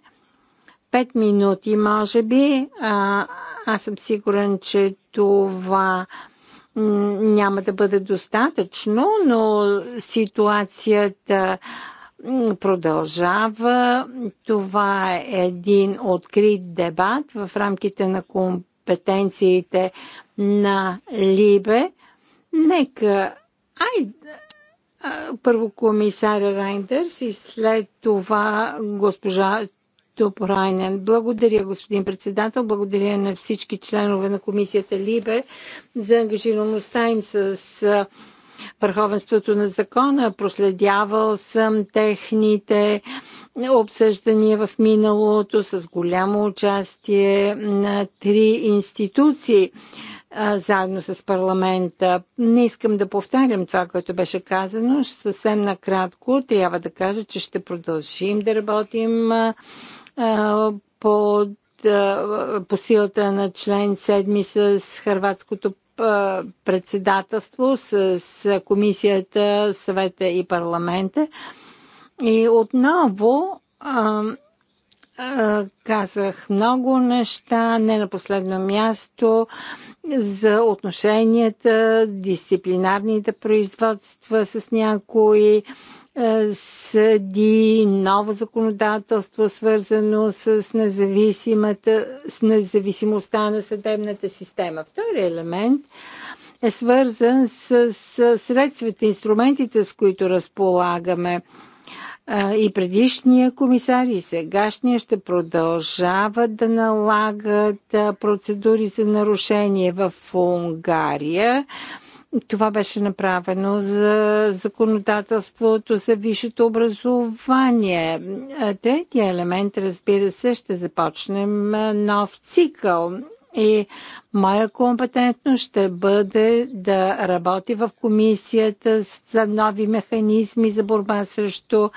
[SPEAKER 2] 5 минути може би. А, аз съм сигурен, че това няма да бъде достатъчно, но ситуацията продължава. Това е един открит дебат в рамките на компания компетенциите на Либе. Нека, ай, първо комисаря Райндърс и след това госпожа Топрайнен. Благодаря, господин председател. Благодаря на всички членове на комисията Либе за ангажираността им с върховенството на закона. Проследявал съм техните обсъждания в миналото с голямо участие на три институции заедно с парламента. Не искам да повтарям това, което беше казано. Съвсем накратко трябва да кажа, че ще продължим да работим под по силата на член 7 с Харватското председателство с комисията, съвета и парламента. И отново казах много неща, не на последно място, за отношенията, дисциплинарните производства с някои е, съди, ново законодателство, свързано с, независимата, с независимостта на съдебната система. Втори елемент е свързан с, с средствата, инструментите, с които разполагаме. Е, и предишния комисар и сегашния ще продължават да налагат процедури за нарушение в Унгария. Това беше направено за законодателството за висшето образование. Третия елемент, разбира се, ще започнем нов цикъл. И моя компетентност ще бъде да работи в комисията за нови механизми за борба срещу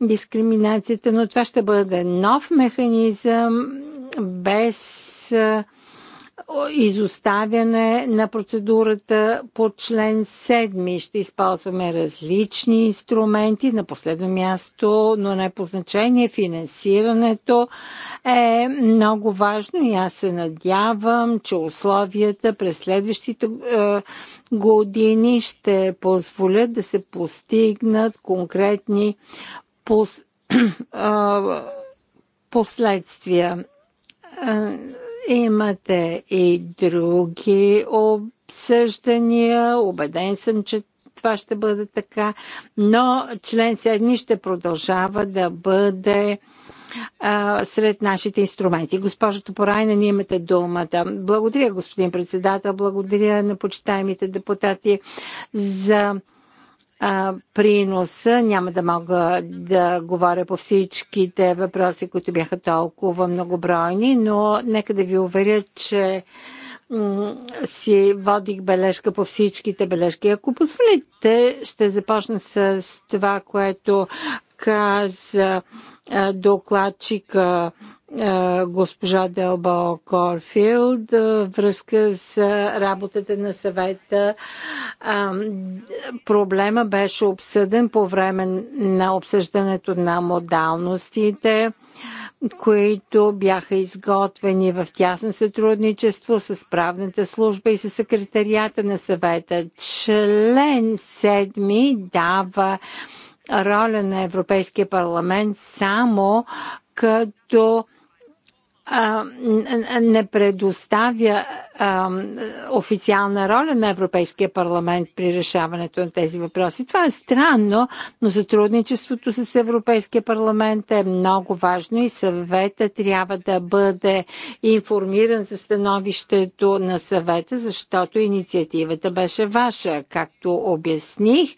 [SPEAKER 2] дискриминацията, но това ще бъде нов механизъм без изоставяне на процедурата по член 7. Ще използваме различни инструменти. На последно място, но не по значение, финансирането е много важно и аз се надявам, че условията през следващите е, години ще позволят да се постигнат конкретни пос... Е, последствия е, Имате и други обсъждания. Обеден съм, че това ще бъде така. Но член 7 ще продължава да бъде а, сред нашите инструменти. Госпожо Топорайна, ние имате думата. Благодаря, господин председател, благодаря на почитаемите депутати за а, приноса. Няма да мога да говоря по всичките въпроси, които бяха толкова многобройни, но нека да ви уверя, че си водих бележка по всичките бележки. Ако позволите, ще започна с това, което каза докладчика госпожа Делба Корфилд връзка с работата на съвета. Проблема беше обсъден по време на обсъждането на модалностите, които бяха изготвени в тясно сътрудничество с правната служба и с секретарията на съвета. Член 7 дава роля на Европейския парламент само като не предоставя официална роля на Европейския парламент при решаването на тези въпроси. Това е странно, но сътрудничеството с Европейския парламент е много важно и съвета трябва да бъде информиран за становището на съвета, защото инициативата беше ваша, както обясних.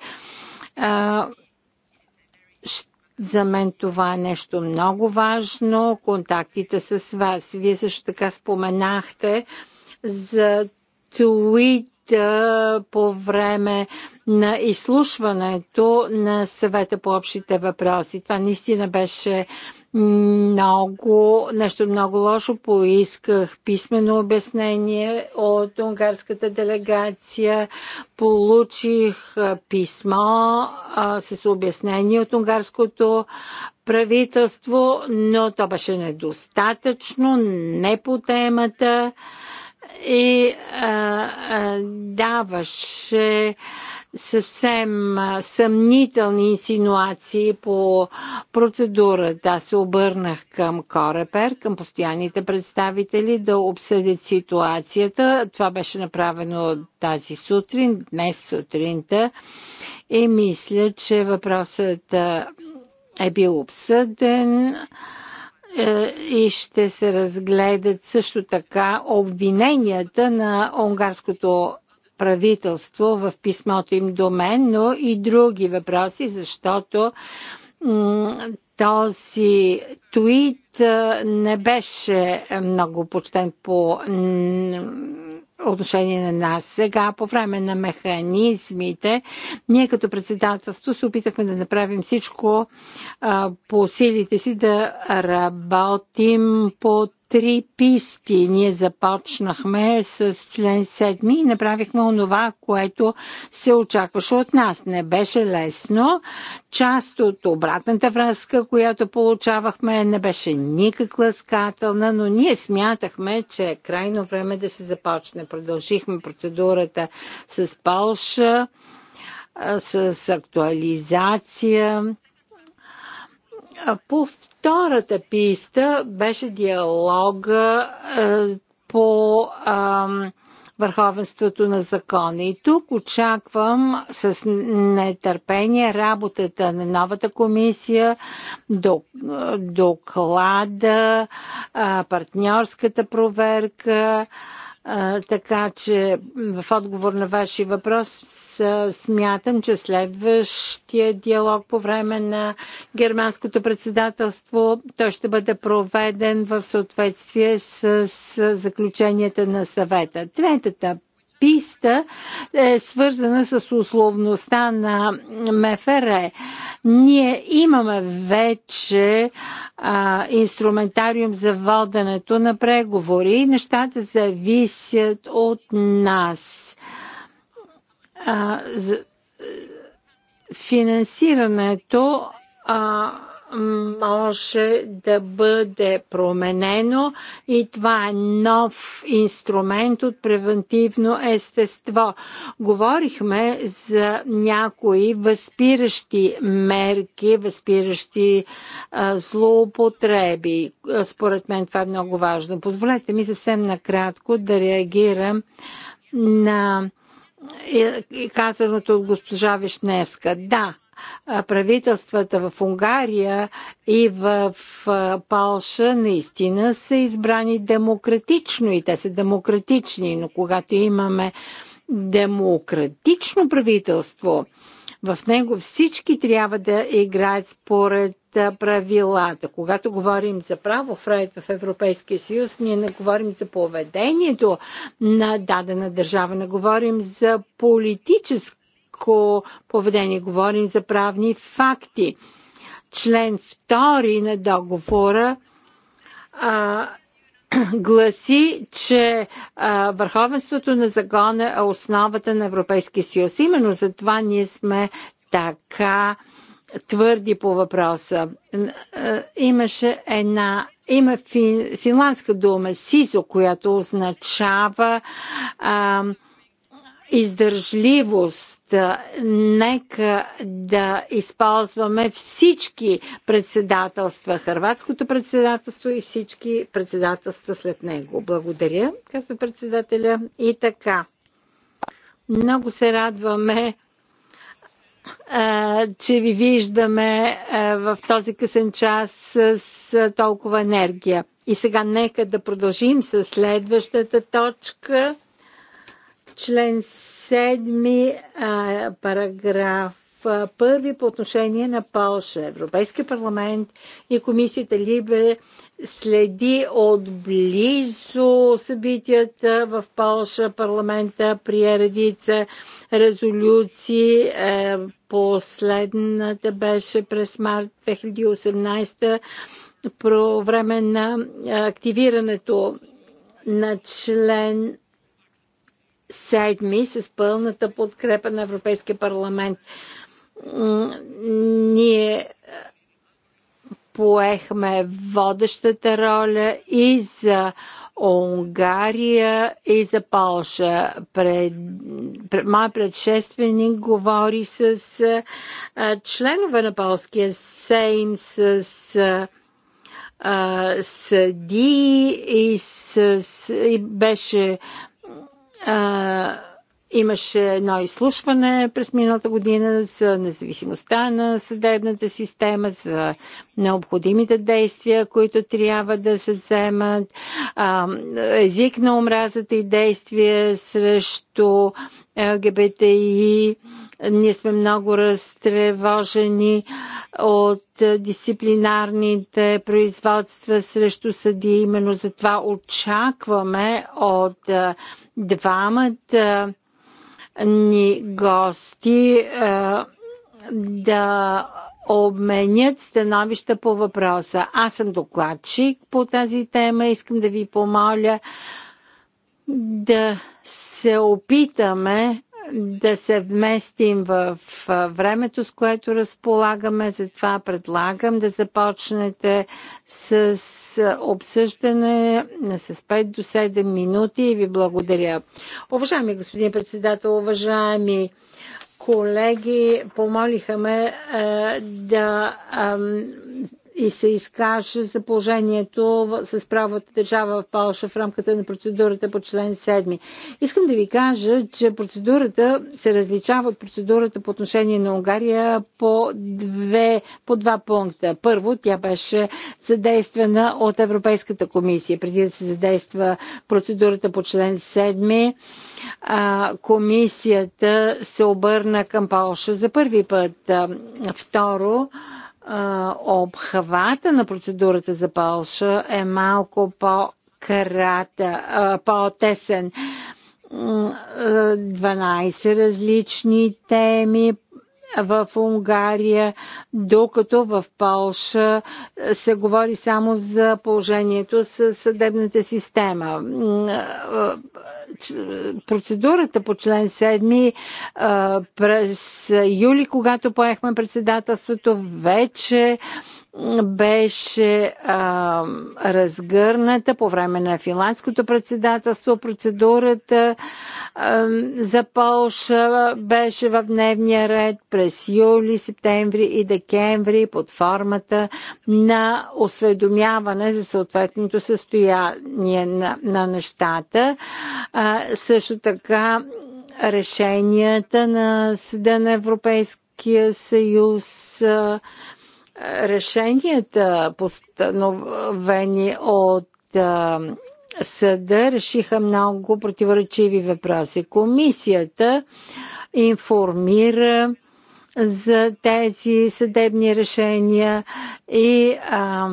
[SPEAKER 2] За мен това е нещо много важно. Контактите с вас. Вие също така споменахте за Twitter по време на изслушването на съвета по общите въпроси. Това наистина беше много, нещо много лошо. Поисках писмено обяснение от унгарската делегация. Получих писмо а, с обяснение от унгарското правителство, но то беше недостатъчно, не по темата и а, а, даваше съвсем съмнителни инсинуации по процедурата. Аз се обърнах към Корепер, към постоянните представители да обсъдят ситуацията. Това беше направено тази сутрин, днес сутринта. И мисля, че въпросът е бил обсъден е, и ще се разгледат също така обвиненията на унгарското правителство в писмото им до мен, но и други въпроси, защото този твит не беше много почтен по отношение на нас. Сега, по време на механизмите, ние като председателство се опитахме да направим всичко по силите си да работим по три писти. Ние започнахме с член 7 и направихме онова, което се очакваше от нас. Не беше лесно. Част от обратната връзка, която получавахме, не беше никак ласкателна, но ние смятахме, че е крайно време да се започне. Продължихме процедурата с Полша, с актуализация по втората писта беше диалога по върховенството на закона. И тук очаквам с нетърпение работата на новата комисия, доклада, партньорската проверка. Така че в отговор на вашия въпрос аз е, смятам, че следващия диалог по време на германското председателство той ще бъде проведен в съответствие с, заключенията на съвета. Третата писта е свързана с условността на МФР. Ние имаме вече а, инструментариум за воденето на преговори. Нещата зависят от нас а, е, финансирането а, може да бъде променено и това е нов инструмент от превентивно естество. Говорихме за някои възпиращи мерки, възпиращи а, злоупотреби. Според мен това е много важно. Позволете ми съвсем накратко да реагирам на казаното от госпожа Вишневска. Да, правителствата в Унгария и в Палша наистина са избрани демократично и те са демократични, но когато имаме демократично правителство, в него всички трябва да играят според правилата. Когато говорим за право Фрейд в Европейския съюз, ние не говорим за поведението на дадена държава, не говорим за политическо поведение, говорим за правни факти. Член 2 на договора а, гласи, че а, върховенството на закона е основата на Европейския съюз. Именно за това ние сме така твърди по въпроса. Имаше една има фин, финландска дума сизо, която означава а, издържливост. Нека да използваме всички председателства, хрватското председателство и всички председателства след него. Благодаря, казва председателя. И така. Много се радваме че ви виждаме в този късен час с толкова енергия. И сега нека да продължим с следващата точка. Член 7, параграф първи по отношение на Польша. Европейския парламент и комисията Либе следи отблизо събитията в Полша. Парламента прие редица резолюции. Е, последната беше през март 2018 про време на е, активирането на член 7 с пълната подкрепа на Европейския парламент. Ние е, поехме водещата роля и за Унгария и за Полша. Пред, пред, Моя предшественик говори с а, членове на полския Сейм, с а, съди и, с, и беше а, Имаше едно изслушване през миналата година за независимостта на съдебната система, за необходимите действия, които трябва да се вземат, език на омразата и действия срещу ЛГБТИ. Ние сме много разтревожени от дисциплинарните производства срещу съдии. Именно затова очакваме от двамата ни гости е, да обменят становища по въпроса. Аз съм докладчик по тази тема. Искам да ви помоля да се опитаме да се вместим в времето, с което разполагаме. Затова предлагам да започнете с обсъждане с 5 до 7 минути и ви благодаря. Уважаеми господин председател, уважаеми колеги, помолиха ме да и се изкаже за положението с правата държава в Палша в рамката на процедурата по член 7. Искам да ви кажа, че процедурата се различава от процедурата по отношение на Унгария по, две, по два пункта. Първо, тя беше задействана от Европейската комисия. Преди да се задейства процедурата по член 7, комисията се обърна към Палша за първи път. Второ, обхвата на процедурата за Полша е малко по-крата, по-тесен. 12 различни теми в Унгария, докато в Полша се говори само за положението с съдебната система процедурата по член 7 през юли, когато поехме председателството, вече беше а, разгърната по време на финландското председателство. Процедурата а, за Полша беше в дневния ред през юли, септември и декември под формата на осведомяване за съответното състояние на, на нещата. А, също така решенията на Съда на Европейския съюз а, решенията, постановени от съда, решиха много противоречиви въпроси. Комисията информира за тези съдебни решения и а,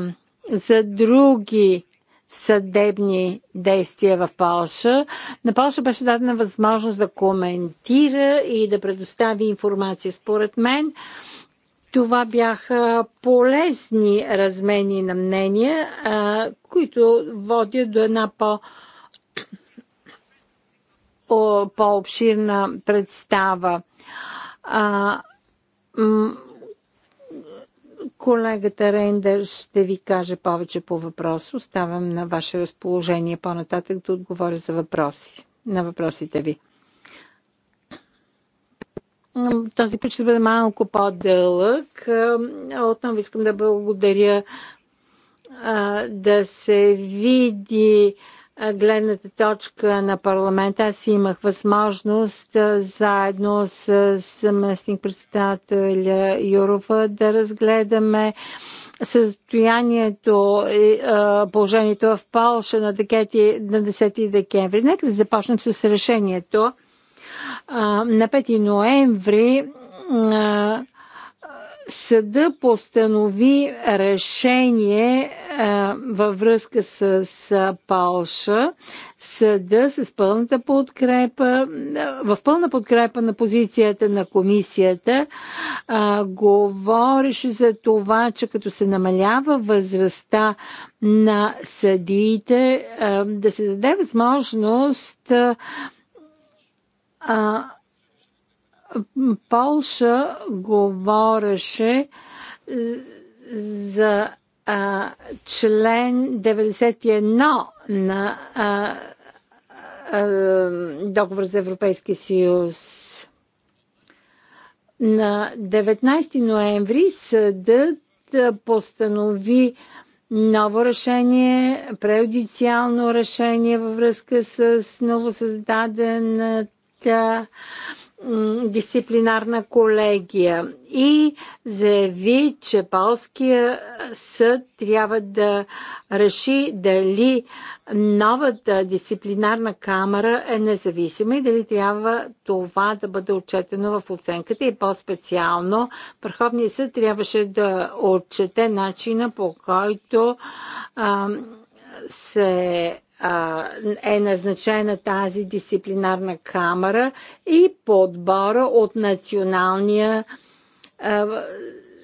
[SPEAKER 2] за други съдебни действия в Палша. На Палша беше дадена възможност да коментира и да предостави информация. Според мен, а, това бяха полезни размени на мнения, които водят до една по- по-обширна представа. А, колегата Рендер ще ви каже повече по въпрос. Оставам на ваше разположение по-нататък да отговоря за въпроси, на въпросите ви. Този път ще бъде малко по-дълъг. Отново искам да благодаря да се види гледната точка на парламента. Аз имах възможност заедно с съместник председателя Юрова да разгледаме състоянието и положението в Польша на 10 декември. Нека да започнем с решението на 5 ноември съда постанови решение във връзка с, Палша. Полша. Съда с пълната подкрепа, в пълна подкрепа на позицията на комисията, говореше за това, че като се намалява възрастта на съдиите, да се даде възможност а, Полша говореше е, за а, член 91 на а, а, договор за Европейския съюз. На 19 ноември съдът постанови ново решение, преюдициално решение във връзка с новосъздадената дисциплинарна колегия и заяви, че полския съд трябва да реши дали новата дисциплинарна камера е независима и дали трябва това да бъде отчетено в оценката и по-специално Върховният съд трябваше да отчете начина по който а, се е назначена тази дисциплинарна камера и подбора от националния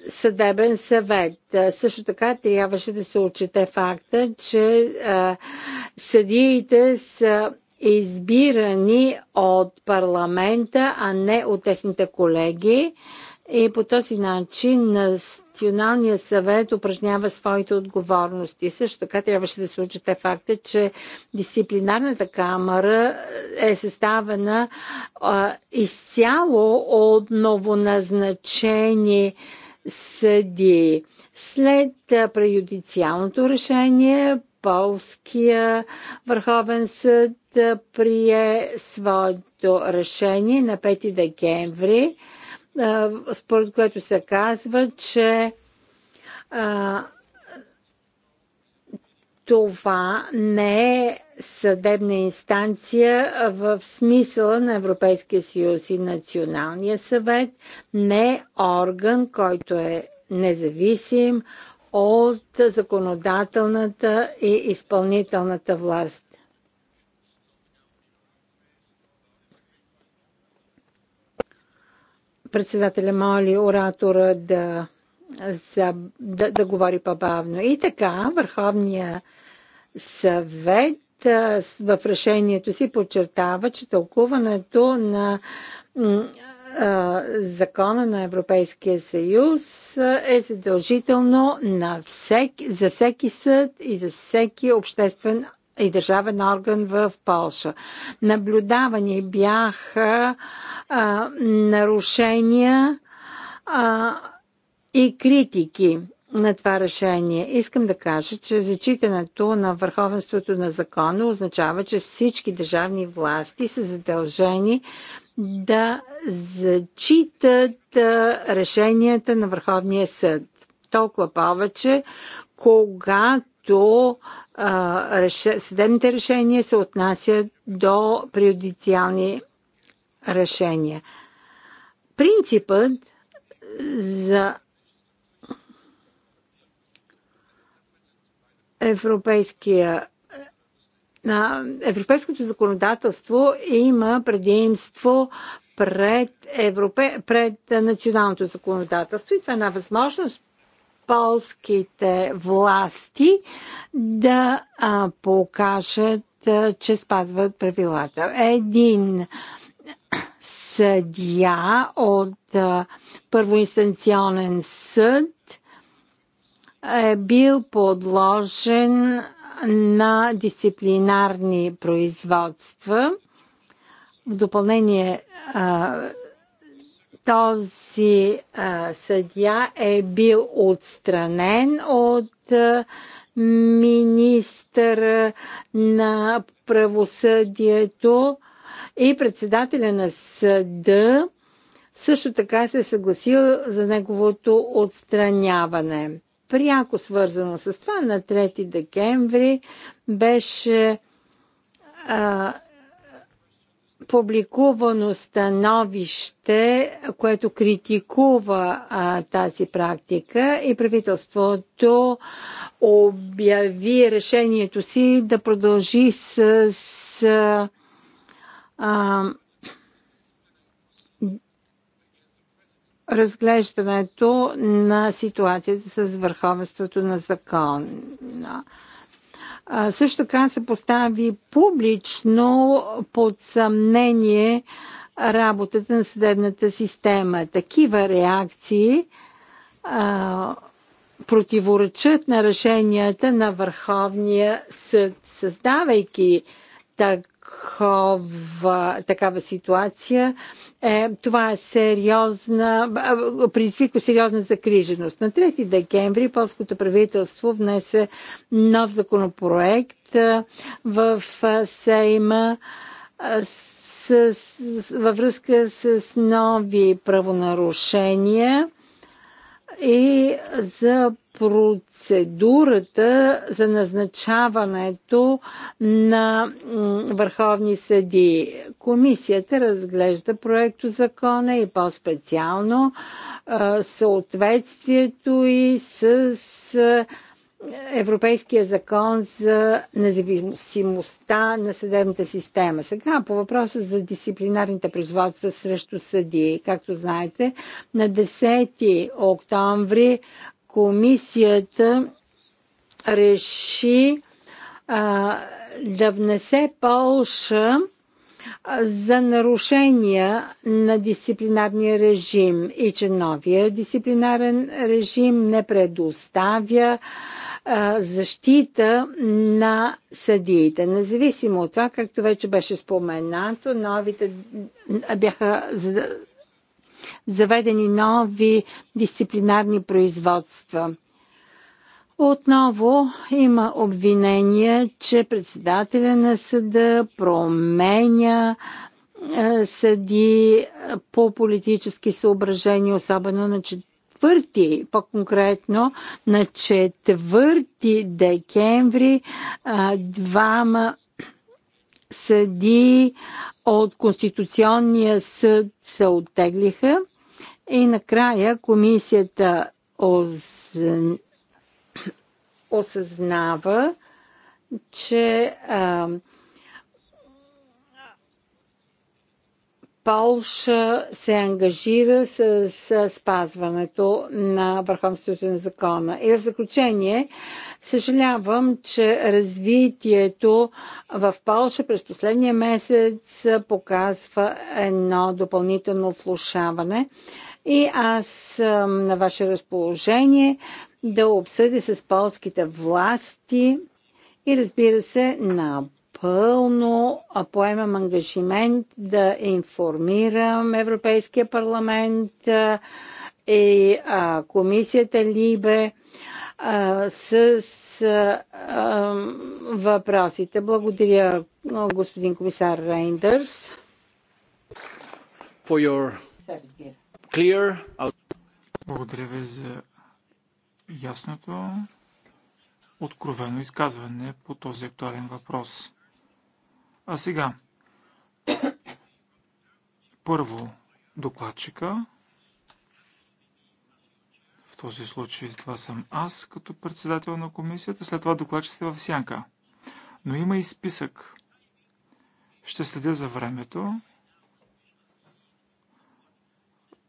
[SPEAKER 2] съдебен съвет. Също така трябваше да се отчете факта, че съдиите са избирани от парламента, а не от техните колеги и по този начин Националния съвет упражнява своите отговорности. Също така трябваше да се учите факта, че дисциплинарната камера е съставена а, изцяло от новоназначени съди. След преюдициалното решение, Полския върховен съд прие своето решение на 5 декември според което се казва, че а, това не е съдебна инстанция в смисъла на Европейския съюз и Националния съвет, не е орган, който е независим от законодателната и изпълнителната власт. Председателя моли оратора да, за, да, да говори по-бавно. И така, Върховния съвет в решението си подчертава, че тълкуването на закона на Европейския съюз е задължително на всек, за всеки съд и за всеки обществен и държавен орган в Польша. Наблюдавани бяха а, нарушения а, и критики на това решение. Искам да кажа, че зачитането на върховенството на закона означава, че всички държавни власти са задължени да зачитат решенията на Върховния съд. Толкова повече, когато често а, съдебните решения се отнасят до приодициални решения. Принципът за европейския на европейското законодателство има предимство пред, европе, пред националното законодателство и това е една възможност полските власти да а, покажат, а, че спазват правилата. Един съдия от а, първоинстанционен съд е бил подложен на дисциплинарни производства. В допълнение а, този а, съдя е бил отстранен от а, министър на правосъдието и председателя на съда също така се е съгласил за неговото отстраняване. Пряко свързано с това, на 3 декември беше а, публикувано становище, което критикува а, тази практика и правителството обяви решението си да продължи с, с а, разглеждането на ситуацията с върховенството на закона. А, също така се постави публично под съмнение работата на съдебната система. Такива реакции а, противоречат на решенията на Върховния съд, създавайки так, такова, такава ситуация, е, това е сериозна, е, предизвиква сериозна закриженост. На 3 декември полското правителство внесе нов законопроект е, в е, Сейма с, с, във връзка с нови правонарушения и за процедурата за назначаването на върховни съди. Комисията разглежда проекто закона и по-специално съответствието и с Европейския закон за независимостта на съдебната система. Сега по въпроса за дисциплинарните производства срещу съдии. Както знаете, на 10 октомври комисията реши а, да внесе Полша за нарушения на дисциплинарния режим и че новия дисциплинарен режим не предоставя а, защита на съдиите. Независимо от това, както вече беше споменато, новите бяха заведени нови дисциплинарни производства. Отново има обвинение, че председателя на съда променя е, съди по политически съображения, особено на четвърти, по-конкретно на 4 декември е, двама съди от Конституционния съд се оттеглиха и накрая комисията озн... осъзнава, че а, Полша се ангажира с, с спазването на върховството на закона. И в заключение, съжалявам, че развитието в Полша през последния месец показва едно допълнително влушаване и аз съм на ваше разположение да обсъди с полските власти и разбира се на напълно поемам ангажимент да информирам Европейския парламент и комисията Либе с въпросите. Благодаря, господин комисар Рейндърс.
[SPEAKER 3] For your clear... Благодаря ви за ясното, откровено изказване по този актуален въпрос. А сега, първо докладчика, в този случай това съм аз като председател на комисията, след това докладчиците в сянка. Но има и списък. Ще следя за времето.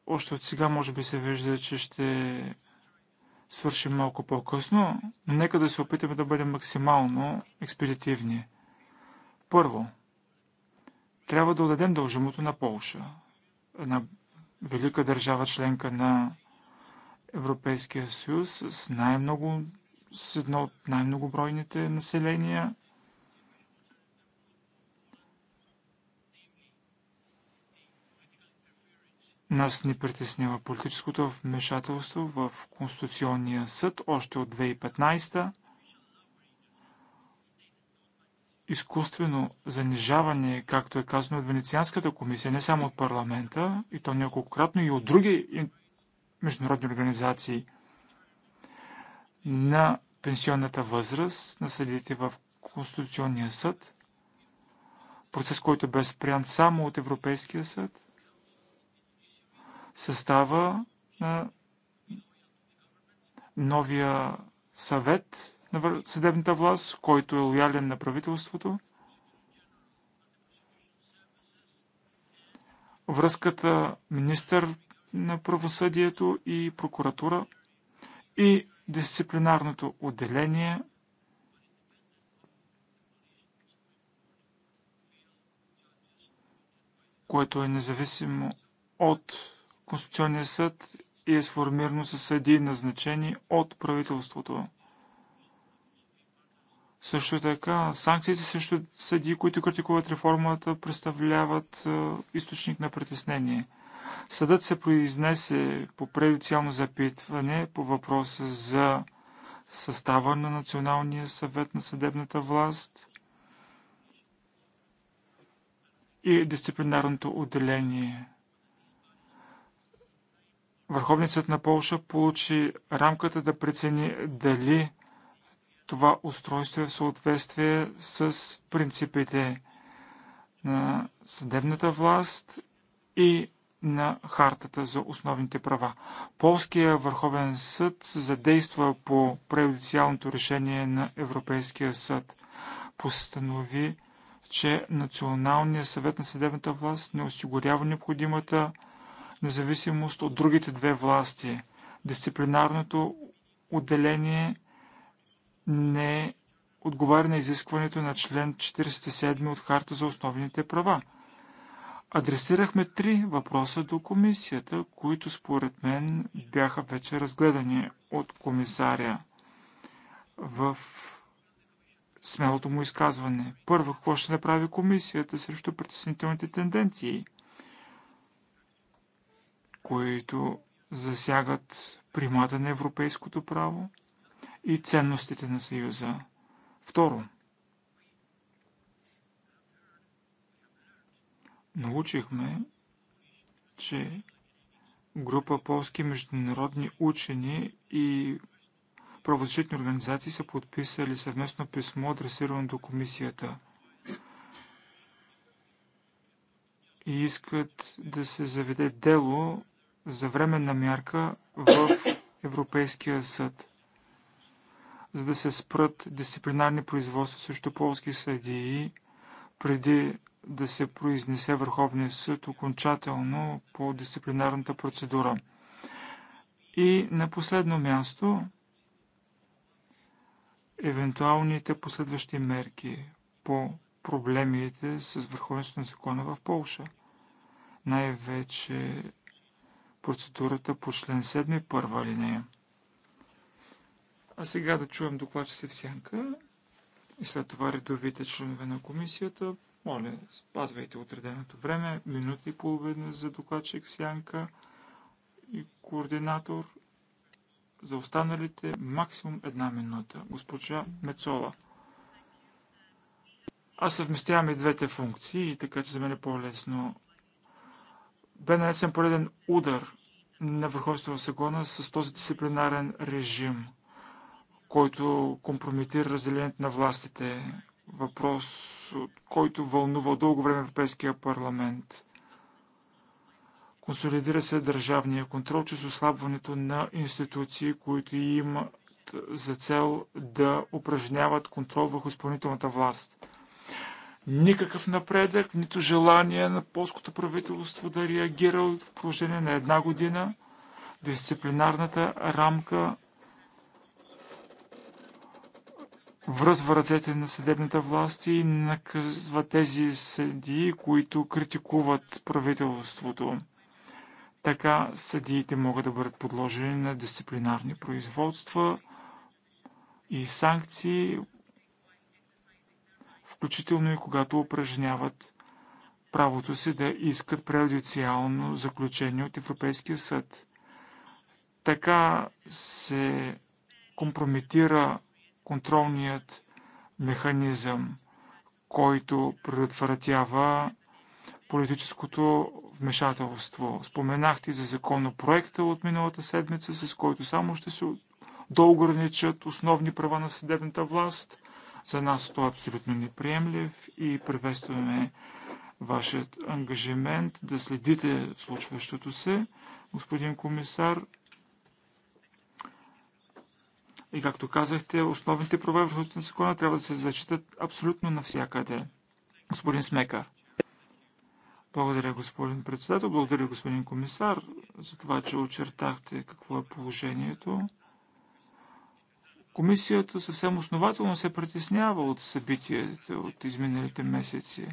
[SPEAKER 3] Още от сега може би се вижда, че ще свършим малко по-късно, но нека да се опитаме да бъдем максимално експедитивни. Първо, трябва да отдадем дължимото на Полша, една велика държава членка на Европейския съюз с най-много с едно от най-многобройните населения – Нас ни притеснява политическото вмешателство в Конституционния съд още от 2015 изкуствено занижаване, както е казано от Венецианската комисия, не само от парламента, и то няколкократно и от други международни организации на пенсионната възраст на съдите в Конституционния съд, процес, който бе спрян само от Европейския съд – състава на новия съвет на съдебната власт, който е лоялен на правителството. Връзката министър на правосъдието и прокуратура и дисциплинарното отделение – което е независимо от Конституционния съд и е сформирано със съди назначени от правителството. Също така, санкциите също съдии, които критикуват реформата, представляват е, източник на притеснение. Съдът се произнесе по предициално запитване по въпроса за състава на Националния съвет на съдебната власт и дисциплинарното отделение – Върховницът на Полша получи рамката да прецени дали това устройство е в съответствие с принципите на съдебната власт и на Хартата за основните права. Полския Върховен съд се задейства по преюдициалното решение на Европейския съд. Постанови, че Националният съвет на съдебната власт не осигурява необходимата независимост от другите две власти. Дисциплинарното отделение не отговаря на изискването на член 47 от Харта за основните права. Адресирахме три въпроса до комисията, които според мен бяха вече разгледани от комисаря в смелото му изказване. Първо, какво ще направи комисията срещу притеснителните тенденции – които засягат примата на европейското право и ценностите на Съюза. Второ, научихме, че група полски международни учени и правозащитни организации са подписали съвместно писмо, адресирано до комисията и искат да се заведе дело за временна мярка в Европейския съд, за да се спрат дисциплинарни производства срещу полски съдии, преди да се произнесе Върховния съд окончателно по дисциплинарната процедура. И на последно място, евентуалните последващи мерки по проблемите с върховенството на закона в Полша. Най-вече процедурата по член 7, първа линия. А сега да чуем се в сянка и след това редовите членове на комисията. Моля, спазвайте отреденото време, минута и половина за докладчик сянка и координатор. За останалите максимум една минута. Госпожа Мецова. Аз съвместявам и двете функции, така че за мен е по-лесно бе нанесен пореден удар на върховенството на закона с този дисциплинарен режим, който компрометира разделението на властите. Въпрос, който вълнува дълго време Европейския парламент. Консолидира се държавния контрол чрез ослабването на институции, които имат за цел да упражняват контрол върху изпълнителната власт никакъв напредък, нито желание на полското правителство да реагира в продължение на една година. Дисциплинарната рамка връзва ръцете на съдебната власт и наказва тези съдии, които критикуват правителството. Така съдиите могат да бъдат подложени на дисциплинарни производства и санкции включително и когато упражняват правото си да искат преодициално заключение от Европейския съд. Така се компрометира контролният механизъм, който предотвратява политическото вмешателство. Споменахте за законопроекта от миналата седмица, с който само ще се доограничат основни права на съдебната власт. За нас той е абсолютно неприемлив и приветстваме вашият ангажимент да следите случващото се, господин комисар. И както казахте, основните права в на закона трябва да се зачитат абсолютно навсякъде. Господин Смекар. Благодаря, господин председател. Благодаря, господин комисар, за това, че очертахте какво е положението. Комисията съвсем основателно се притеснява от събитията от изминалите месеци.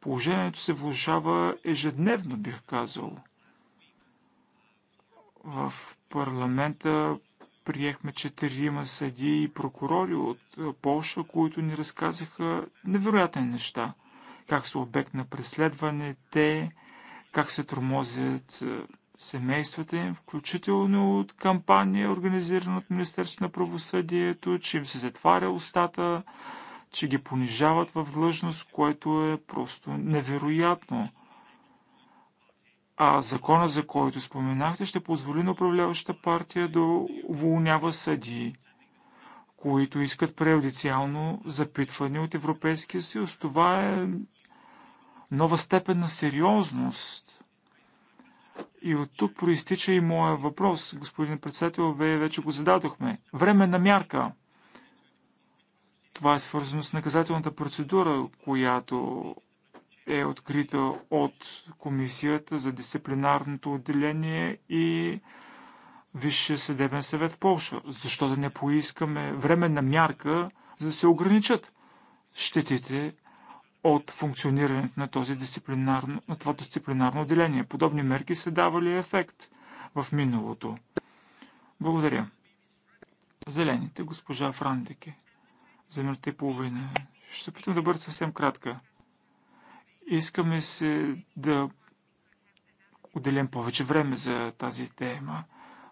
[SPEAKER 3] Положението се влушава ежедневно, бих казал. В парламента приехме четирима съдии и прокурори от Полша, които ни разказаха невероятни неща. Как са обект на преследване те, как се тормозят семействата им, включително от кампания, организирана от Министерството на правосъдието, че им се затваря устата, че ги понижават в длъжност, което е просто невероятно. А закона, за който споменахте, ще позволи на управляващата партия да уволнява съдии, които искат преодициално запитване от Европейския съюз. Това е нова степен на сериозност – и от тук проистича и моя въпрос, господин председател, вие вече го зададохме. на мярка. Това е свързано с наказателната процедура, която е открита от Комисията за дисциплинарното отделение и Висшия съдебен съвет в Польша. Защо да не поискаме на мярка, за да се ограничат щетите от функционирането на, този дисциплинарно, на това дисциплинарно отделение. Подобни мерки са давали ефект в миналото. Благодаря. Зелените, госпожа Франдеке. За минута и половина. Ще се опитам да бъда съвсем кратка. Искаме се да отделим повече време за тази тема,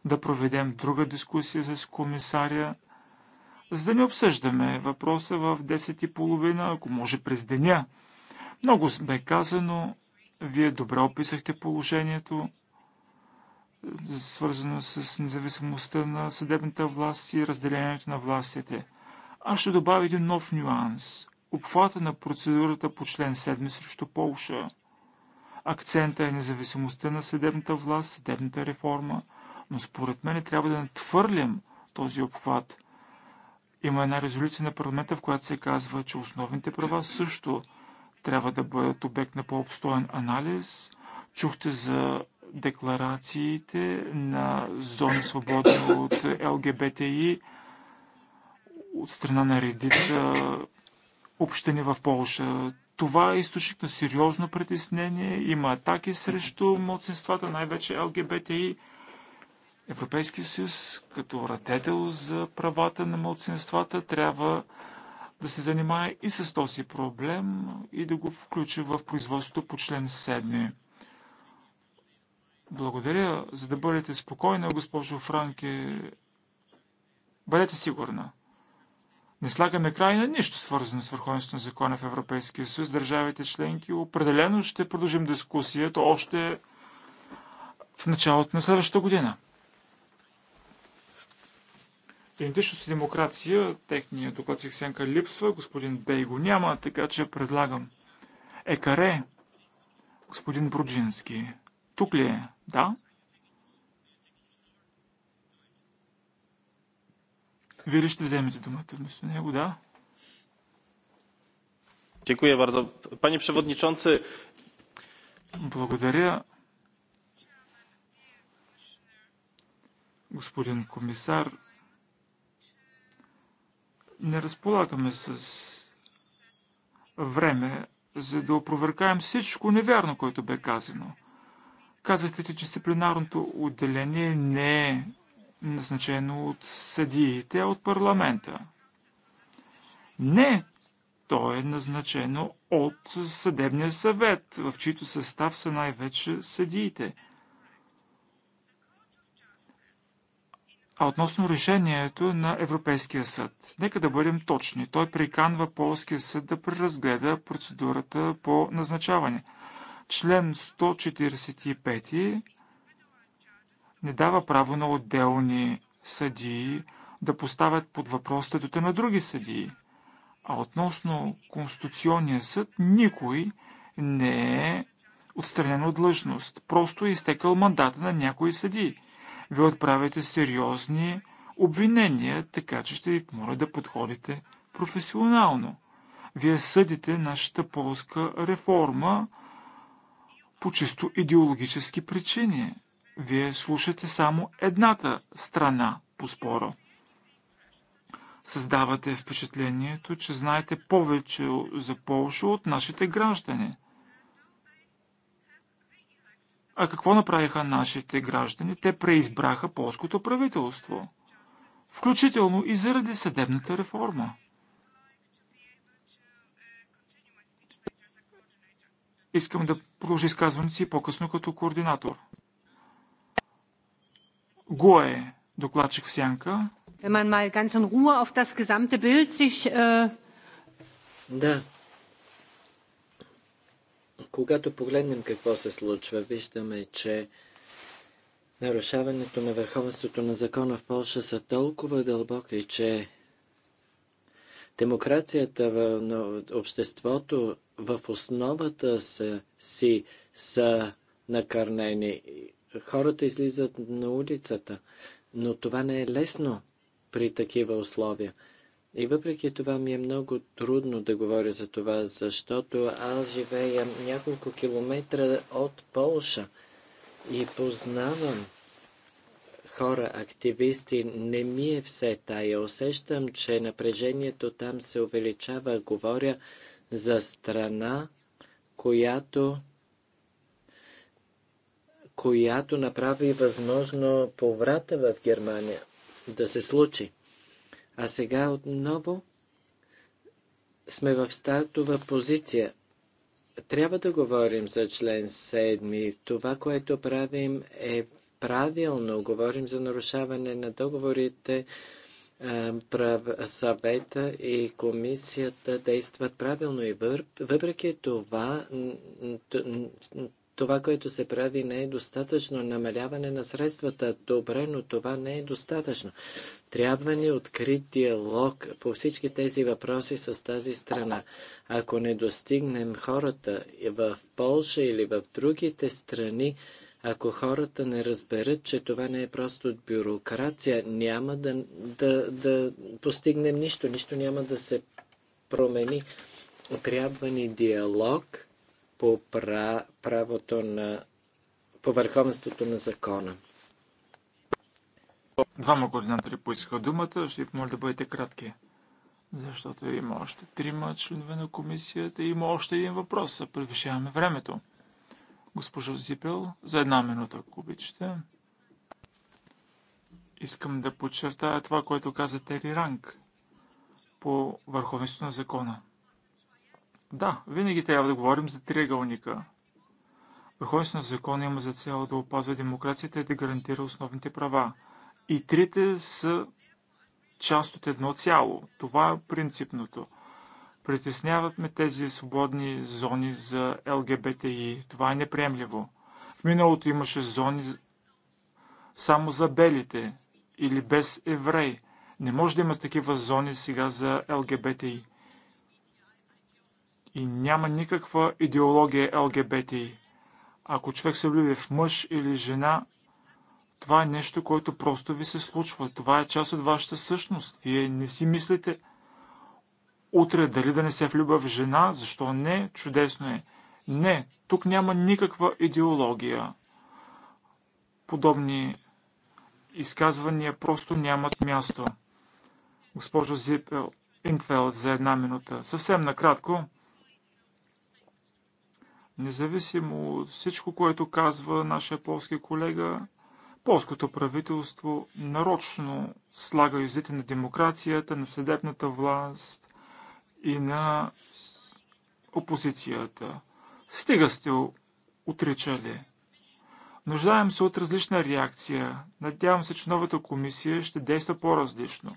[SPEAKER 3] да проведем друга дискусия с комисаря за да не обсъждаме въпроса в 10 и половина, ако може през деня. Много бе казано, вие добре описахте положението, свързано с независимостта на съдебната власт и разделението на властите. Аз ще добавя един нов нюанс. Обхвата на процедурата по член 7 срещу Полша. Акцента е независимостта на съдебната власт, съдебната реформа, но според мен трябва да надхвърлям този обхват – има една резолюция на парламента, в която се казва, че основните права също трябва да бъдат обект на по-обстоен анализ. Чухте за декларациите на зони свободни от ЛГБТИ от страна на редица общини в Полша. Това е източник на сериозно притеснение. Има атаки срещу младсинствата, най-вече ЛГБТИ. Европейския съюз като вратетел за правата на младсинствата трябва да се занимае и с този проблем и да го включи в производството по член 7. Благодаря, за да бъдете спокойна, госпожо Франке. Бъдете сигурна. Не слагаме край на нищо свързано с върховенството на закона в Европейския съюз. Държавите членки определено ще продължим дискусията още в началото на следващата година. Идентичност и демокрация, техният докладчик Сенка липсва, господин Бей го няма, така че предлагам. Екаре, господин Бруджински, тук ли е? Да? Вие ли ще вземете думата вместо него, да?
[SPEAKER 2] Дякую bardzo. Panie Przewodniczący.
[SPEAKER 3] Благодаря. Господин комисар, не разполагаме с време, за да опровергаем всичко невярно, което бе казано. Казахте, че дисциплинарното отделение не е назначено от съдиите, а от парламента. Не, то е назначено от съдебния съвет, в чийто състав са най-вече съдиите – А относно решението на Европейския съд, нека да бъдем точни. Той приканва Полския съд да преразгледа процедурата по назначаване. Член 145 не дава право на отделни съдии да поставят под въпрос статута на други съдии. А относно Конституционния съд, никой не е отстранен от длъжност. Просто е изтекал мандата на някои съдии. Вие отправяте сериозни обвинения, така че ще ви помоля да подходите професионално. Вие съдите нашата полска реформа по чисто идеологически причини. Вие слушате само едната страна по спора. Създавате впечатлението, че знаете повече за Полша от нашите граждани – а какво направиха нашите граждани? Те преизбраха полското правителство. Включително и заради съдебната реформа. Искам да продължи изказването си по-късно като координатор. Гое, докладчик в сянка. Да, когато погледнем
[SPEAKER 4] какво се случва, виждаме, че нарушаването на върховенството на закона в Польша са толкова дълбоки, че демокрацията в обществото в основата са, си са накърнени. Хората излизат на улицата, но това не е лесно при такива условия. И въпреки това ми е много трудно да говоря за това, защото аз живея няколко километра от Полша и познавам хора, активисти, не ми е все тая. Усещам, че напрежението там се увеличава. Говоря за страна, която която направи възможно поврата в Германия да се случи. А сега отново сме в стартова позиция. Трябва да говорим за член 7. Това, което правим е правилно. Говорим за нарушаване на договорите. Прав... Съвета и комисията действат правилно и въпреки това това, което се прави, не е достатъчно. Намаляване на средствата добре, но това не е достатъчно. Трябва ни открит диалог по всички тези въпроси с тази страна. Ако не достигнем хората в Польша или в другите страни, ако хората не разберат, че това не е просто от бюрокрация, няма да, да, да постигнем нищо, нищо няма да се промени. Трябва ни диалог – по правото на по върховенството на закона.
[SPEAKER 3] Двама координатори поискаха думата. Ще ви помоля да бъдете кратки. Защото има още трима членове на комисията и има още един въпрос. Превишаваме времето. Госпожо Зипел, за една минута, ако обичате. Искам да подчертая това, което каза Тери Ранг по върховенството на закона. Да, винаги трябва да говорим за триъгълника. Върховенството на закона има за цел да опазва демокрацията и да гарантира основните права. И трите са част от едно цяло. Това е принципното. Притесняват ме тези свободни зони за ЛГБТИ. Това е неприемливо. В миналото имаше зони само за белите или без евреи. Не може да има такива зони сега за ЛГБТИ. И няма никаква идеология ЛГБТИ. Ако човек се влюби в мъж или жена, това е нещо, което просто ви се случва. Това е част от вашата същност. Вие не си мислите утре дали да не се влюбя в жена, защо не, чудесно е. Не, тук няма никаква идеология. Подобни изказвания просто нямат място. Госпожо Зипел, Инфелд за една минута. Съвсем накратко. Независимо от всичко, което казва нашия полски колега, полското правителство нарочно слага юзите на демокрацията, на съдебната власт и на опозицията. Стига сте отричали. Нуждаем се от различна реакция. Надявам се, че новата комисия ще действа по-различно.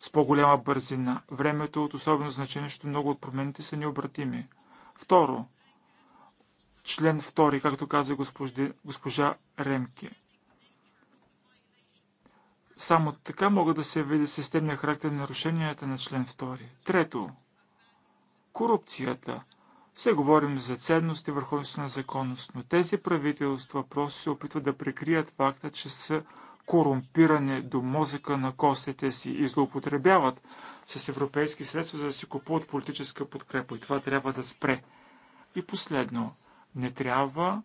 [SPEAKER 3] С по-голяма бързина. Времето от особено значение, защото много от промените са необратими. Второ, Член 2, както каза госпожа, Ремке. Ремки. Само така могат да се види системния характер на нарушенията на член 2. Трето, корупцията. Все говорим за ценности, и върховенство на законност, но тези правителства просто се опитват да прикрият факта, че са корумпиране до мозъка на костите си и злоупотребяват с европейски средства, за да си купуват политическа подкрепа. И това трябва да спре. И последно, не трябва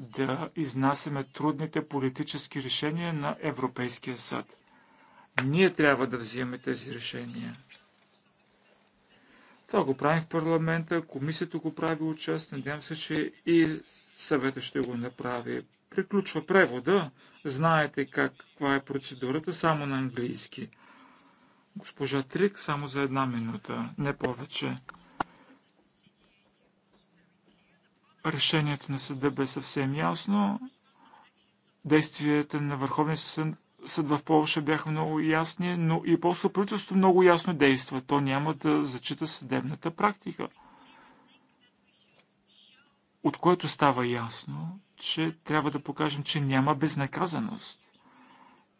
[SPEAKER 3] да изнасяме трудните политически решения на Европейския съд. Ние трябва да взимаме тези решения. Това го правим в парламента, комисията го прави участ. надявам се, че и съвета ще го направи. Приключва превода, знаете как, каква е процедурата, само на английски. Госпожа Трик, само за една минута, не повече. Решението на съда бе съвсем ясно. Действията на Върховния съд, съд в Польша бяха много ясни, но и после правителството много ясно действа. То няма да зачита съдебната практика. От което става ясно, че трябва да покажем, че няма безнаказаност.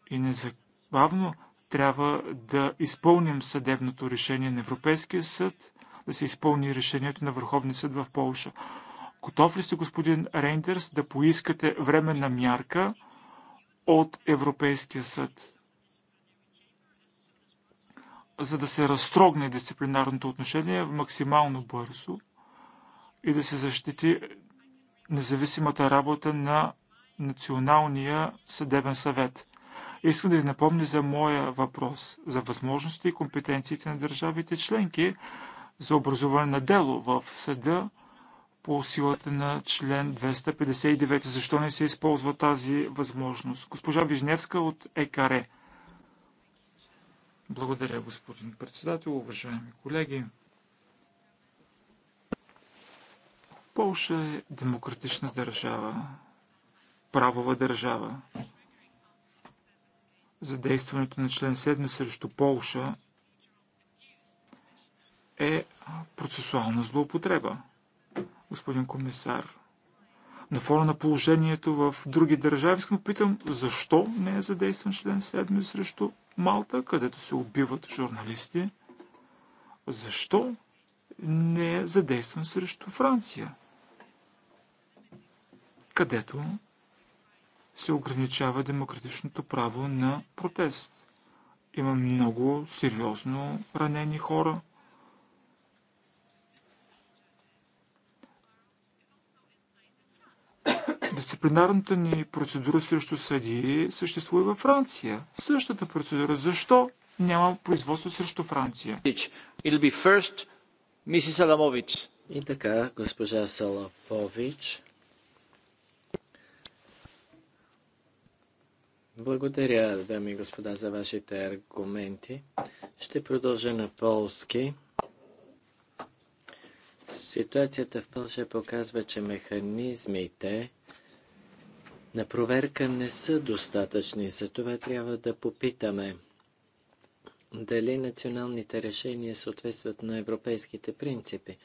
[SPEAKER 3] И незабавно трябва да изпълним съдебното решение на Европейския съд, да се изпълни решението на Върховния съд в Полша. Готов ли сте, господин Рейндърс, да поискате временна мярка от Европейския съд, за да се разтрогне дисциплинарното отношение максимално бързо и да се защити независимата работа на Националния съдебен съвет? Искам да ви напомня за моя въпрос за възможности и компетенциите на държавите членки за образуване на дело в съда – по силата на член 259. Защо не се използва тази възможност? Госпожа Вижневска от ЕКАРЕ. Благодаря, господин председател, уважаеми колеги. Полша е демократична държава, правова държава. За действането на член 7 срещу Полша е процесуална злоупотреба господин комисар. На фона на положението в други държави, искам да питам, защо не е задействан член 7 срещу Малта, където се убиват журналисти? Защо не е задействан срещу Франция, където се ограничава демократичното право на протест? Има много сериозно ранени хора. Дисциплинарната ни процедура срещу съдии съществува и във Франция. Същата процедура. Защо няма производство срещу Франция?
[SPEAKER 1] It'll
[SPEAKER 4] И така, госпожа Салафович. Благодаря, дами и господа, за вашите аргументи. Ще продължа на полски. Ситуацията в Пълша показва, че механизмите на проверка не са достатъчни. За това трябва да попитаме дали националните решения съответстват на европейските принципи.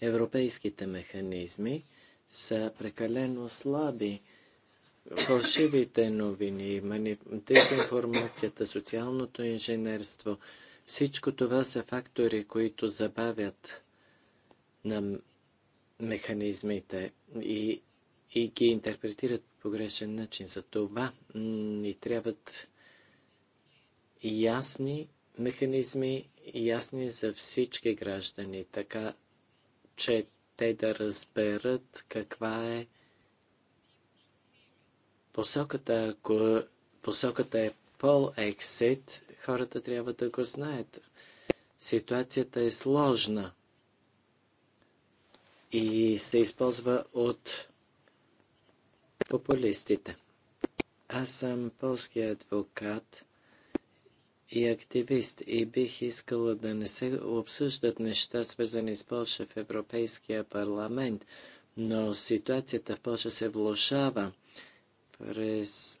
[SPEAKER 4] Европейските механизми са прекалено слаби. Фалшивите новини, дезинформацията, социалното инженерство, всичко това са фактори, които забавят на механизмите и и ги интерпретират по грешен начин. За това ни трябват ясни механизми, ясни за всички граждани, така че те да разберат каква е посоката. Ако посоката е пол-ексит, хората трябва да го знаят. Ситуацията е сложна и се използва от популистите. Аз съм полски адвокат и активист и бих искала да не се обсъждат неща, свързани с Польша в Европейския парламент, но ситуацията в Польша се влушава. През...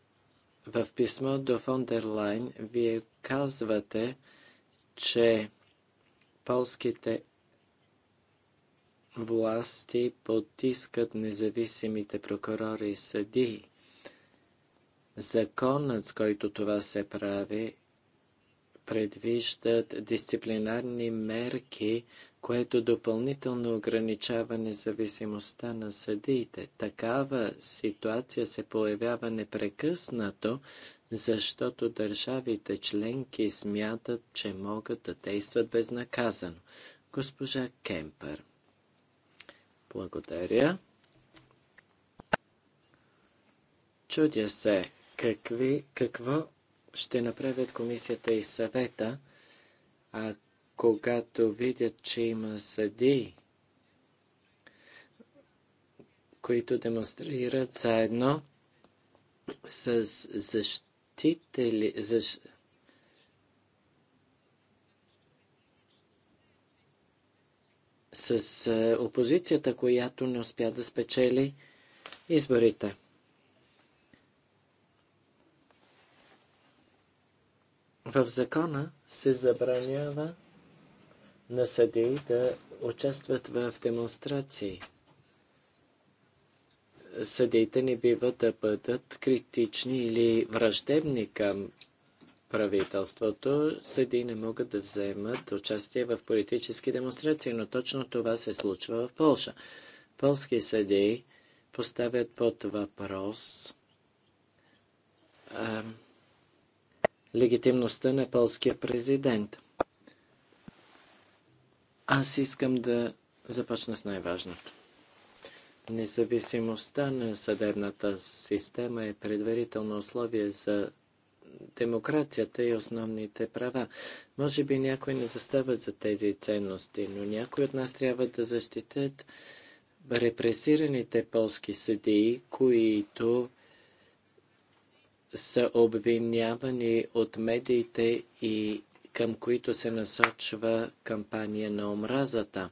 [SPEAKER 4] В писмо до Фондерлайн вие казвате, че полските власти потискат независимите прокурори и съдии. Законът, с който това се прави, предвиждат дисциплинарни мерки, което допълнително ограничава независимостта на съдиите. Такава ситуация се появява непрекъснато, защото държавите членки смятат, че могат да действат безнаказано. Госпожа Кемпер, благодаря. Чудя се какви, какво ще направят комисията и съвета, а когато видят, че има съдии, които демонстрират заедно с защитители, защ... с е, опозицията, която не успя да спечели изборите. В закона се забранява на съдеи да участват в демонстрации. Съдеите не бива да бъдат критични или враждебни към правителството, съди не могат да вземат участие в политически демонстрации, но точно това се случва в Польша. Полски съди поставят под въпрос а, легитимността на полския президент. Аз искам да започна с най-важното. Независимостта на съдебната система е предварително условие за демокрацията и основните права. Може би някои не застават за тези ценности, но някои от нас трябва да защитят репресираните полски съдии, които са обвинявани от медиите и към които се насочва кампания на омразата.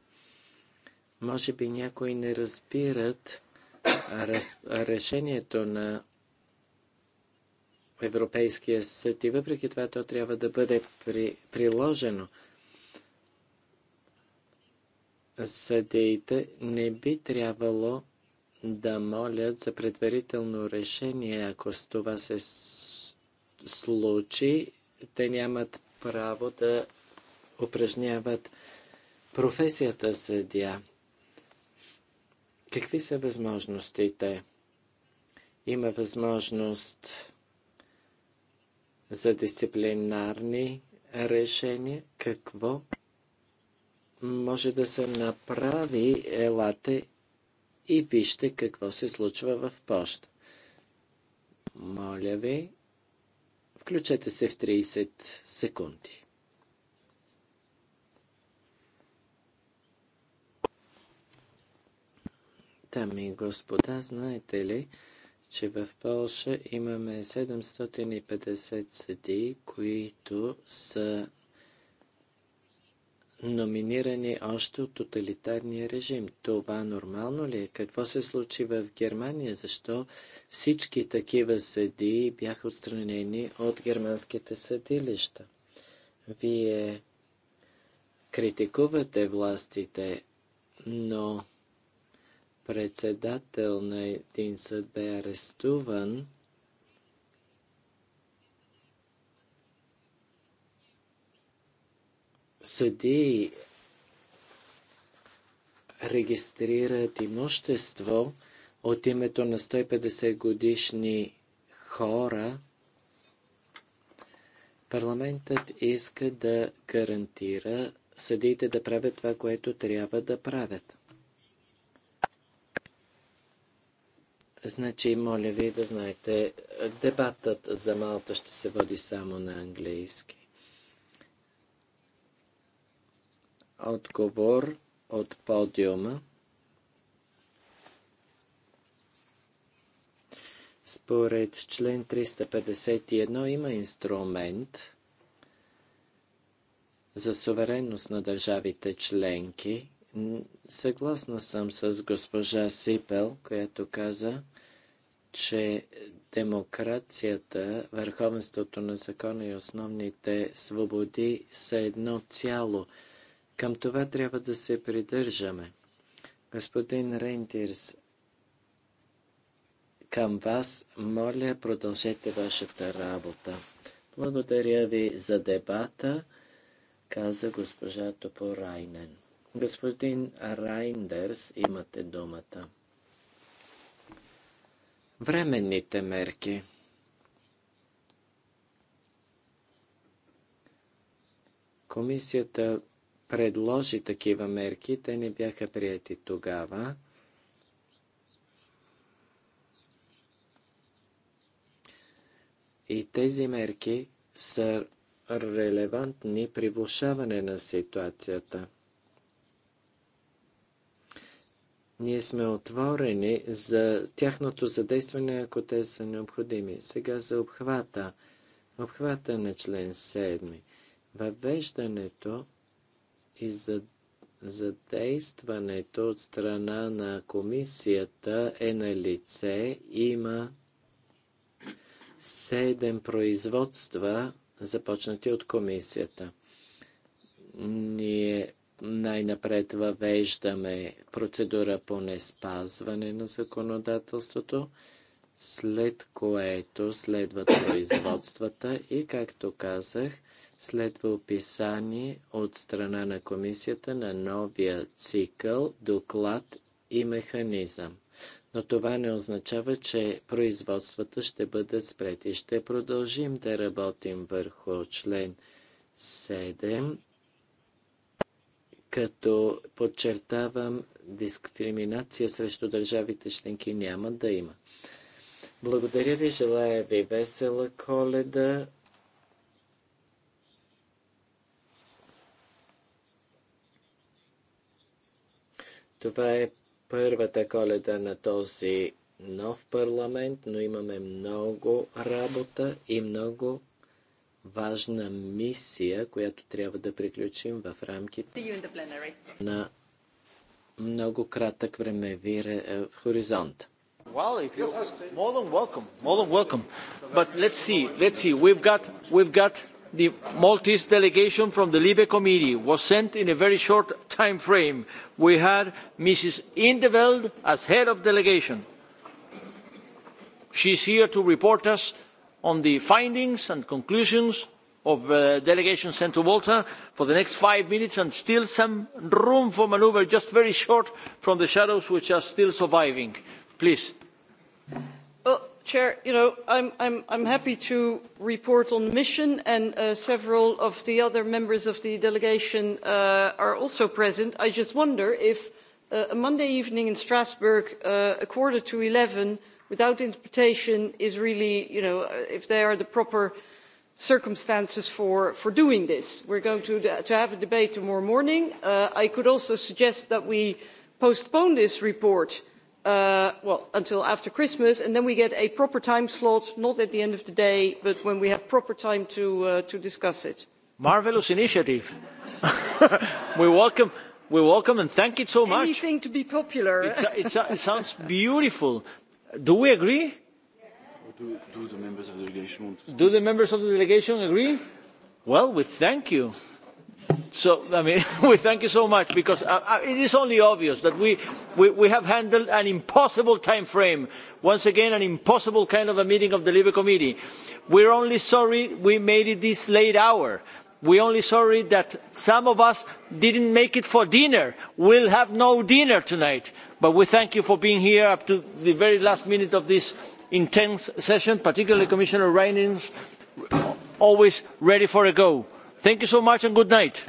[SPEAKER 4] Може би някои не разбират раз... решението на Европейския съд и въпреки това то трябва да бъде при, приложено. Съдеите не би трябвало да молят за предварително решение. Ако с това се случи, те нямат право да упражняват професията съдия. Какви са възможностите? Има възможност за дисциплинарни решения, какво може да се направи, елате и вижте какво се случва в Поща. Моля ви, включете се в 30 секунди. Дами и господа, знаете ли, че в Польша имаме 750 съдии, които са номинирани още от тоталитарния режим. Това нормално ли е? Какво се случи в Германия? Защо всички такива съдии бяха отстранени от германските съдилища? Вие критикувате властите, но председател на един съд бе арестуван, съдии регистрират имущество от името на 150 годишни хора, парламентът иска да гарантира съдиите да правят това, което трябва да правят. Значи, моля ви да знаете, дебатът за Малта ще се води само на английски. Отговор от подиума. Според член 351 има инструмент за суверенност на държавите членки. Съгласна съм с госпожа Сипел, която каза, че демокрацията, върховенството на закона и основните свободи са едно цяло. Към това трябва да се придържаме. Господин Рейндирс, към вас, моля, продължете вашата работа. Благодаря ви за дебата, каза госпожа Топорайнен. Господин Райндерс, имате думата временните мерки. Комисията предложи такива мерки, те не бяха прияти тогава. И тези мерки са релевантни при влушаване на ситуацията. Ние сме отворени за тяхното задействане, ако те са необходими. Сега за обхвата. Обхвата на член 7. Въвеждането и за задействането от страна на комисията е на лице. Има 7 производства, започнати от комисията. Ние най-напред въвеждаме процедура по неспазване на законодателството, след което следват производствата и, както казах, следва описание от страна на комисията на новия цикъл, доклад и механизъм. Но това не означава, че производствата ще бъдат спрети. Ще продължим да работим върху член 7 като подчертавам, дискриминация срещу държавите членки няма да има. Благодаря ви, желая ви весела коледа. Това е първата коледа на този нов парламент, но имаме много работа и много важна мисия, която трябва да приключим в рамките на много кратък времеви хоризонт.
[SPEAKER 1] Well, if you more than welcome, more than welcome. But let's see, let's see. We've got, we've got the Maltese delegation from the Libe Committee was sent in a very short time frame. We had Mrs. Indeveld as head of delegation. She's here to report us on the findings and conclusions of the delegation sent to Malta for the next five minutes and still some room for manoeuvre, just very short from the shadows which are still surviving. Please.
[SPEAKER 2] Well, Chair, you know, I'm, happy to report on the mission and several of the other members of the delegation are also present. I just wonder if a Monday evening in Strasbourg, uh, a quarter to eleven without interpretation is really, you know, if there are the proper circumstances for, for doing this. We're going to, to have a debate tomorrow morning. Uh, I could also suggest that we postpone this report uh, well, until after Christmas, and then we get a proper time slot, not at the end of the day, but when we have proper time to, uh, to discuss it.
[SPEAKER 1] Marvellous initiative. we welcome we welcome and thank you so much. Anything to be popular. It's, it's, it sounds beautiful. Do we agree? Do, do the members of the delegation want to speak? Do the members of the delegation agree? Well, we thank you. So, I mean, we thank you so much because uh, it is only obvious that we, we, we have handled an impossible time frame. Once again, an impossible kind of a meeting of the Libre Committee. We're only sorry we made it this late hour. We're only sorry that some of us didn't make it for dinner. We'll have no dinner tonight But we thank you for being here up to the very last minute of this intense session, particularly Commissioner reynders always ready for a go. Thank you so much and good night.